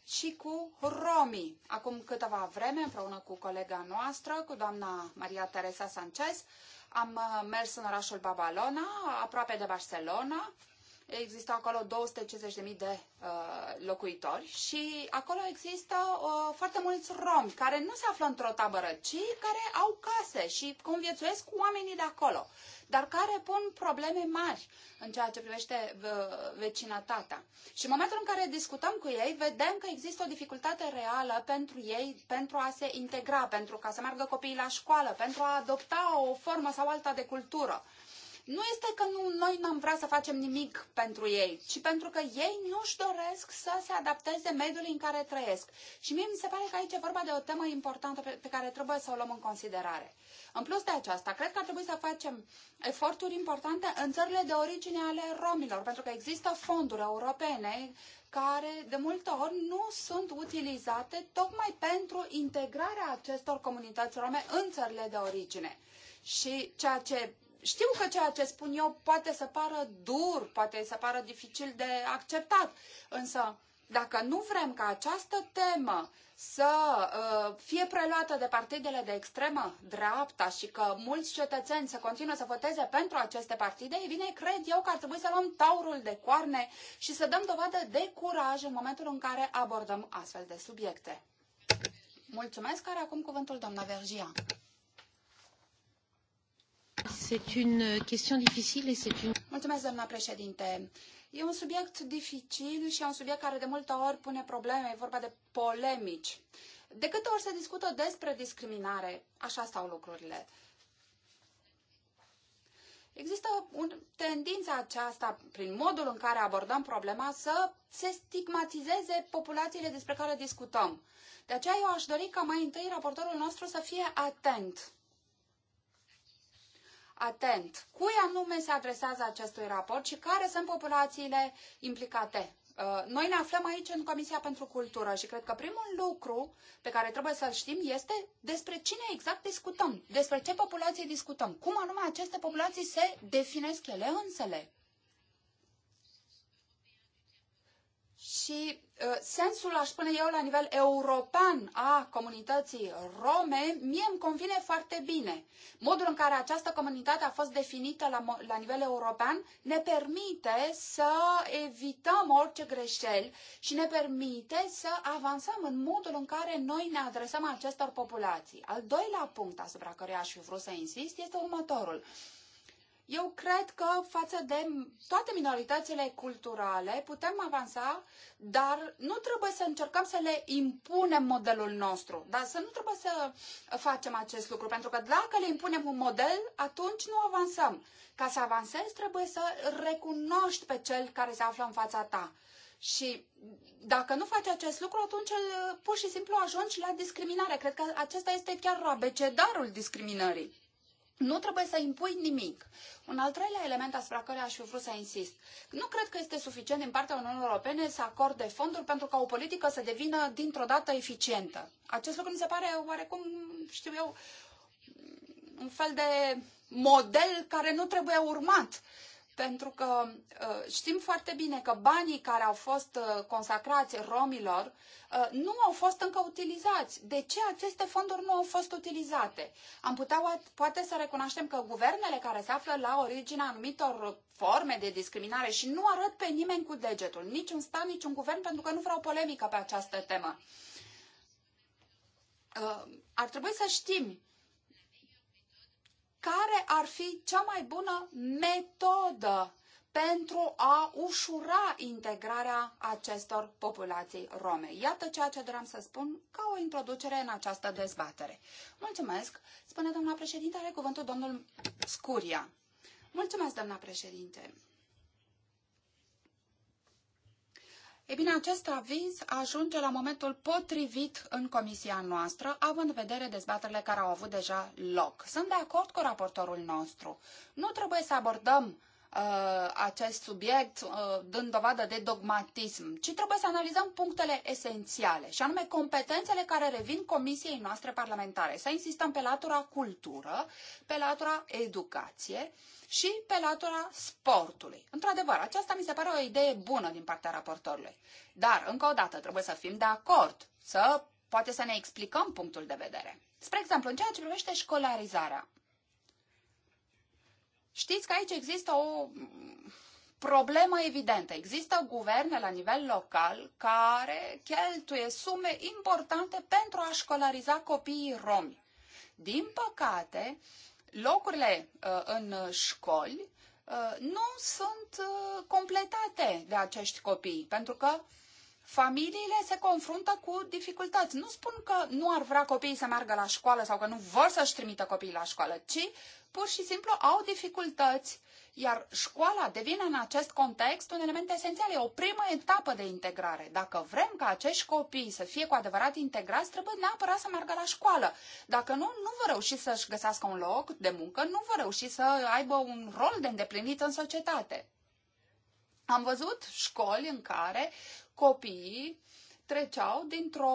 și cu romii. Acum câteva vreme, împreună cu colega noastră, cu doamna Maria Teresa Sanchez, am uh, mers în orașul Babalona, aproape de Barcelona, existau acolo 250.000 de uh, locuitori și acolo există uh, foarte mulți romi care nu se află într-o tabără, ci care au case și conviețuiesc cu oamenii de acolo, dar care pun probleme mari în ceea ce privește uh, vecinătatea. Și în momentul în care discutăm cu ei, vedem că există o dificultate reală pentru ei pentru a se integra, pentru ca să meargă copiii la școală, pentru a adopta o formă sau alta de cultură nu este că nu, noi n-am vrea să facem nimic pentru ei, ci pentru că ei nu-și doresc să se adapteze mediului în care trăiesc. Și mie mi se pare că aici e vorba de o temă importantă pe, pe care trebuie să o luăm în considerare. În plus de aceasta, cred că ar trebui să facem eforturi importante în țările de origine ale romilor, pentru că există fonduri europene care de multe ori nu sunt utilizate tocmai pentru integrarea acestor comunități rome în țările de origine. Și ceea ce știu că ceea ce spun eu poate să pară dur, poate să pară dificil de acceptat, însă dacă nu vrem ca această temă să uh, fie preluată de partidele de extremă dreapta și că mulți cetățeni să continuă să voteze pentru aceste partide, e bine, cred eu că ar trebui să luăm taurul de coarne și să dăm dovadă de curaj în momentul în care abordăm astfel de subiecte. Mulțumesc, care acum cuvântul doamna Vergia. Mulțumesc, doamna președinte. E un subiect dificil și e un subiect care de multe ori pune probleme, e vorba de polemici. De câte ori se discută despre discriminare, așa stau lucrurile. Există o tendința aceasta, prin modul în care abordăm problema, să se stigmatizeze populațiile despre care discutăm. De aceea eu aș dori ca mai întâi raportorul nostru să fie atent atent cui anume se adresează acestui raport și care sunt populațiile implicate. Uh, noi ne aflăm aici în Comisia pentru Cultură și cred că primul lucru pe care trebuie să-l știm este despre cine exact discutăm, despre ce populație discutăm, cum anume aceste populații se definesc ele însele. și uh, sensul, aș spune eu, la nivel european a comunității rome, mie îmi convine foarte bine. Modul în care această comunitate a fost definită la, la nivel european ne permite să evităm orice greșeli și ne permite să avansăm în modul în care noi ne adresăm acestor populații. Al doilea punct asupra căruia aș fi vrut să insist este următorul. Uh, eu cred că față de toate minoritățile culturale putem avansa, dar nu trebuie să încercăm să le impunem modelul nostru. Dar să nu trebuie să facem acest lucru, pentru că dacă le impunem un model, atunci nu avansăm. Ca să avansezi, trebuie să recunoști pe cel care se află în fața ta. Și dacă nu faci acest lucru, atunci uh, pur și simplu ajungi la discriminare. Cred că acesta este chiar abecedarul discriminării. Nu trebuie să impui nimic. Un al treilea element asupra care aș fi vrut să insist. Nu cred că este suficient din partea Uniunii Europene să acorde fonduri pentru ca o politică să devină dintr-o dată eficientă. Acest lucru mi se pare oarecum, știu eu, un fel de model care nu trebuie urmat. Uh, pentru că uh, știm foarte bine că banii care au fost uh, consacrați romilor uh, nu au fost încă utilizați. De ce aceste fonduri nu au fost utilizate? Am putea poate să recunoaștem că guvernele care se află la originea anumitor forme de discriminare și nu arăt pe nimeni cu degetul, nici un stat, nici un guvern, pentru că nu vreau polemică pe această temă. Ar trebui să știm care ar fi cea mai bună metodă pentru a ușura integrarea acestor populații rome. Iată ceea ce doream să spun ca o introducere în această dezbatere. Mulțumesc, spune doamna președinte, are cuvântul domnul Scuria. Mulțumesc, doamna președinte. E bine, acest aviz ajunge la momentul potrivit în comisia noastră, având în vedere dezbaterile care au avut deja loc. Sunt de acord cu raportorul nostru. Nu trebuie să abordăm Uh, acest subiect uh, dând dovadă de dogmatism, ci trebuie să analizăm punctele esențiale, și anume competențele care revin comisiei noastre parlamentare. Să insistăm pe latura cultură, pe latura educație și pe latura sportului. Într-adevăr, aceasta mi se pare o idee bună din partea raportorului. Dar, încă o dată, trebuie să fim de acord, să poate să ne explicăm punctul de vedere. Spre exemplu, în ceea ce privește școlarizarea, Știți că aici există o problemă evidentă. Există guverne la nivel local care cheltuie sume importante pentru a școlariza copiii romi. Din păcate, locurile uh, în școli uh, nu sunt uh, completate de acești copii, pentru că uh, familiile se confruntă cu dificultăți. Nu spun că nu ar vrea copiii să meargă la școală sau că nu vor să-și trimită copiii la școală, ci pur și simplu au dificultăți, iar școala devine în acest context un element esențial, e o primă etapă de integrare. Dacă vrem ca acești copii să fie cu adevărat integrați, trebuie neapărat să meargă la școală. Dacă nu, nu vor reuși să-și găsească un loc de muncă, nu vor reuși să aibă un rol de îndeplinit în societate. Am văzut școli în care copiii treceau dintr-o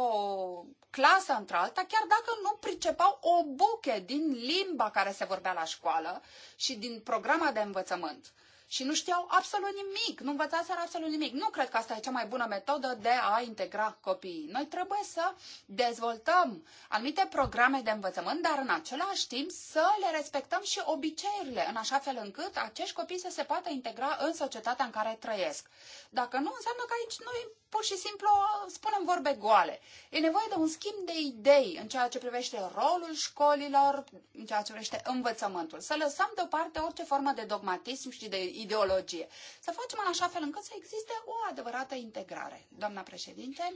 clasă într-alta, chiar dacă nu pricepau o buche din limba care se vorbea la școală și din programa de învățământ și nu știau absolut nimic, nu învățaseră absolut nimic. Nu cred că asta e cea mai bună metodă de a integra copiii. Noi trebuie să dezvoltăm anumite programe de învățământ, dar în același timp să le respectăm și obiceiurile, în așa fel încât acești copii să se poată integra în societatea în care trăiesc. Dacă nu, înseamnă că aici noi pur și simplu spunem vorbe goale. E nevoie de un schimb de idei în ceea ce privește rolul școlilor, în ceea ce privește învățământul. Să lăsăm deoparte orice formă de dogmatism și de ideologie. Să facem în așa fel încât să existe o adevărată integrare. Doamna președinte?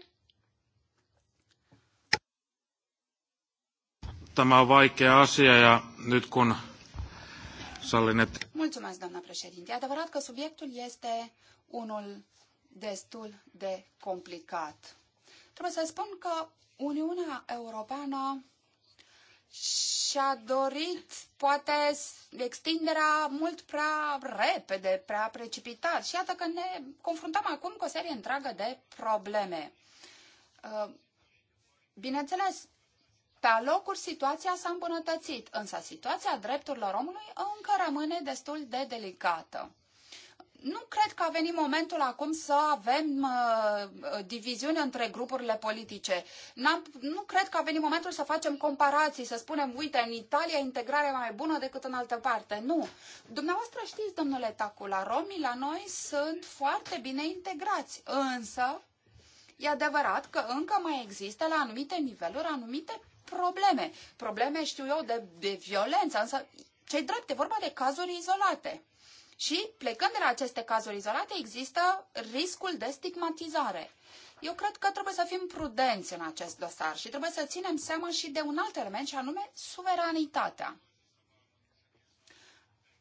Tämä on vaikea asia ja nyt kun sallin, että... Mulțumesc, doamna președinte. E adevărat că subiectul este unul destul de complicat. Trebuie să spun că Uniunea Europeană și-a dorit poate extinderea mult prea repede, prea precipitat. Și iată că ne confruntăm acum cu o serie întreagă de probleme. Uh, bineînțeles, pe alocuri situația s-a îmbunătățit, însă situația drepturilor omului încă rămâne destul de delicată nu cred că a venit momentul acum să avem uh, diviziune între grupurile politice. nu cred că a venit momentul să facem comparații, să spunem, uite, în Italia integrarea e mai bună decât în altă parte. Nu. Dumneavoastră știți, domnule Tacula, romii la noi sunt foarte bine integrați, însă e adevărat că încă mai există la anumite niveluri anumite probleme. Probleme, știu eu, de, de violență, însă cei drept, e vorba de cazuri izolate. Și plecând de la aceste cazuri izolate, există riscul de stigmatizare. Eu cred că trebuie să fim prudenți în acest dosar și trebuie să ținem seama și de un alt element, și anume suveranitatea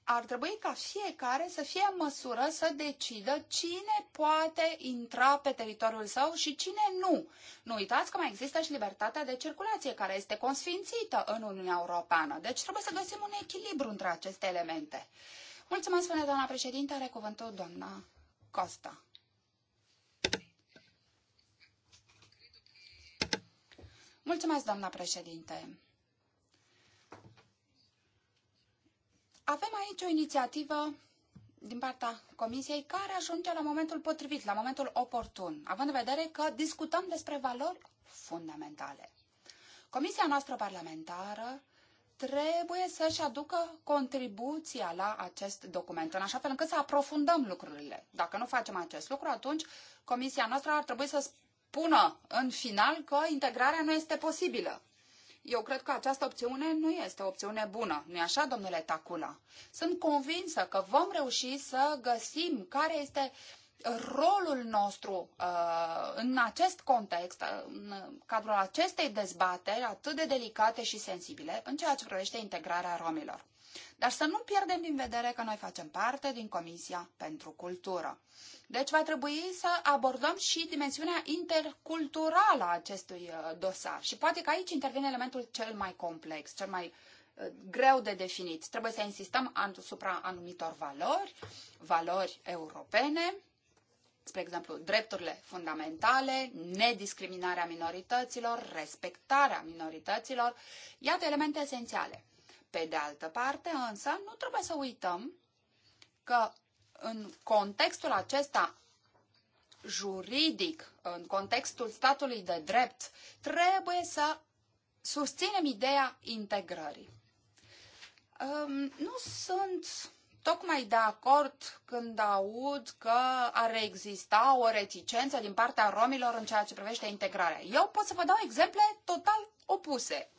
ar trebui ca fiecare să fie în măsură să decidă cine poate intra pe teritoriul său și cine nu. Nu uitați că mai există și libertatea de circulație, care este consfințită în Uniunea Europeană. Deci trebuie să găsim un echilibru între aceste elemente. Mulțumesc, spune doamna președinte, are cuvântul doamna Costa. Mulțumesc, doamna președinte. Avem aici o inițiativă din partea Comisiei care ajunge la momentul potrivit, la momentul oportun, având în vedere că discutăm despre valori fundamentale. Comisia noastră parlamentară trebuie să-și aducă contribuția la acest document, în așa fel încât să aprofundăm lucrurile. Dacă nu facem acest lucru, atunci comisia noastră ar trebui să spună în final că integrarea nu este posibilă. Eu cred că această opțiune nu este o opțiune bună, nu-i așa, domnule Tacula? Sunt convinsă că vom reuși să găsim care este uh, rolul nostru uh, în acest context, uh, în cadrul acestei dezbateri atât de delicate și sensibile în ceea ce privește integrarea romilor. Dar să nu pierdem din vedere că noi facem parte din Comisia pentru Cultură. Deci va trebui să abordăm și dimensiunea interculturală a acestui uh, dosar. Și poate că aici intervine elementul cel mai complex, cel mai greu de definit. Trebuie să insistăm asupra anumitor valori, valori europene, spre exemplu, drepturile fundamentale, nediscriminarea minorităților, respectarea minorităților, iată elemente esențiale. Pe de altă parte, însă, nu trebuie să uităm că în contextul acesta juridic, în contextul statului de drept, trebuie să susținem ideea integrării. Um, nu sunt tocmai de acord când aud că ar exista o reticență din partea romilor în ceea ce privește integrarea. Eu pot să vă dau exemple total opuse.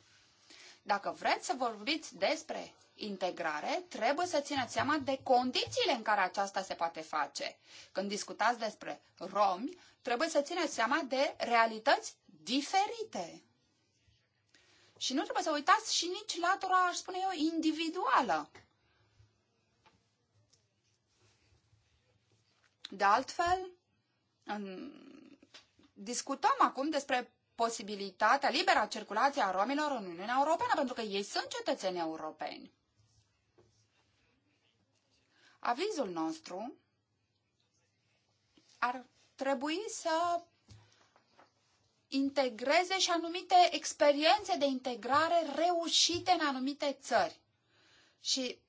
Dacă vreți să vorbiți despre integrare, trebuie să țineți seama de condițiile în care aceasta se poate face. Când discutați despre romi, trebuie să țineți seama de realități diferite. Și nu trebuie să uitați și nici latura, aș spune eu, individuală. De altfel, în... discutăm acum despre posibilitatea libera circulație a romilor în Uniunea Europeană, pentru că ei sunt cetățeni europeni. Avizul nostru ar trebui să integreze și anumite experiențe de integrare reușite în anumite țări. Și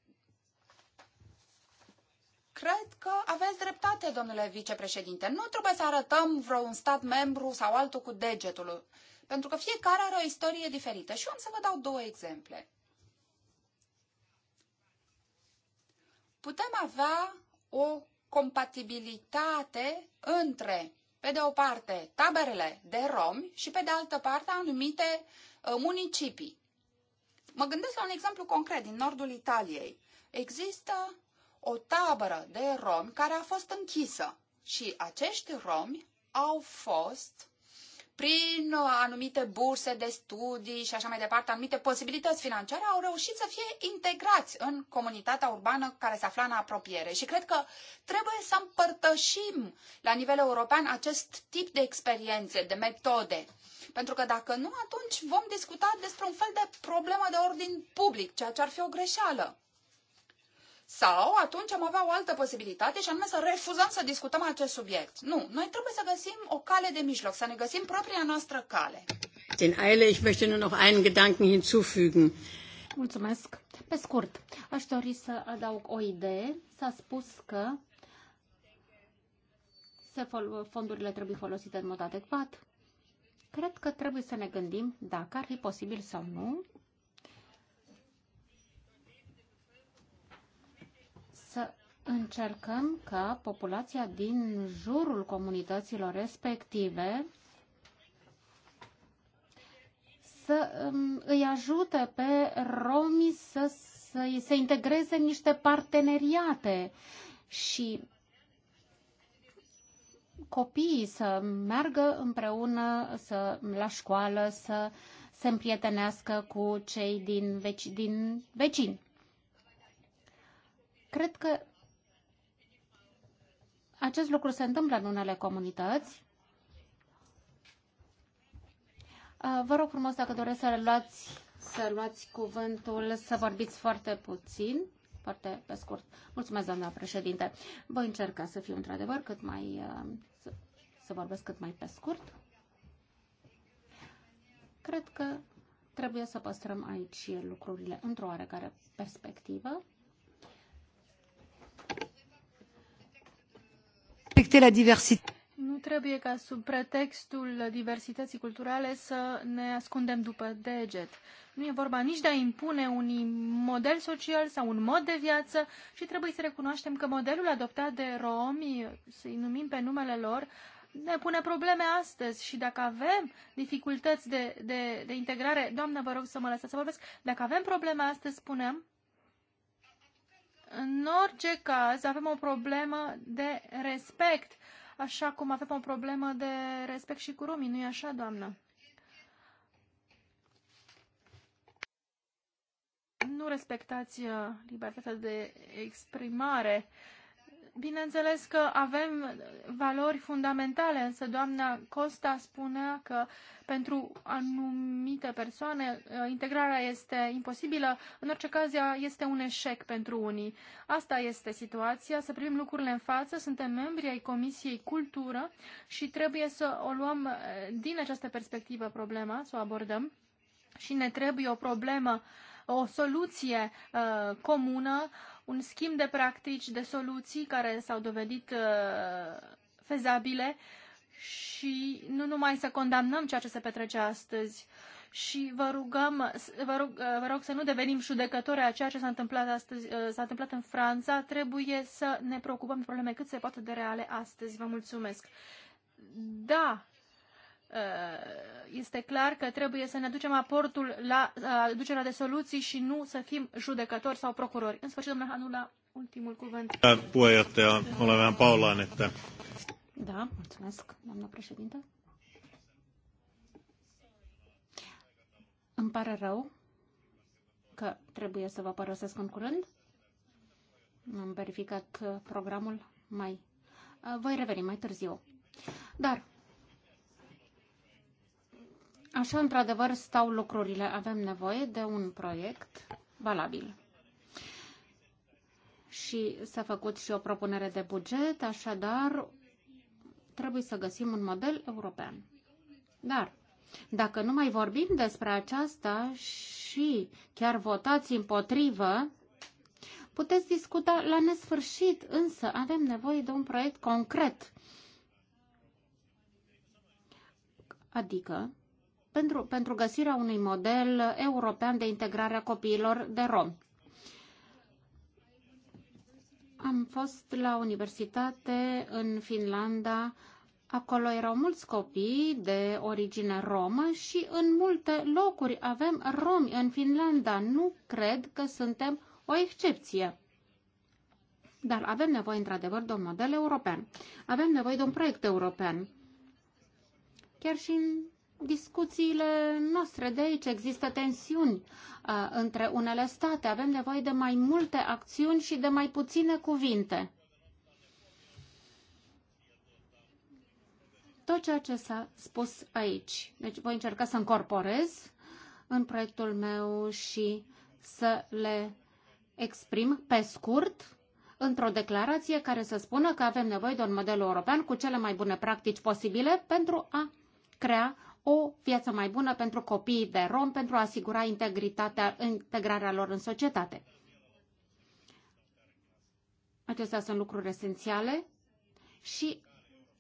Cred că aveți dreptate, domnule vicepreședinte. Nu trebuie să arătăm vreun stat membru sau altul cu degetul, pentru că fiecare are o istorie diferită. Și eu am să vă dau două exemple. Putem avea o compatibilitate între, pe de o parte, taberele de romi și, pe de altă parte, anumite uh, municipii. Mă gândesc la un exemplu concret din nordul Italiei. Există o tabără de romi care a fost închisă și acești romi au fost prin uh, anumite burse de studii și așa mai departe, anumite posibilități financiare, au reușit să fie integrați în comunitatea urbană care se afla în apropiere. Și cred că trebuie să împărtășim la nivel european acest tip de experiențe, de metode. Pentru că dacă nu, atunci vom discuta despre un fel de problemă de ordin public, ceea ce ar fi o greșeală. Sau atunci am avea o altă posibilitate și anume să refuzăm să discutăm acest subiect. Nu, noi trebuie să găsim o cale de mijloc, să ne găsim propria noastră cale. Din Eile, ich möchte nur noch einen Gedanken hinzufügen. Mulțumesc. Pe scurt, aș dori să adaug o idee. S-a spus că se fondurile trebuie folosite în mod adecvat. Cred că trebuie să ne gândim dacă ar fi posibil sau nu încercăm ca populația din jurul comunităților respective să um, îi ajute pe romi să, să se integreze în niște parteneriate și copiii să meargă împreună să, la școală, să se împrietenească cu cei din, veci, din vecini. Cred că acest lucru se întâmplă în unele comunități. Uh, vă rog frumos, dacă doresc să luați, să luați cuvântul, să vorbiți foarte puțin, foarte pe scurt. Mulțumesc, doamna președinte. Voi încerca să fiu într-adevăr cât mai, uh, să, să vorbesc cât mai pe scurt. Cred că trebuie să păstrăm aici lucrurile într-o oarecare perspectivă. respecter la diversité. Nu trebuie ca sub pretextul diversității culturale să ne ascundem după deget. Nu e vorba nici de a impune un model social sau un mod de viață și trebuie să recunoaștem că modelul adoptat de romi, să-i numim pe numele lor, ne pune probleme astăzi și dacă avem dificultăți de, de, de integrare, doamnă, vă rog să mă lăsați să vorbesc, dacă avem probleme astăzi, spunem în orice caz, avem o problemă de respect, așa cum avem o problemă de respect și cu romii, nu-i așa, doamnă? Nu respectați uh, libertatea de exprimare Bineînțeles că avem valori fundamentale, însă doamna Costa spunea că pentru anumite persoane uh, integrarea este imposibilă, în orice caz ea este un eșec pentru unii. Asta este situația, să privim lucrurile în față, suntem membri ai Comisiei Cultură și trebuie să o luăm uh, din această perspectivă problema, să o abordăm și ne trebuie o problemă, o soluție uh, comună, uh, un schimb de practici, de soluții care s-au dovedit uh, fezabile și nu numai să condamnăm ceea ce se petrece astăzi, și vă rugăm, vă rog, uh, vă rog să nu devenim judecători a ceea ce s-a întâmplat astăzi, uh, s-a întâmplat în Franța. Trebuie să ne preocupăm de probleme cât se poate de reale astăzi. Vă mulțumesc. Da, Uh, este clar că trebuie să ne ducem aportul la uh, aducerea de soluții și nu să fim judecători sau procurori. În sfârșit, domnule Hanula, ultimul cuvânt. Ă, puheenjohtaja, olevan Paula, että... Da, mulțumesc, doamna președintă. Îmi pare rău că trebuie să vă părăsesc în curând. Am verificat uh, programul mai. Voi reveni mai târziu. Dar Așa, într-adevăr, stau lucrurile. Avem nevoie de un proiect valabil. Și s-a făcut și o propunere de buget, așadar trebuie să găsim un model european. Dar dacă nu mai vorbim despre aceasta și chiar votați împotrivă, puteți discuta la nesfârșit, însă avem nevoie de un proiect concret. Adică pentru, pentru găsirea unui model european de integrare a copiilor de rom. Am fost la universitate în Finlanda. Acolo erau mulți copii de origine romă și în multe locuri avem romi în Finlanda. Nu cred că suntem o excepție. Dar avem nevoie, într-adevăr, de un model european. Avem nevoie de un proiect european. Chiar și în discuțiile noastre. De aici există tensiuni uh, între unele state. Avem nevoie de mai multe acțiuni și de mai puține cuvinte. Tot ceea ce s-a spus aici. Deci voi încerca să încorporez în proiectul meu și să le exprim pe scurt într-o declarație care să spună că avem nevoie de un model european cu cele mai bune practici posibile pentru a crea o viață mai bună pentru copiii de rom, pentru a asigura integritatea, integrarea lor în societate. Acestea sunt lucruri esențiale și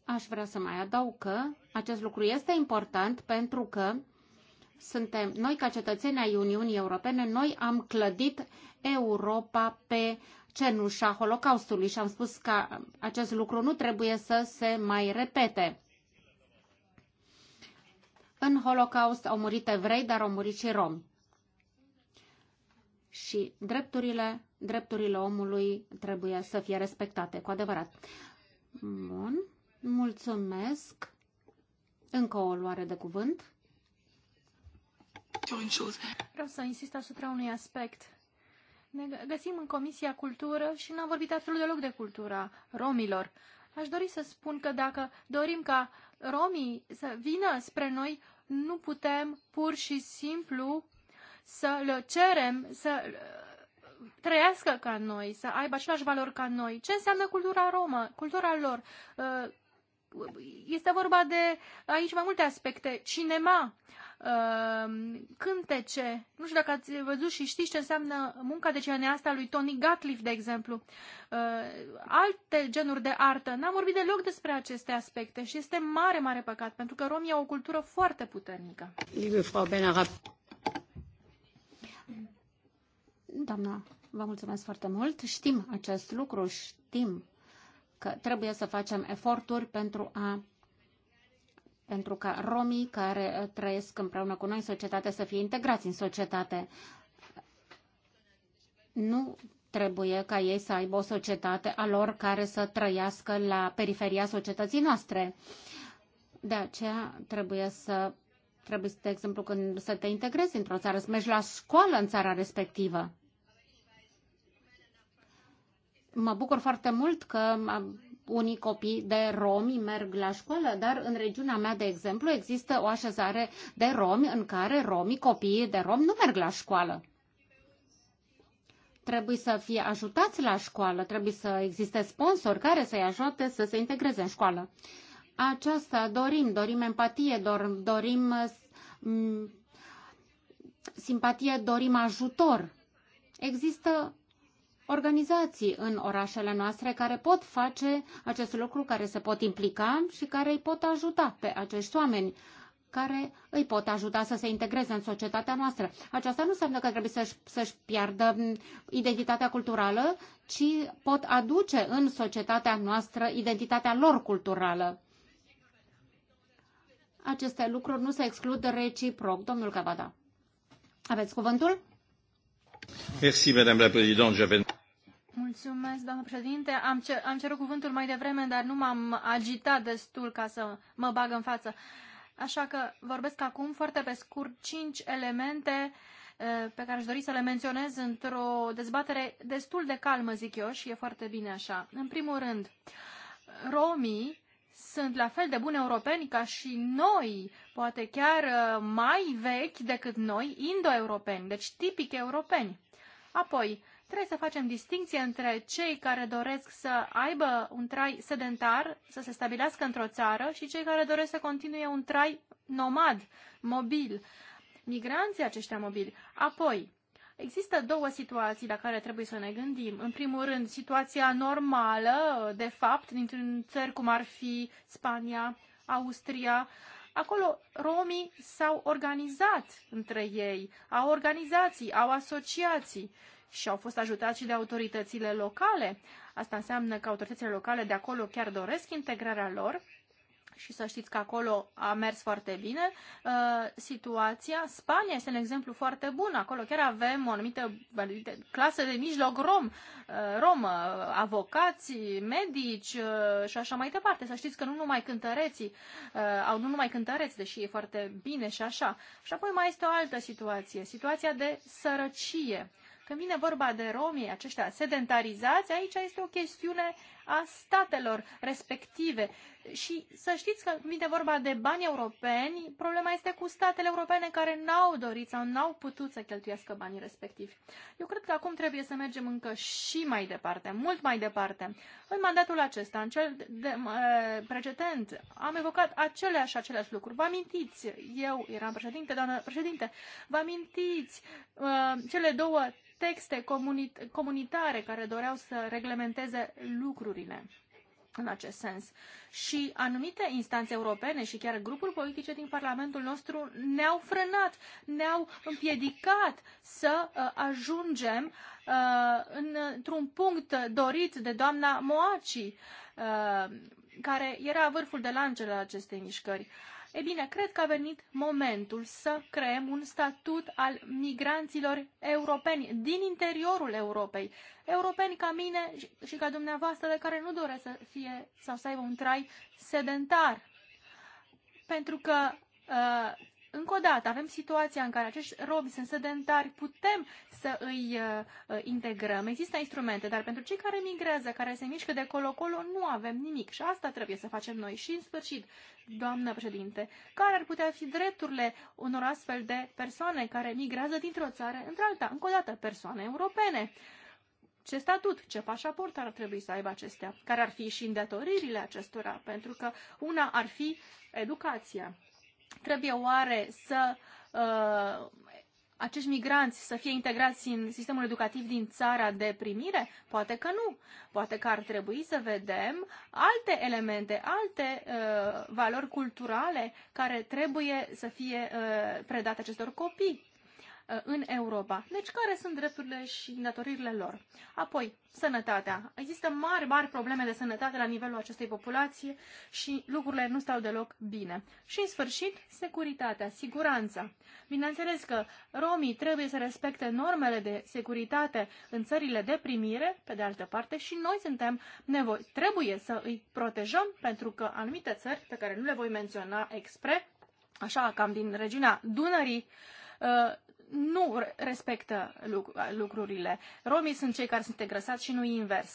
aș vrea să mai adaug că acest lucru este important pentru că suntem, noi ca cetățeni ai Uniunii Europene, noi am clădit Europa pe cenușa Holocaustului și am spus că acest lucru nu trebuie să se mai repete. În Holocaust au murit evrei, dar au murit și romi. Și drepturile, drepturile omului trebuie să fie respectate, cu adevărat. Bun, mulțumesc. Încă o luare de cuvânt. Vreau să insist asupra unui aspect. Ne găsim în Comisia Cultură și n-am vorbit absolut deloc de cultura romilor. Aș dori să spun că dacă dorim ca romii să vină spre noi, nu putem pur și simplu să le cerem să uh, trăiască ca noi, să aibă același valori ca noi. Ce înseamnă cultura romă, cultura lor? Uh, este vorba de aici mai multe aspecte. Cinema, Ehm, cântece. Nu știu dacă ați văzut și știți ce înseamnă munca de cineasta lui Tony Gatliff, de exemplu. Ehm, alte genuri de artă. N-am vorbit deloc despre aceste aspecte și este mare, mare păcat, pentru că Romii au o cultură foarte puternică. Liebe Frau Benarab. Doamna, vă mulțumesc foarte mult. Știm acest lucru, știm că trebuie să facem eforturi pentru a pentru ca romii care uh, trăiesc împreună cu noi în societate să fie integrați în societate. Nu trebuie ca ei să aibă o societate a lor care să trăiască la periferia societății noastre. De aceea trebuie să, trebuie să, de exemplu, când să te integrezi într-o țară, să mergi la școală în țara respectivă. Mă bucur foarte mult că unii copii de romi merg la școală, dar în regiunea mea, de exemplu, există o așezare de romi în care romii, copiii de romi, nu merg la școală trebuie să fie ajutați la școală, trebuie să existe sponsori care să-i ajute să se integreze în școală. Aceasta dorim, dorim empatie, dorim, dorim mm, simpatie, dorim ajutor. Există organizații în orașele noastre care pot face acest lucru, care se pot implica și care îi pot ajuta pe acești oameni care îi pot ajuta să se integreze în societatea noastră. Aceasta nu înseamnă că trebuie să-și, să-și piardă identitatea culturală, ci pot aduce în societatea noastră identitatea lor culturală. Aceste lucruri nu se exclud reciproc. Domnul Cavada, aveți cuvântul? Mulțumesc, doamnă președinte. Am, cer, am cerut cuvântul mai devreme, dar nu m-am agitat destul ca să mă bag în față. Așa că vorbesc acum foarte pe scurt cinci elemente pe care aș dori să le menționez într-o dezbatere destul de calmă, zic eu, și e foarte bine așa. În primul rând, romii sunt la fel de buni europeni ca și noi, poate chiar uh, mai vechi decât noi, indo-europeni, deci tipic europeni. Apoi, trebuie să facem distinție între cei care doresc să aibă un trai sedentar, să se stabilească într-o țară, și cei care doresc să continue un trai nomad, mobil. Migranții aceștia mobili. Apoi, Există două situații la care trebuie să ne gândim. În primul rând, situația normală, de fapt, dintr-un țări cum ar fi Spania, Austria, Acolo romii s-au organizat între ei, au organizații, au asociații și au fost ajutați și de autoritățile locale. Asta înseamnă că autoritățile locale de acolo chiar doresc integrarea lor și să știți că acolo a mers foarte bine uh, situația. Spania este un exemplu foarte bun. Acolo chiar avem o anumită clasă de mijloc rom, uh, rom avocați, medici uh, și așa mai departe. Să știți că nu numai cântăreții uh, au nu numai cântăreți, deși e foarte bine și așa. Și apoi mai este o altă situație, situația de sărăcie. Când vine vorba de romii aceștia sedentarizați, aici este o chestiune a statelor respective. Și să știți că când vine vorba de bani europeni, problema este cu statele europene care n-au dorit sau n-au putut să cheltuiască banii respectivi. Eu cred că acum trebuie să mergem încă și mai departe, mult mai departe. În mandatul acesta, în cel de, uh, precedent, am evocat aceleași aceleași lucruri. Vă amintiți, eu eram președinte, doamnă președinte, vă amintiți uh, cele două texte comunitare care doreau să reglementeze lucruri lucrurile în acest sens. Și anumite instanțe europene și chiar grupuri politice din Parlamentul nostru ne-au frânat, ne-au împiedicat să uh, ajungem uh, într-un punct dorit de doamna Moaci, uh, care era vârful de lance la acestei mișcări. Uh, E bine, cred că a venit momentul să creăm un statut al migranților europeni din interiorul Europei. Europeni ca mine și ca dumneavoastră, de care nu doresc să fie sau să aibă un trai sedentar. Pentru că uh, încă o dată, avem situația în care acești robi sunt sedentari, putem să îi uh, uh, integrăm. Există instrumente, dar pentru cei care migrează, care se mișcă de colo-colo, nu avem nimic. Și asta trebuie să facem noi. Și, în sfârșit, doamnă președinte, care ar putea fi drepturile unor astfel de persoane care migrează dintr-o țară într-alta? Încă o dată, persoane europene. Ce statut, ce pașaport ar trebui să aibă acestea? Care ar fi și îndatoririle acestora? Pentru că una ar fi educația Trebuie oare să uh, acești migranți să fie integrați în sistemul educativ din țara de primire? Poate că nu. Poate că ar trebui să vedem alte elemente, alte uh, valori culturale care trebuie să fie uh, predate acestor copii. Uh, în Europa. Deci care sunt drepturile și datoririle lor? Apoi, sănătatea. Există mari, mari probleme de sănătate la nivelul acestei populații și lucrurile nu stau deloc bine. Și în sfârșit, securitatea, siguranța. Bineînțeles că romii trebuie să respecte normele de securitate în țările de primire, pe de altă parte, și noi suntem nevoi. Trebuie să îi protejăm pentru că anumite țări, pe care nu le voi menționa expre, așa cam din regiunea Dunării, uh, nu respectă lucrurile. Romii sunt cei care sunt degrăsați și nu invers.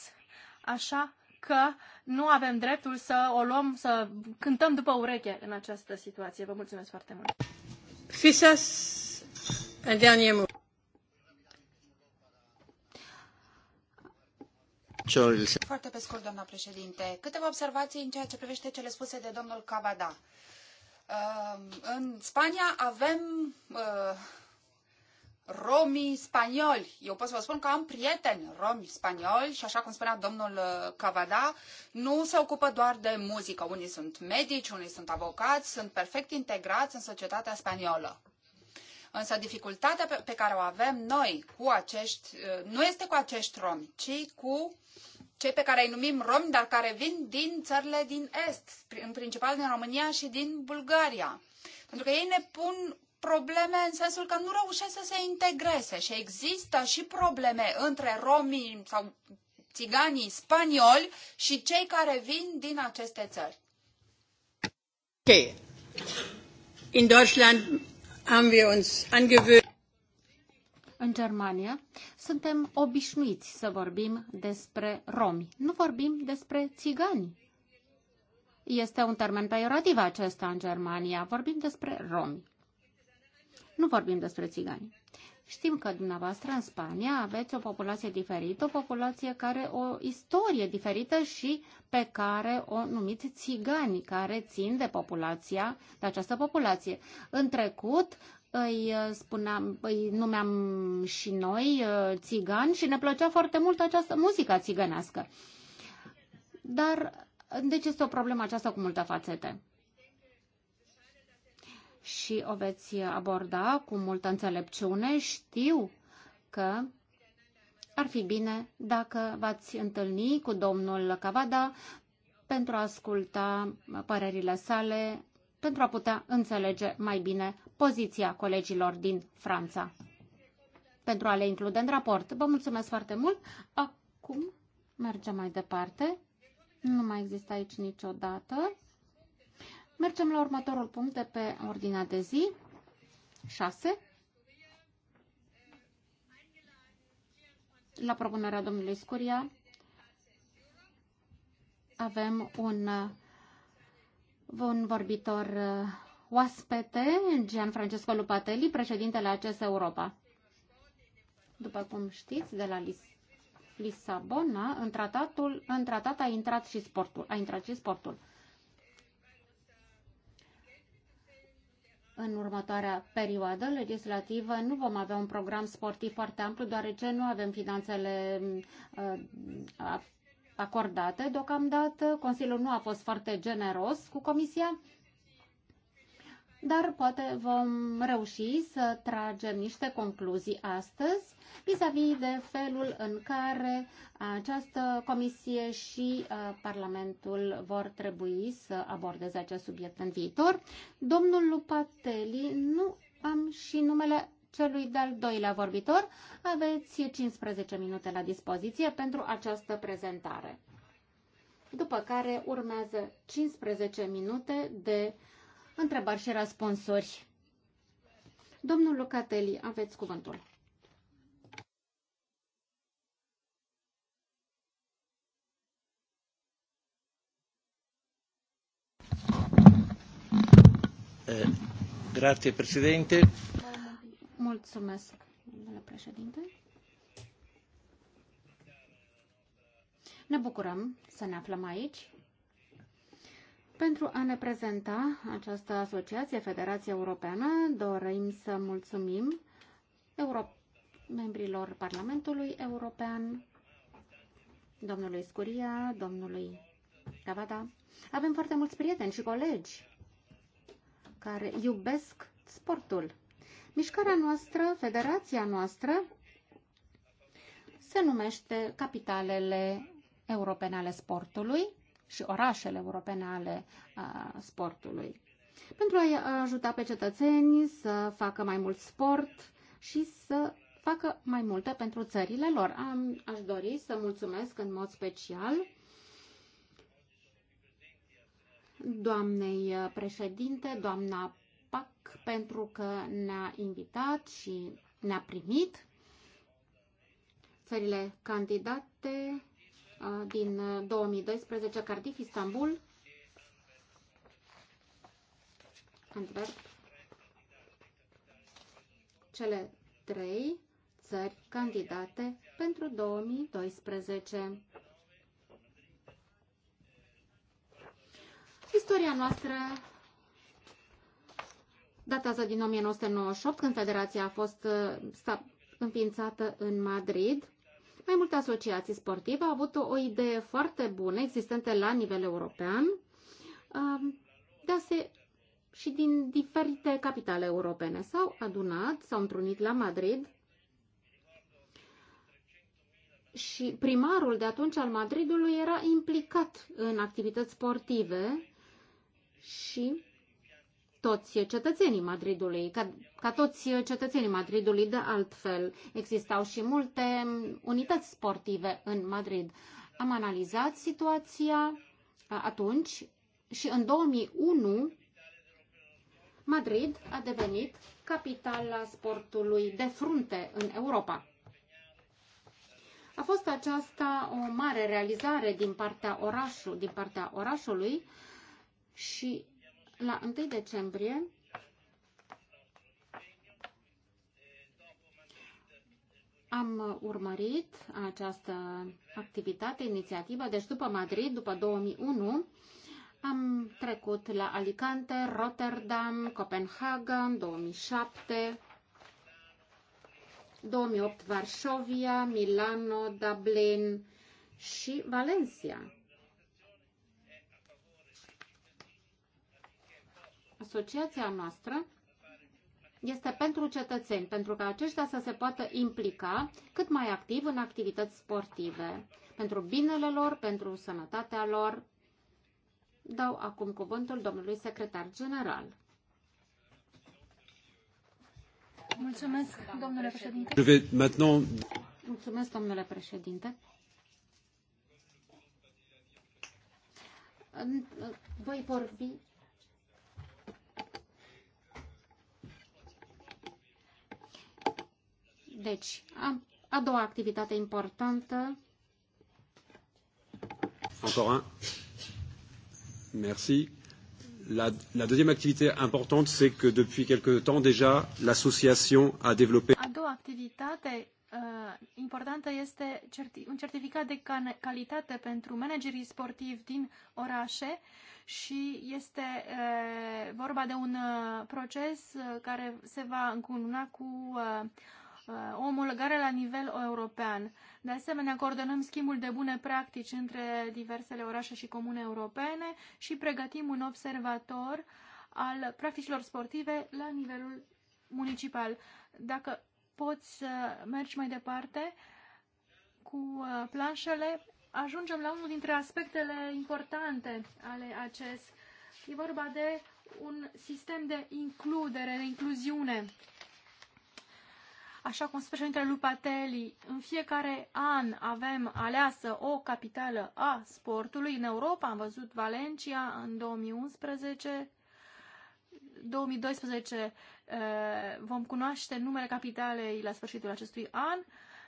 Așa că nu avem dreptul să o luăm, să cântăm după ureche în această situație. Vă mulțumesc foarte mult. Fisas, Foarte pe scurt, doamna președinte. Câteva observații în ceea ce privește cele spuse de domnul Cavada. Ehm, în Spania avem ehm, romii spanioli. Eu pot să vă spun că am prieteni romi spanioli și, așa cum spunea domnul uh, Cavada, nu se ocupă doar de muzică. Unii sunt medici, unii sunt avocați, sunt perfect integrați în societatea spaniolă. Însă dificultatea pe care o avem noi cu acești, uh, nu este cu acești romi, ci cu cei pe care îi numim romi, dar care vin din țările din Est, în principal din România și din Bulgaria. Pentru că ei ne pun probleme în sensul că nu reușesc să se integreze și există și probleme între romii sau țiganii spanioli și cei care vin din aceste țări. In Deutschland haben wir uns angewöhnt. În Germania suntem obișnuiți să vorbim despre romi, nu vorbim despre țigani. Este un termen peiorativ acesta în Germania, vorbim despre romi. Nu vorbim despre țigani. Știm că dumneavoastră în Spania aveți o populație diferită, o populație care o istorie diferită și pe care o numiți țigani, care țin de populația, de această populație. În trecut îi, uh, spuneam, îi numeam și noi uh, țigani și ne plăcea foarte mult această muzică țigănească. Dar deci este o problemă aceasta cu multe fațete și o veți aborda cu multă înțelepciune. Știu că ar fi bine dacă v-ați întâlni cu domnul Cavada pentru a asculta părerile sale, pentru a putea înțelege mai bine poziția colegilor din Franța, pentru a le include în raport. Vă mulțumesc foarte mult. Acum mergem mai departe. Nu mai există aici niciodată. Mergem la următorul punct de pe ordinea de zi, 6. La propunerea domnului Scuria avem un, un vorbitor uh, oaspete, Gianfrancesco Lupatelli, președintele acest Europa. După cum știți, de la Lis Lisabona, în, tratatul, în tratat a intrat și sportul. A intrat și sportul. în următoarea perioadă legislativă nu vom avea un program sportiv foarte amplu, deoarece nu avem finanțele uh, acordate. Deocamdată Consiliul nu a fost foarte generos cu Comisia dar poate vom reuși să tragem niște concluzii astăzi vis-a-vis -vis de felul în care această comisie și uh, Parlamentul vor trebui să abordeze acest subiect în viitor. Domnul Lupateli, nu am și numele celui de-al doilea vorbitor. Aveți 15 minute la dispoziție pentru această prezentare. După care urmează 15 minute de întrebări și răspunsuri. Domnul Lucateli, aveți cuvântul. Eh, grazie, Presidente. Mulțumesc, domnule președinte. Ne bucurăm să ne aflăm aici pentru a ne prezenta această asociație, Federația Europeană, dorim să mulțumim Euro- membrilor Parlamentului European, domnului Scuria, domnului Cavada. Avem foarte mulți prieteni și colegi care iubesc sportul. Mișcarea noastră, federația noastră, se numește Capitalele Europene ale Sportului și orașele europene ale sportului. Pentru a ajuta pe cetățeni să facă mai mult sport și să facă mai multe pentru țările lor. Am, aș dori să mulțumesc în mod special doamnei președinte, doamna PAC, pentru că ne-a invitat și ne-a primit. Țările candidate din 2012, Cardiff, Istanbul, Antwerp, cele trei țări candidate pentru 2012. Istoria noastră datează din 1998, când federația a fost înființată în Madrid. Mai multe asociații sportive au avut o idee foarte bună existentă la nivel european um, de a se și din diferite capitale europene s-au adunat, s-au întrunit la Madrid și primarul de atunci al Madridului era implicat în activități sportive și toți cetățenii Madridului, ca, ca toți cetățenii Madridului de altfel. Existau și multe unități sportive în Madrid. Am analizat situația atunci și în 2001 Madrid a devenit capitala sportului de frunte în Europa. A fost aceasta o mare realizare din partea, orașului, din partea orașului și la 1 decembrie am urmărit această activitate, inițiativă, deci după Madrid, după 2001, am trecut la Alicante, Rotterdam, Copenhagen, 2007, 2008 Varșovia, Milano, Dublin și Valencia. asociația noastră este pentru cetățeni, pentru ca aceștia să se poată implica cât mai activ în activități sportive, pentru binele lor, pentru sănătatea lor. Dau acum cuvântul domnului secretar general. Mulțumesc, domnule președinte. Mulțumesc, domnule președinte. Voi vorbi Deci, a, a doua activitate importantă. Encore un. Merci. La, la deuxième activité importante, c'est que depuis quelque temps déjà, l'association a développé. A doua activitate uh, importantă este certi un certificat de calitate pentru managerii sportivi din orașe și este uh, vorba de un uh, proces uh, care se va încununa cu uh, o uh, omologare la nivel european. De asemenea, coordonăm schimbul de bune practici între diversele orașe și comune europene și pregătim un observator al practicilor sportive la nivelul municipal. Dacă poți să mergi mai departe cu uh, planșele, ajungem la unul dintre aspectele importante ale acest. E vorba de un sistem de includere, de incluziune Așa cum spune președintele Lupatelli, în fiecare an avem aleasă o capitală a sportului. În Europa am văzut Valencia în 2011, 2012 eh, vom cunoaște numele capitalei la sfârșitul acestui an.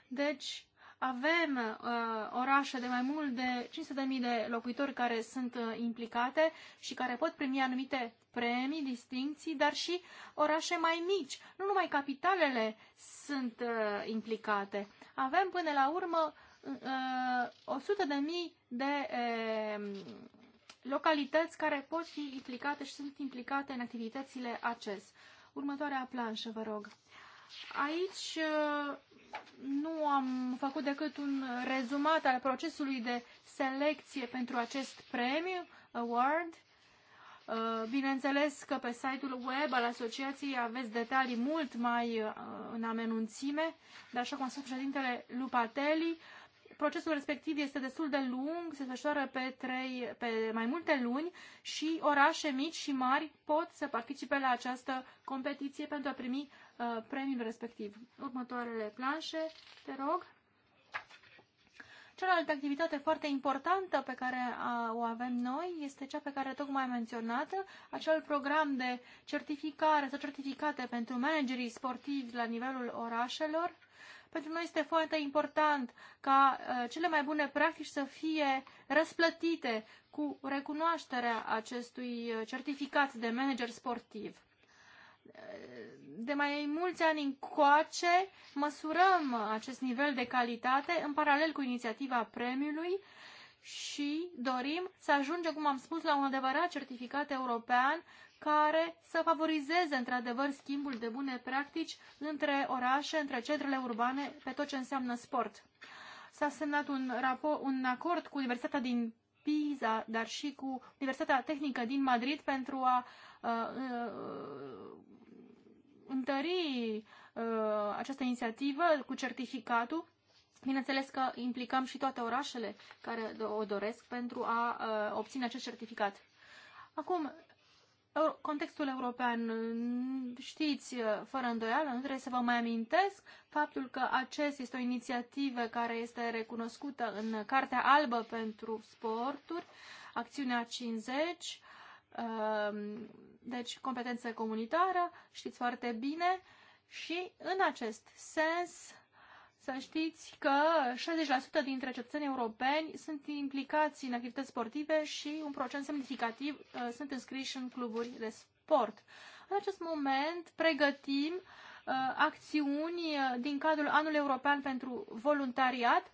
Deci, avem uh, orașe de mai mult de 500.000 de locuitori care sunt uh, implicate și care pot primi anumite premii, distinții, dar și orașe mai mici. Nu numai capitalele sunt uh, implicate. Avem până la urmă uh, 100.000 uh, de uh, localități care pot fi implicate și sunt implicate în activitățile acest. Următoarea planșă, vă rog. Aici uh, nu am făcut decât un rezumat al procesului de selecție pentru acest premiu, award. Uh, bineînțeles că pe site-ul web al asociației aveți detalii mult mai uh, în amenunțime, dar așa cum a spus președintele Lupatelli, procesul respectiv este destul de lung, se desfășoară pe, trei, pe mai multe luni și orașe mici și mari pot să participe la această competiție pentru a primi uh, premiul respectiv. Următoarele planșe, te rog. Cealaltă activitate foarte importantă pe care o avem noi este cea pe care tocmai am menționat, acel program de certificare sau certificate pentru managerii sportivi la nivelul orașelor. Pentru noi este foarte important ca cele mai bune practici să fie răsplătite cu recunoașterea acestui certificat de manager sportiv de mai mulți ani încoace măsurăm acest nivel de calitate în paralel cu inițiativa premiului și dorim să ajungem, cum am spus, la un adevărat certificat european care să favorizeze într-adevăr schimbul de bune practici între orașe, între centrele urbane, pe tot ce înseamnă sport. S-a semnat un, raport, un acord cu Universitatea din Pisa, dar și cu Universitatea Tehnică din Madrid pentru a uh, uh, întări uh, această inițiativă cu certificatul. Bineînțeles că implicăm și toate orașele care o doresc pentru a uh, obține acest certificat. Acum, contextul european, știți, uh, fără îndoială, nu trebuie să vă mai amintesc faptul că acest este o inițiativă care este recunoscută în Cartea Albă pentru Sporturi, Acțiunea 50, Ehm, deci competență comunitară, știți foarte bine, și în acest sens să știți că 60% dintre cetățenii europeni sunt implicați în activități sportive și un procent semnificativ eh, sunt înscriși în cluburi de sport. În acest moment pregătim eh, acțiuni eh, din cadrul Anului European pentru Voluntariat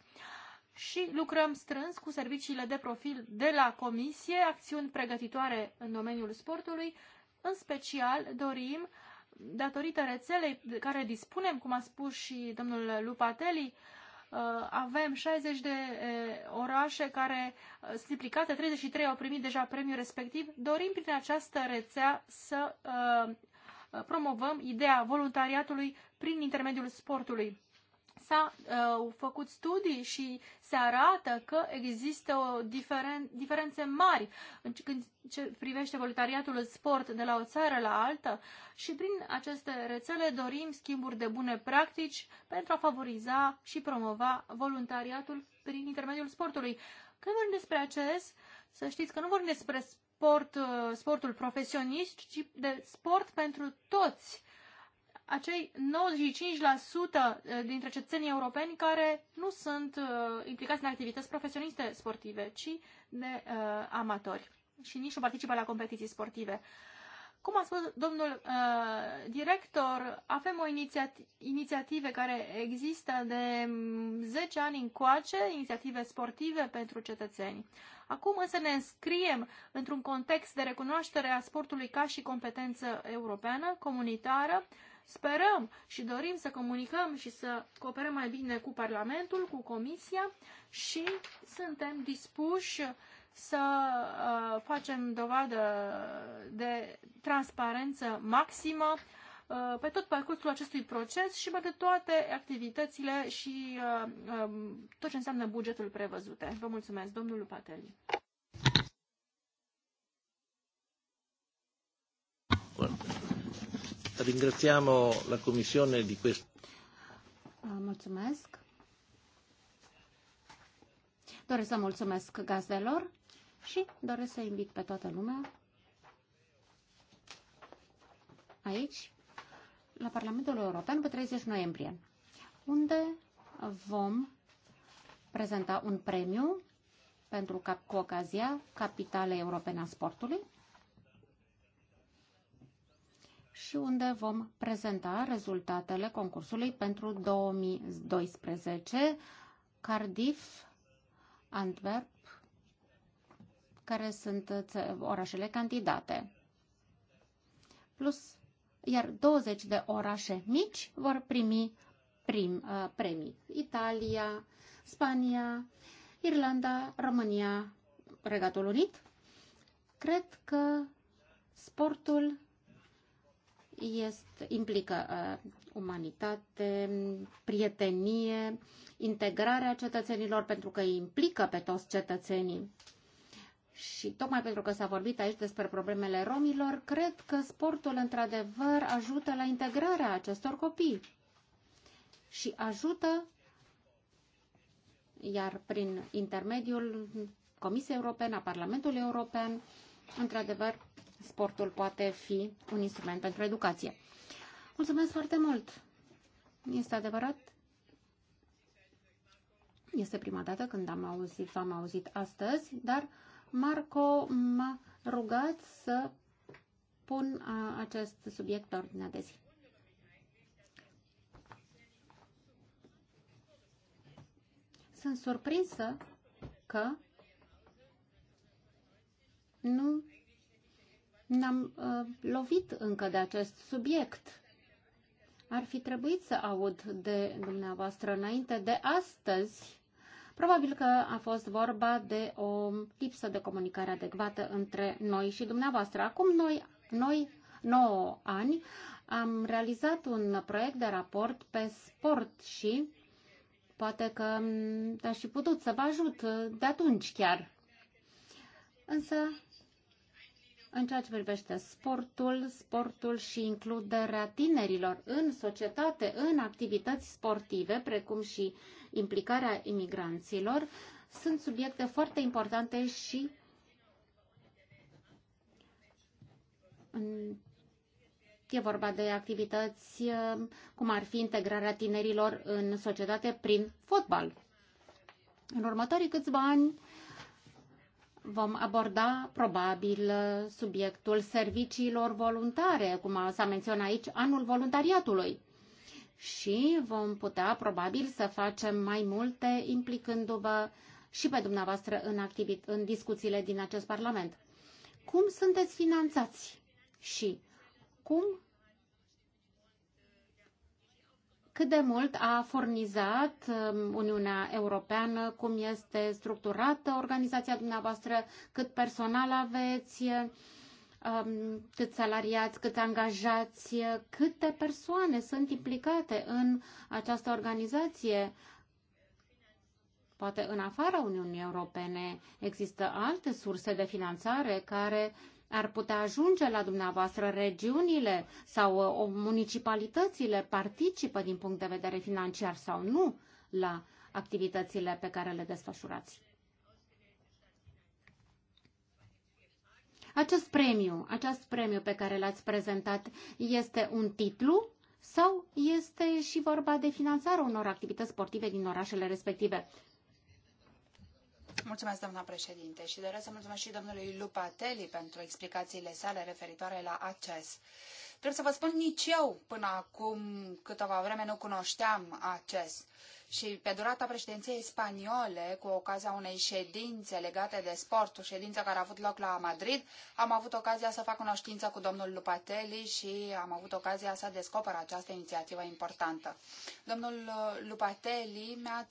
și lucrăm strâns cu serviciile de profil de la Comisie, acțiuni pregătitoare în domeniul sportului. În special dorim, datorită rețelei de care dispunem, cum a spus și domnul Lupateli, uh, avem 60 de uh, orașe care uh, sunt implicate, 33 au primit deja premiul respectiv. Dorim prin această rețea să promovăm ideea voluntariatului prin intermediul sportului s-a uh, făcut studii și se arată că există o diferen- diferențe mari în când ce privește voluntariatul în sport de la o țară la altă și prin aceste rețele dorim schimburi de bune practici pentru a favoriza și promova voluntariatul prin intermediul sportului. Când vorbim despre acest, să știți că nu vorbim despre sport, uh, sportul profesionist, ci de sport pentru toți acei 95% eh, dintre cetățenii europeni care nu sunt uh, implicați în activități profesioniste sportive, ci de uh, amatori și nici nu participă la competiții sportive. Cum a spus domnul uh, director, avem o inițiati- inițiative care există de 10 mm, ani încoace, inițiative sportive pentru cetățeni. Acum însă ne înscriem într-un context de recunoaștere a sportului ca și competență europeană, comunitară, uh, Sperăm și dorim să comunicăm și să cooperăm mai bine cu Parlamentul, cu Comisia și suntem dispuși să uh, facem dovadă de transparență maximă uh, pe tot parcursul acestui proces și pe toate activitățile și uh, um, tot ce înseamnă bugetul prevăzute. Vă mulțumesc, domnul Pateli. Ringraziamo la Commissione di questo. Ah, mulțumesc. Doresc să mulțumesc gazdelor și doresc să invit pe toată lumea aici, la Parlamentul European, pe 30 noiembrie, unde vom prezenta un premiu pentru, cu ocazia Capitalei Europene a Sportului și unde vom prezenta rezultatele concursului pentru 2012 Cardiff, Antwerp, care sunt orașele candidate. Plus, iar 20 de orașe mici vor primi prim, uh, premii. Italia, Spania, Irlanda, România, Regatul Unit. Cred că sportul este, implică uh, umanitate, prietenie, integrarea cetățenilor, pentru că îi implică pe toți cetățenii. Și tocmai pentru că s-a vorbit aici despre problemele romilor, cred că sportul într-adevăr ajută la integrarea acestor copii și ajută, iar prin intermediul Comisiei Europene, a Parlamentului European, într-adevăr sportul poate fi un instrument pentru educație. Mulțumesc foarte mult! Este adevărat? Este prima dată când am auzit, v-am auzit astăzi, dar Marco m-a rugat să pun acest subiect pe ordinea de zi. Sunt surprinsă că nu n-am uh, lovit încă de acest subiect. Ar fi trebuit să aud de dumneavoastră înainte de astăzi. Probabil că a fost vorba de o lipsă de comunicare adecvată între noi și dumneavoastră. Acum noi, noi 9 ani, am realizat un proiect de raport pe sport și poate că aș fi putut să vă ajut de atunci chiar. Însă în ceea ce privește sportul, sportul și includerea tinerilor în societate, în activități sportive, precum și implicarea imigranților, sunt subiecte foarte importante și E vorba de activități uh, cum ar fi integrarea tinerilor în societate prin fotbal. În următorii câțiva ani vom aborda probabil subiectul serviciilor voluntare, cum s-a menționat aici, anul voluntariatului. Și vom putea probabil să facem mai multe implicându-vă și pe dumneavoastră în, activit- în discuțiile din acest Parlament. Cum sunteți finanțați și cum cât de mult a furnizat um, Uniunea Europeană, cum este structurată organizația dumneavoastră, cât personal aveți, um, cât salariați, cât angajați, câte persoane sunt implicate în această organizație. Poate în afara Uniunii Europene există alte surse de finanțare care uh, ar putea ajunge la dumneavoastră regiunile sau uh, o municipalitățile participă din punct de vedere financiar sau nu la activitățile pe care le desfășurați. Acest premiu, acest premiu pe care l-ați prezentat este un titlu sau este și vorba de finanțarea unor activități sportive din orașele respective? Mulțumesc, doamna președinte, și doresc să mulțumesc și domnului Lupatelli pentru explicațiile sale referitoare la acces. Trebuie să vă spun, nici eu până acum câteva vreme nu cunoșteam acest și pe durata președinției spaniole, cu ocazia unei ședințe legate de sport, o ședință care a avut loc la Madrid, am avut ocazia să fac cunoștință cu domnul Lupatelli și am avut ocazia să descoper această inițiativă importantă. Domnul uh, Lupatelli mi-a,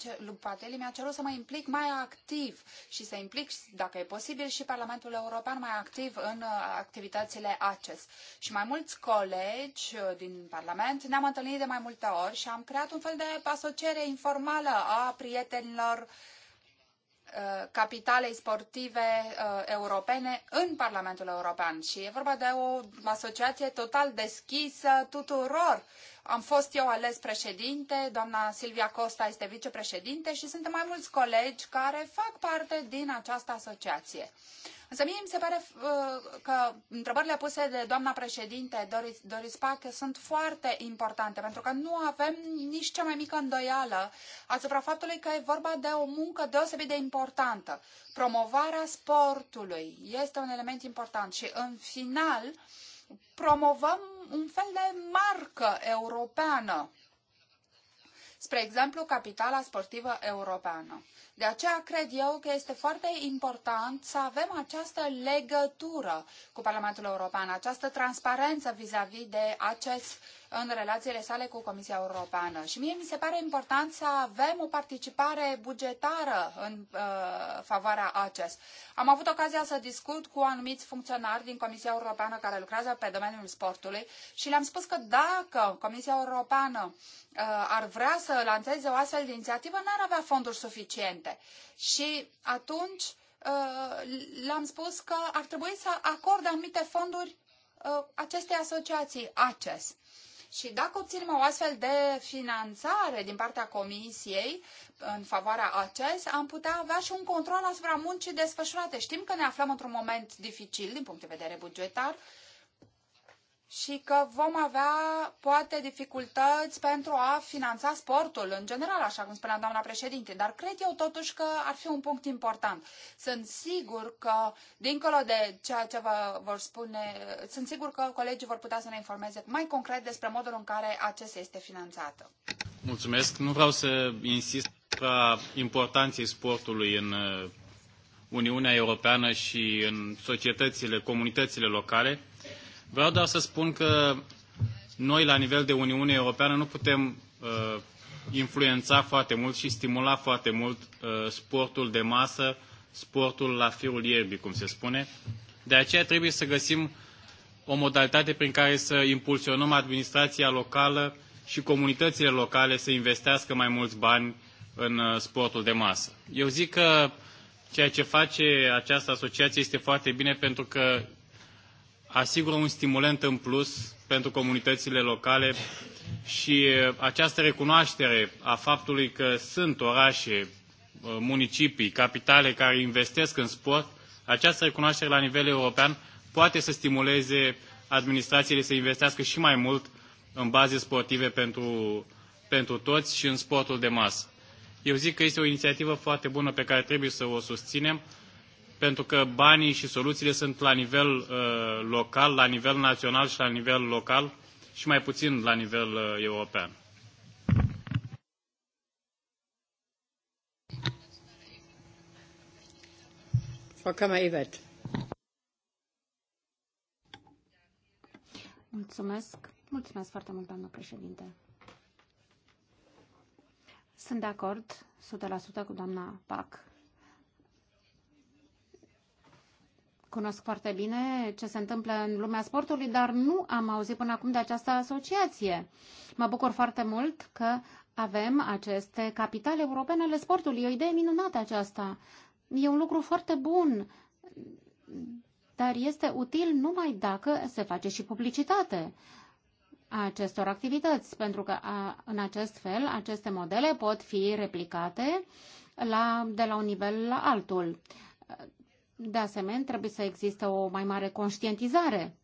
mi-a cerut să mă implic mai activ și să implic, dacă e posibil, și Parlamentul European mai activ în uh, activitățile ACES. Și mai mulți colegi uh, din Parlament ne-am întâlnit de mai multe ori și am creat un fel de asociere informală informală a prietenilor uh, capitalei sportive uh, europene în Parlamentul European. Și e vorba de o asociație total deschisă tuturor am fost eu ales președinte, doamna Silvia Costa este vicepreședinte și suntem mai mulți colegi care fac parte din această asociație. Însă mie mi se pare uh, că întrebările puse de doamna președinte Doris, Doris Pac sunt foarte importante, pentru că nu avem nici cea mai mică îndoială asupra faptului că e vorba de o muncă deosebit de importantă. Promovarea sportului este un element important și în final, promovăm un fel de marcă europeană. Spre exemplu, capitala sportivă europeană. De aceea cred eu că este foarte important să avem această legătură cu Parlamentul European, această transparență vis-a-vis -vis de acest în relațiile sale cu Comisia Europeană. Și mie mi se pare important să avem o participare bugetară în uh, favoarea acest. Am avut ocazia să discut cu anumiți funcționari din Comisia Europeană care lucrează pe domeniul sportului și le-am spus că dacă Comisia Europeană uh, ar vrea să lanseze o astfel de inițiativă, n-ar avea fonduri suficiente. Unite. Și atunci uh, le-am spus că ar trebui să acorde anumite fonduri uh, acestei asociații, ACES. Și dacă obținem o astfel de finanțare din partea Comisiei uh, în favoarea ACES, am putea avea și un control asupra muncii desfășurate. Știm că ne aflăm într-un moment dificil din punct de vedere bugetar, uh, și că vom avea poate dificultăți pentru a finanța sportul în general, așa cum spunea doamna președinte, dar cred eu totuși că ar fi un punct important. Sunt sigur că, dincolo de ceea ce vă vor spune, sunt sigur că colegii vor putea să ne informeze mai concret despre modul în care acesta este finanțată. Mulțumesc. Nu vreau să insist asupra importanței sportului în uh, Uniunea Europeană și în societățile, comunitățile locale Vreau doar să spun că noi, la nivel de Uniune Europeană, nu putem uh, influența foarte mult și stimula foarte mult uh, sportul de masă, sportul la firul ierbii, cum se spune. De aceea trebuie să găsim o modalitate prin care să impulsionăm administrația locală și comunitățile locale să investească mai mulți bani în uh, sportul de masă. Eu zic că ceea ce face această asociație este foarte bine pentru că asigură un stimulent în plus pentru comunitățile locale și această recunoaștere a faptului că sunt orașe, municipii, capitale care investesc în sport, această recunoaștere la nivel european poate să stimuleze administrațiile să investească și mai mult în baze sportive pentru, pentru toți și în sportul de masă. Eu zic că este o inițiativă foarte bună pe care trebuie să o susținem pentru că banii și soluțiile sunt la nivel uh, local, la nivel național și la nivel local și mai puțin la nivel uh, european. Mulțumesc. Mulțumesc foarte mult, doamnă președinte. Sunt de acord 100% cu doamna Pac cunosc foarte bine ce se întâmplă în lumea sportului, dar nu am auzit până acum de această asociație. Mă bucur foarte mult că avem aceste capitale europene ale sportului. E o idee minunată aceasta. E un lucru foarte bun, dar este util numai dacă se face și publicitate a acestor activități, pentru că a, în acest fel aceste modele pot fi replicate la, de la un nivel la altul de asemenea, trebuie să existe o mai mare conștientizare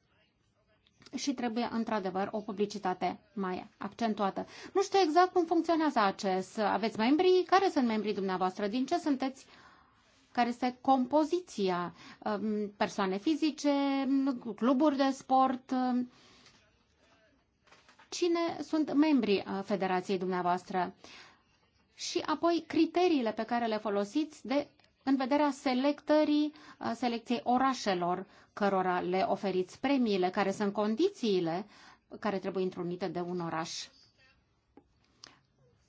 și trebuie într-adevăr o publicitate mai accentuată. Nu știu exact cum funcționează acest. Aveți membrii? Care sunt membrii dumneavoastră? Din ce sunteți? Care este compoziția? Um, persoane fizice, cluburi de sport? Um, cine sunt membrii uh, Federației dumneavoastră? Și apoi criteriile pe care le folosiți de în vederea selectării, uh, selecției orașelor cărora le oferiți premiile, care sunt condițiile care trebuie întrunite de un oraș.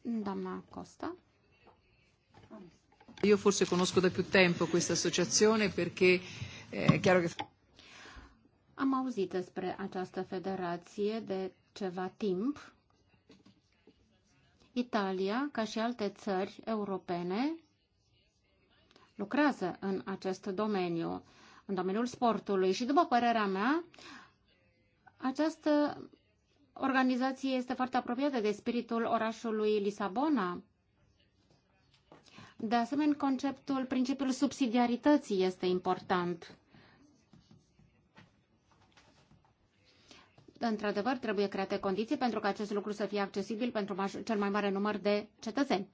Doamna Costa. Eu forse cunosc de da più tempo questa asociație, perché eh, è chiar că Am auzit despre această federație de ceva timp. Italia, ca și alte țări europene, lucrează în acest domeniu, în domeniul sportului. Și după părerea mea, această organizație este foarte apropiată de spiritul orașului Lisabona. De asemenea, conceptul, principiul subsidiarității este important. Într-adevăr, trebuie create condiții pentru ca acest lucru să fie accesibil pentru cel mai mare număr de cetățeni.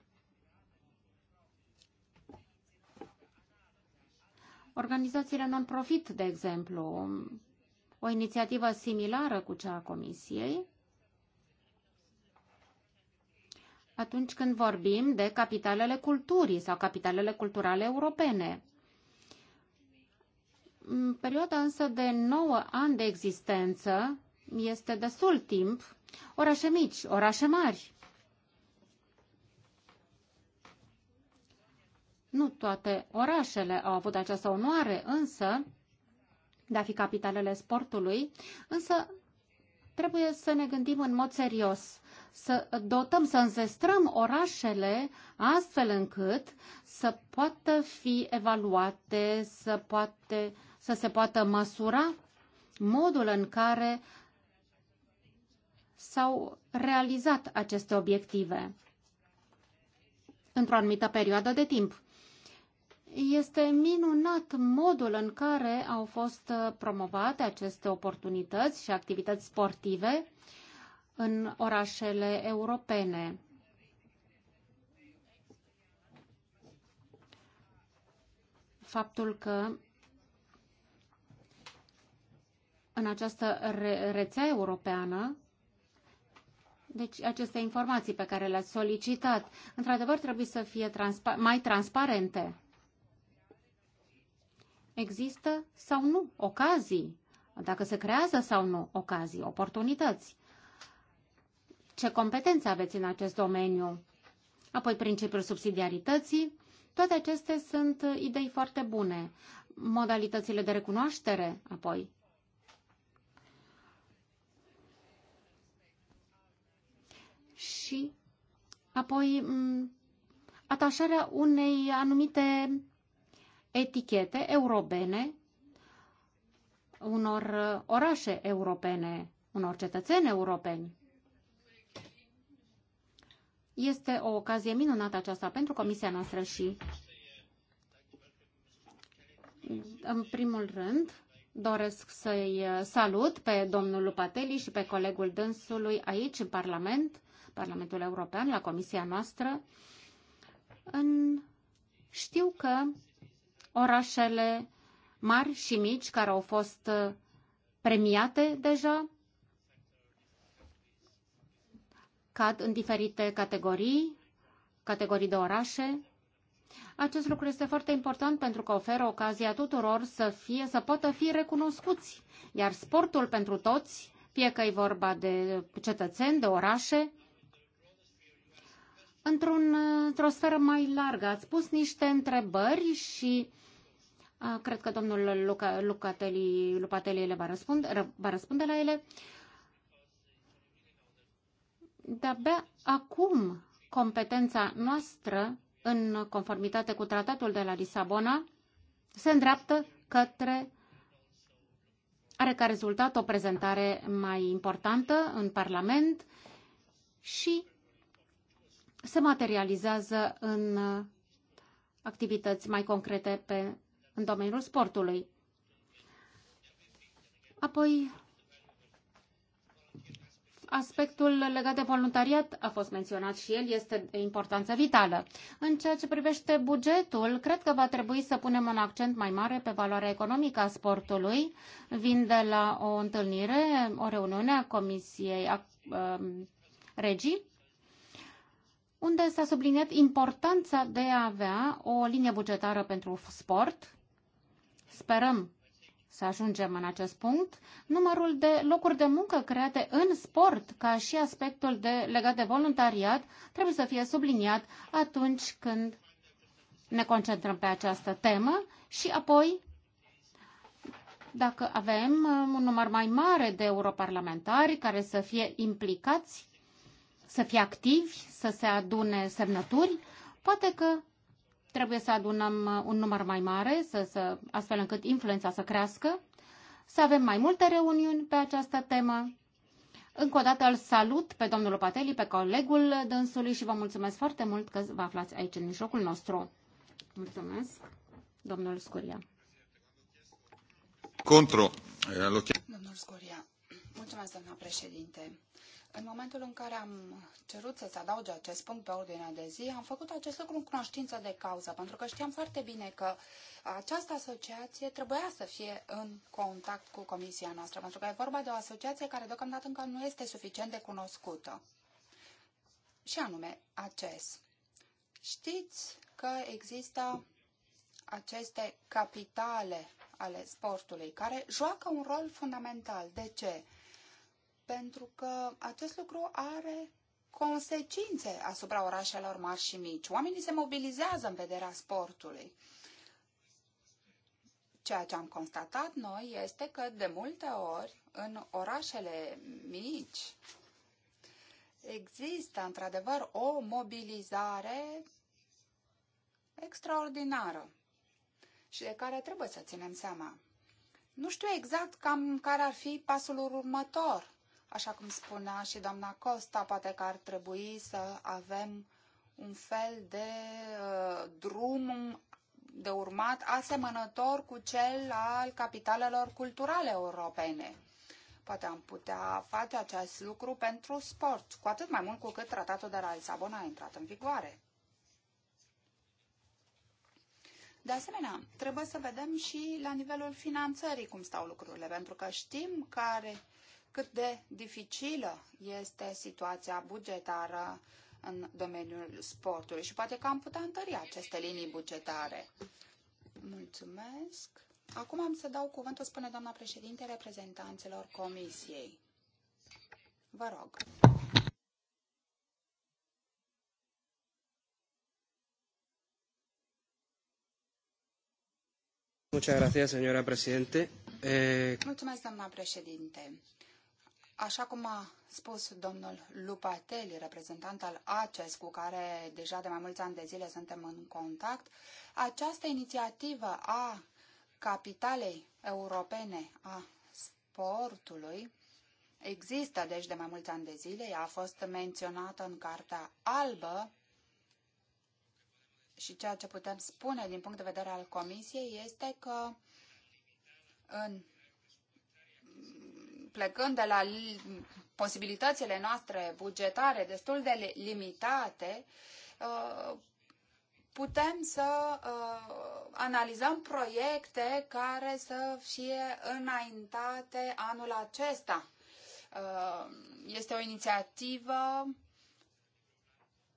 Organizațiile non-profit, de exemplu, o inițiativă similară cu cea a Comisiei, atunci când vorbim de capitalele culturii sau capitalele culturale europene. În perioada însă de 9 ani de existență este destul timp, orașe mici, orașe mari, Nu toate orașele au avut această onoare, însă, de a fi capitalele sportului, însă trebuie să ne gândim în mod serios, să dotăm, să înzestrăm orașele astfel încât să poată fi evaluate, să, poate, să se poată măsura modul în care s-au realizat aceste obiective într-o anumită perioadă de timp. Este minunat modul în care au fost promovate aceste oportunități și activități sportive în orașele europene. Faptul că în această re rețea europeană deci aceste informații pe care le-ați solicitat, într-adevăr, trebuie să fie transpa mai transparente există sau nu ocazii, dacă se creează sau nu ocazii, oportunități. Ce competențe aveți în acest domeniu? Apoi principiul subsidiarității. Toate acestea sunt idei foarte bune. Modalitățile de recunoaștere, apoi. Și apoi atașarea unei anumite etichete europene unor uh, orașe europene, unor cetățeni europeni. Este o ocazie minunată aceasta pentru comisia noastră și, în primul rând, doresc să-i uh, salut pe domnul Lupateli și pe colegul dânsului aici, în Parlament, Parlamentul European, la comisia noastră. În... Știu că orașele mari și mici care au fost uh, premiate deja, cad în diferite categorii, categorii de orașe. Acest lucru este foarte important pentru că oferă ocazia tuturor să, fie, să poată fi recunoscuți, iar sportul pentru toți, fie că e vorba de cetățeni, de orașe, într o într-o sferă mai largă. Ați pus niște întrebări și Cred că domnul Luca, Lucateli, Lupateli le va, răspund, va răspunde la ele. De-abia acum competența noastră, în conformitate cu tratatul de la Lisabona, se îndreaptă către are ca rezultat o prezentare mai importantă în Parlament și se materializează în activități mai concrete pe în domeniul sportului. Apoi, aspectul legat de voluntariat a fost menționat și el, este de importanță vitală. În ceea ce privește bugetul, cred că va trebui să punem un accent mai mare pe valoarea economică a sportului. Vin de la o întâlnire, o reuniune a Comisiei a, a, um, Regii, unde s-a subliniat importanța de a avea o linie bugetară pentru sport, Sperăm să ajungem în acest punct, numărul de locuri de muncă create în sport, ca și aspectul de, legat de voluntariat, trebuie să fie subliniat atunci când ne concentrăm pe această temă și apoi, dacă avem uh, un număr mai mare de europarlamentari care să fie implicați, să fie activi, să se adune semnături, poate că trebuie să adunăm uh, un număr mai mare, să, să, astfel încât influența să crească, să avem mai multe reuniuni pe această temă. Încă o dată îl salut pe domnul Pateli, pe colegul dânsului și vă mulțumesc foarte mult că vă aflați aici în mijlocul nostru. Mulțumesc, domnul Scuria. Contro. Domnul Scuria. Mulțumesc, doamna președinte. În momentul în care am cerut să se adauge acest punct pe ordinea de zi, am făcut acest lucru în cunoștință de cauză, pentru că știam foarte bine că această asociație trebuia să fie în contact cu comisia noastră, pentru că e vorba de o asociație care deocamdată încă nu este suficient de cunoscută. Și anume, acest. Știți că există aceste capitale ale sportului, care joacă un rol fundamental. De ce? pentru că acest lucru are consecințe asupra orașelor mari și mici. Oamenii se mobilizează în vederea sportului. Ceea ce am constatat noi este că de multe ori în orașele mici există într-adevăr o mobilizare extraordinară și de care trebuie să ținem seama. Nu știu exact cam care ar fi pasul următor Așa cum spunea și doamna Costa, poate că ar trebui să avem un fel de uh, drum de urmat asemănător cu cel al capitalelor culturale europene. Poate am putea face acest lucru pentru sport, cu atât mai mult cu cât tratatul de la Lisabona a intrat în vigoare. De asemenea, trebuie să vedem și la nivelul finanțării cum stau lucrurile, pentru că știm care cât de dificilă este situația bugetară în domeniul sportului și poate că am putea întări aceste linii bugetare. Mulțumesc. Acum am să dau cuvântul, spune doamna președinte, reprezentanților comisiei. Vă rog. Muchas gracias, señora presidente. Eh... Mulțumesc, doamna președinte. Așa cum a spus domnul Lupateli, reprezentant al ACES, cu care deja de mai mulți ani de zile suntem în contact, această inițiativă a capitalei europene a sportului există deci de mai mulți ani de zile, ea a fost menționată în Cartea Albă și ceea ce putem spune din punct de vedere al Comisiei este că în plecând de la posibilitățile noastre bugetare destul de limitate, uh, putem să uh, analizăm proiecte care să fie înaintate anul acesta. Uh, este o inițiativă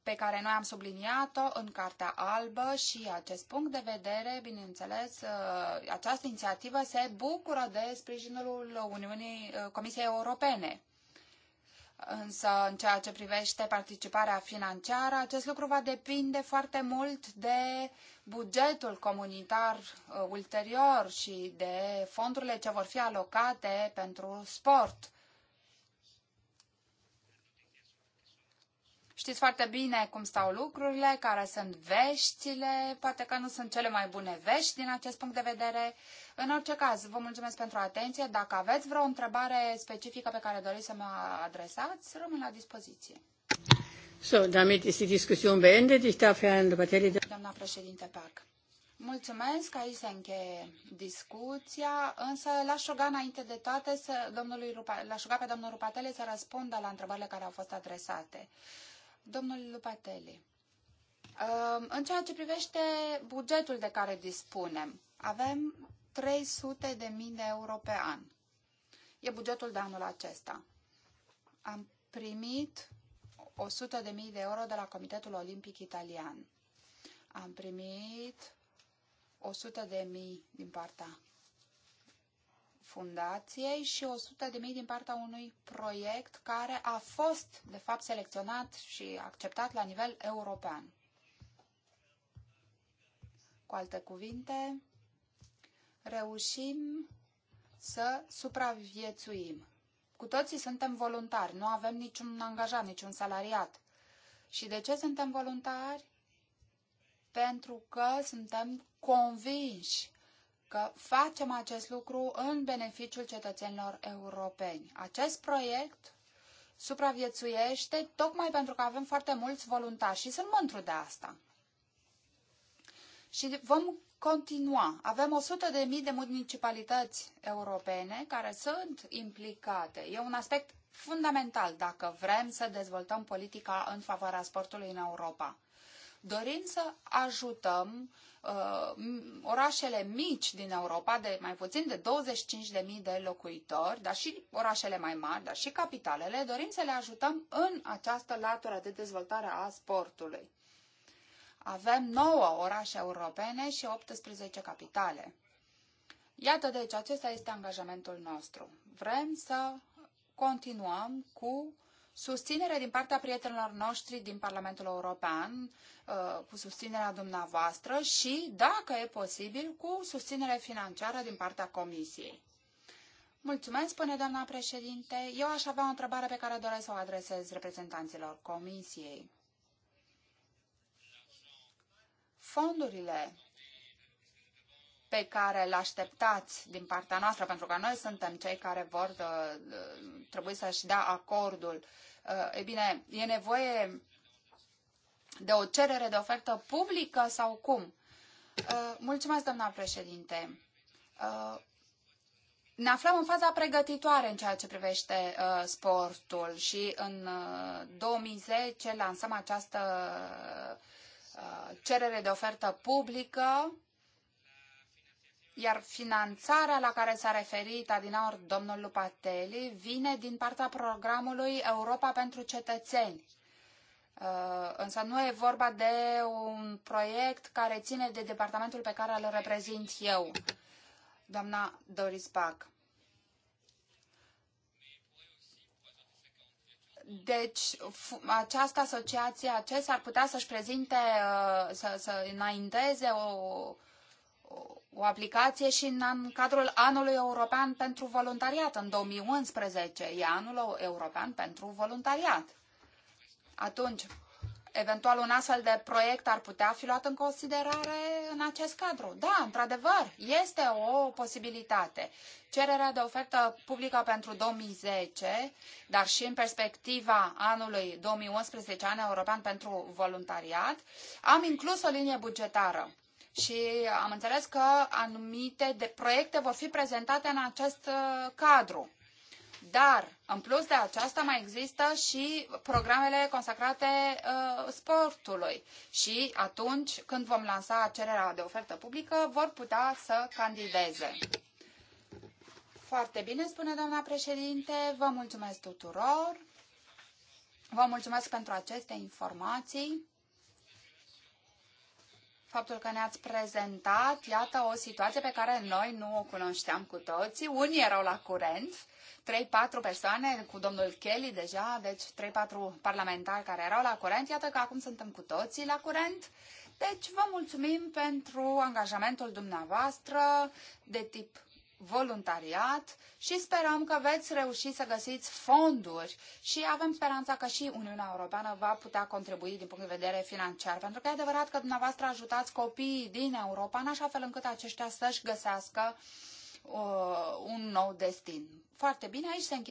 pe care noi am subliniat-o în Cartea Albă și acest punct de vedere, bineînțeles, uh, această inițiativă se bucură de sprijinul Uniunii uh, Comisiei Europene. Însă, în ceea ce privește participarea financiară, acest lucru va depinde foarte mult de bugetul comunitar uh, ulterior și de fondurile ce vor fi alocate pentru sport Știți foarte bine cum stau lucrurile, care sunt veștile, poate că nu sunt cele mai bune vești din acest punct de vedere. În orice caz, vă mulțumesc pentru atenție. Dacă aveți vreo întrebare specifică pe care doriți să mă adresați, rămân la dispoziție. So, damit ist die Diskussion beendet. Ich darf Herrn Lobatelli... Doamna președinte Parc. Mulțumesc, aici se încheie discuția, însă l-aș ruga înainte de toate să, domnului, l-aș ruga pe domnul Rupatele să răspundă la întrebările care au fost adresate. Domnul Lupateli, um, în ceea ce privește bugetul de care dispunem, avem 300 de mii de euro pe an. E bugetul de anul acesta. Am primit 100 de mii de euro de la Comitetul Olimpic Italian. Am primit 100 de mii din partea fundației și 100.000 din partea unui proiect care a fost, de fapt, selecționat și acceptat la nivel european. Cu alte cuvinte, reușim să supraviețuim. Cu toții suntem voluntari, nu avem niciun angajat, niciun salariat. Și de ce suntem voluntari? Pentru că suntem convinși că facem acest lucru în beneficiul cetățenilor europeni. Acest proiect supraviețuiește tocmai pentru că avem foarte mulți voluntari și sunt mândru de asta. Și vom continua. Avem 100.000 de mii de municipalități europene care sunt implicate. E un aspect fundamental dacă vrem să dezvoltăm politica în favoarea sportului în Europa. Dorim să ajutăm uh, orașele mici din Europa, de mai puțin de 25.000 de locuitori, dar și orașele mai mari, dar și capitalele, dorim să le ajutăm în această latură de dezvoltare a sportului. Avem 9 orașe europene și 18 capitale. Iată deci, acesta este angajamentul nostru. Vrem să continuăm cu susținere din partea prietenilor noștri din Parlamentul European, uh, cu susținerea dumneavoastră și, dacă e posibil, cu susținere financiară din partea Comisiei. Mulțumesc, spune doamna președinte. Eu aș avea o întrebare pe care doresc să o adresez reprezentanților Comisiei. Fondurile pe care îl așteptați din partea noastră, pentru că noi suntem cei care vor uh, uh, trebui să-și dea acordul. Uh, e bine, e nevoie de o cerere de ofertă publică sau cum? Mulțumesc, doamna președinte. Ne aflăm în faza pregătitoare în ceea ce privește uh, sportul și în uh, 2010 lansăm această uh, cerere de ofertă publică iar finanțarea la care s-a referit adinaur domnul Lupateli vine din partea programului Europa pentru cetățeni. Uh, însă nu e vorba de un proiect care ține de departamentul pe care îl reprezint eu, doamna Doris Bach. Deci, această asociație, acest ar putea să-și prezinte, uh, să, să înainteze o o aplicație și în, cadrul Anului European pentru Voluntariat în 2011. E Anul European pentru Voluntariat. Atunci, eventual un astfel de proiect ar putea fi luat în considerare în acest cadru. Da, într-adevăr, este o posibilitate. Cererea de ofertă publică pentru 2010, dar și în perspectiva anului 2011, an european pentru voluntariat, am inclus o linie bugetară și am înțeles că anumite de proiecte vor fi prezentate în acest uh, cadru. Dar, în plus de aceasta, mai există și programele consacrate uh, sportului. Și atunci când vom lansa cererea de ofertă publică, vor putea să candideze. Foarte bine, spune doamna președinte. Vă mulțumesc tuturor. Vă mulțumesc pentru aceste informații faptul că ne-ați prezentat, iată, o situație pe care noi nu o cunoșteam cu toții. Unii erau la curent, 3-4 persoane cu domnul Kelly deja, deci 3-4 parlamentari care erau la curent. Iată că acum suntem cu toții la curent. Deci vă mulțumim pentru angajamentul dumneavoastră de tip voluntariat și sperăm că veți reuși să găsiți fonduri și avem speranța că și Uniunea Europeană va putea contribui din punct de vedere financiar, pentru că e adevărat că dumneavoastră ajutați copiii din Europa în așa fel încât aceștia să-și găsească uh, un nou destin. Foarte bine, aici se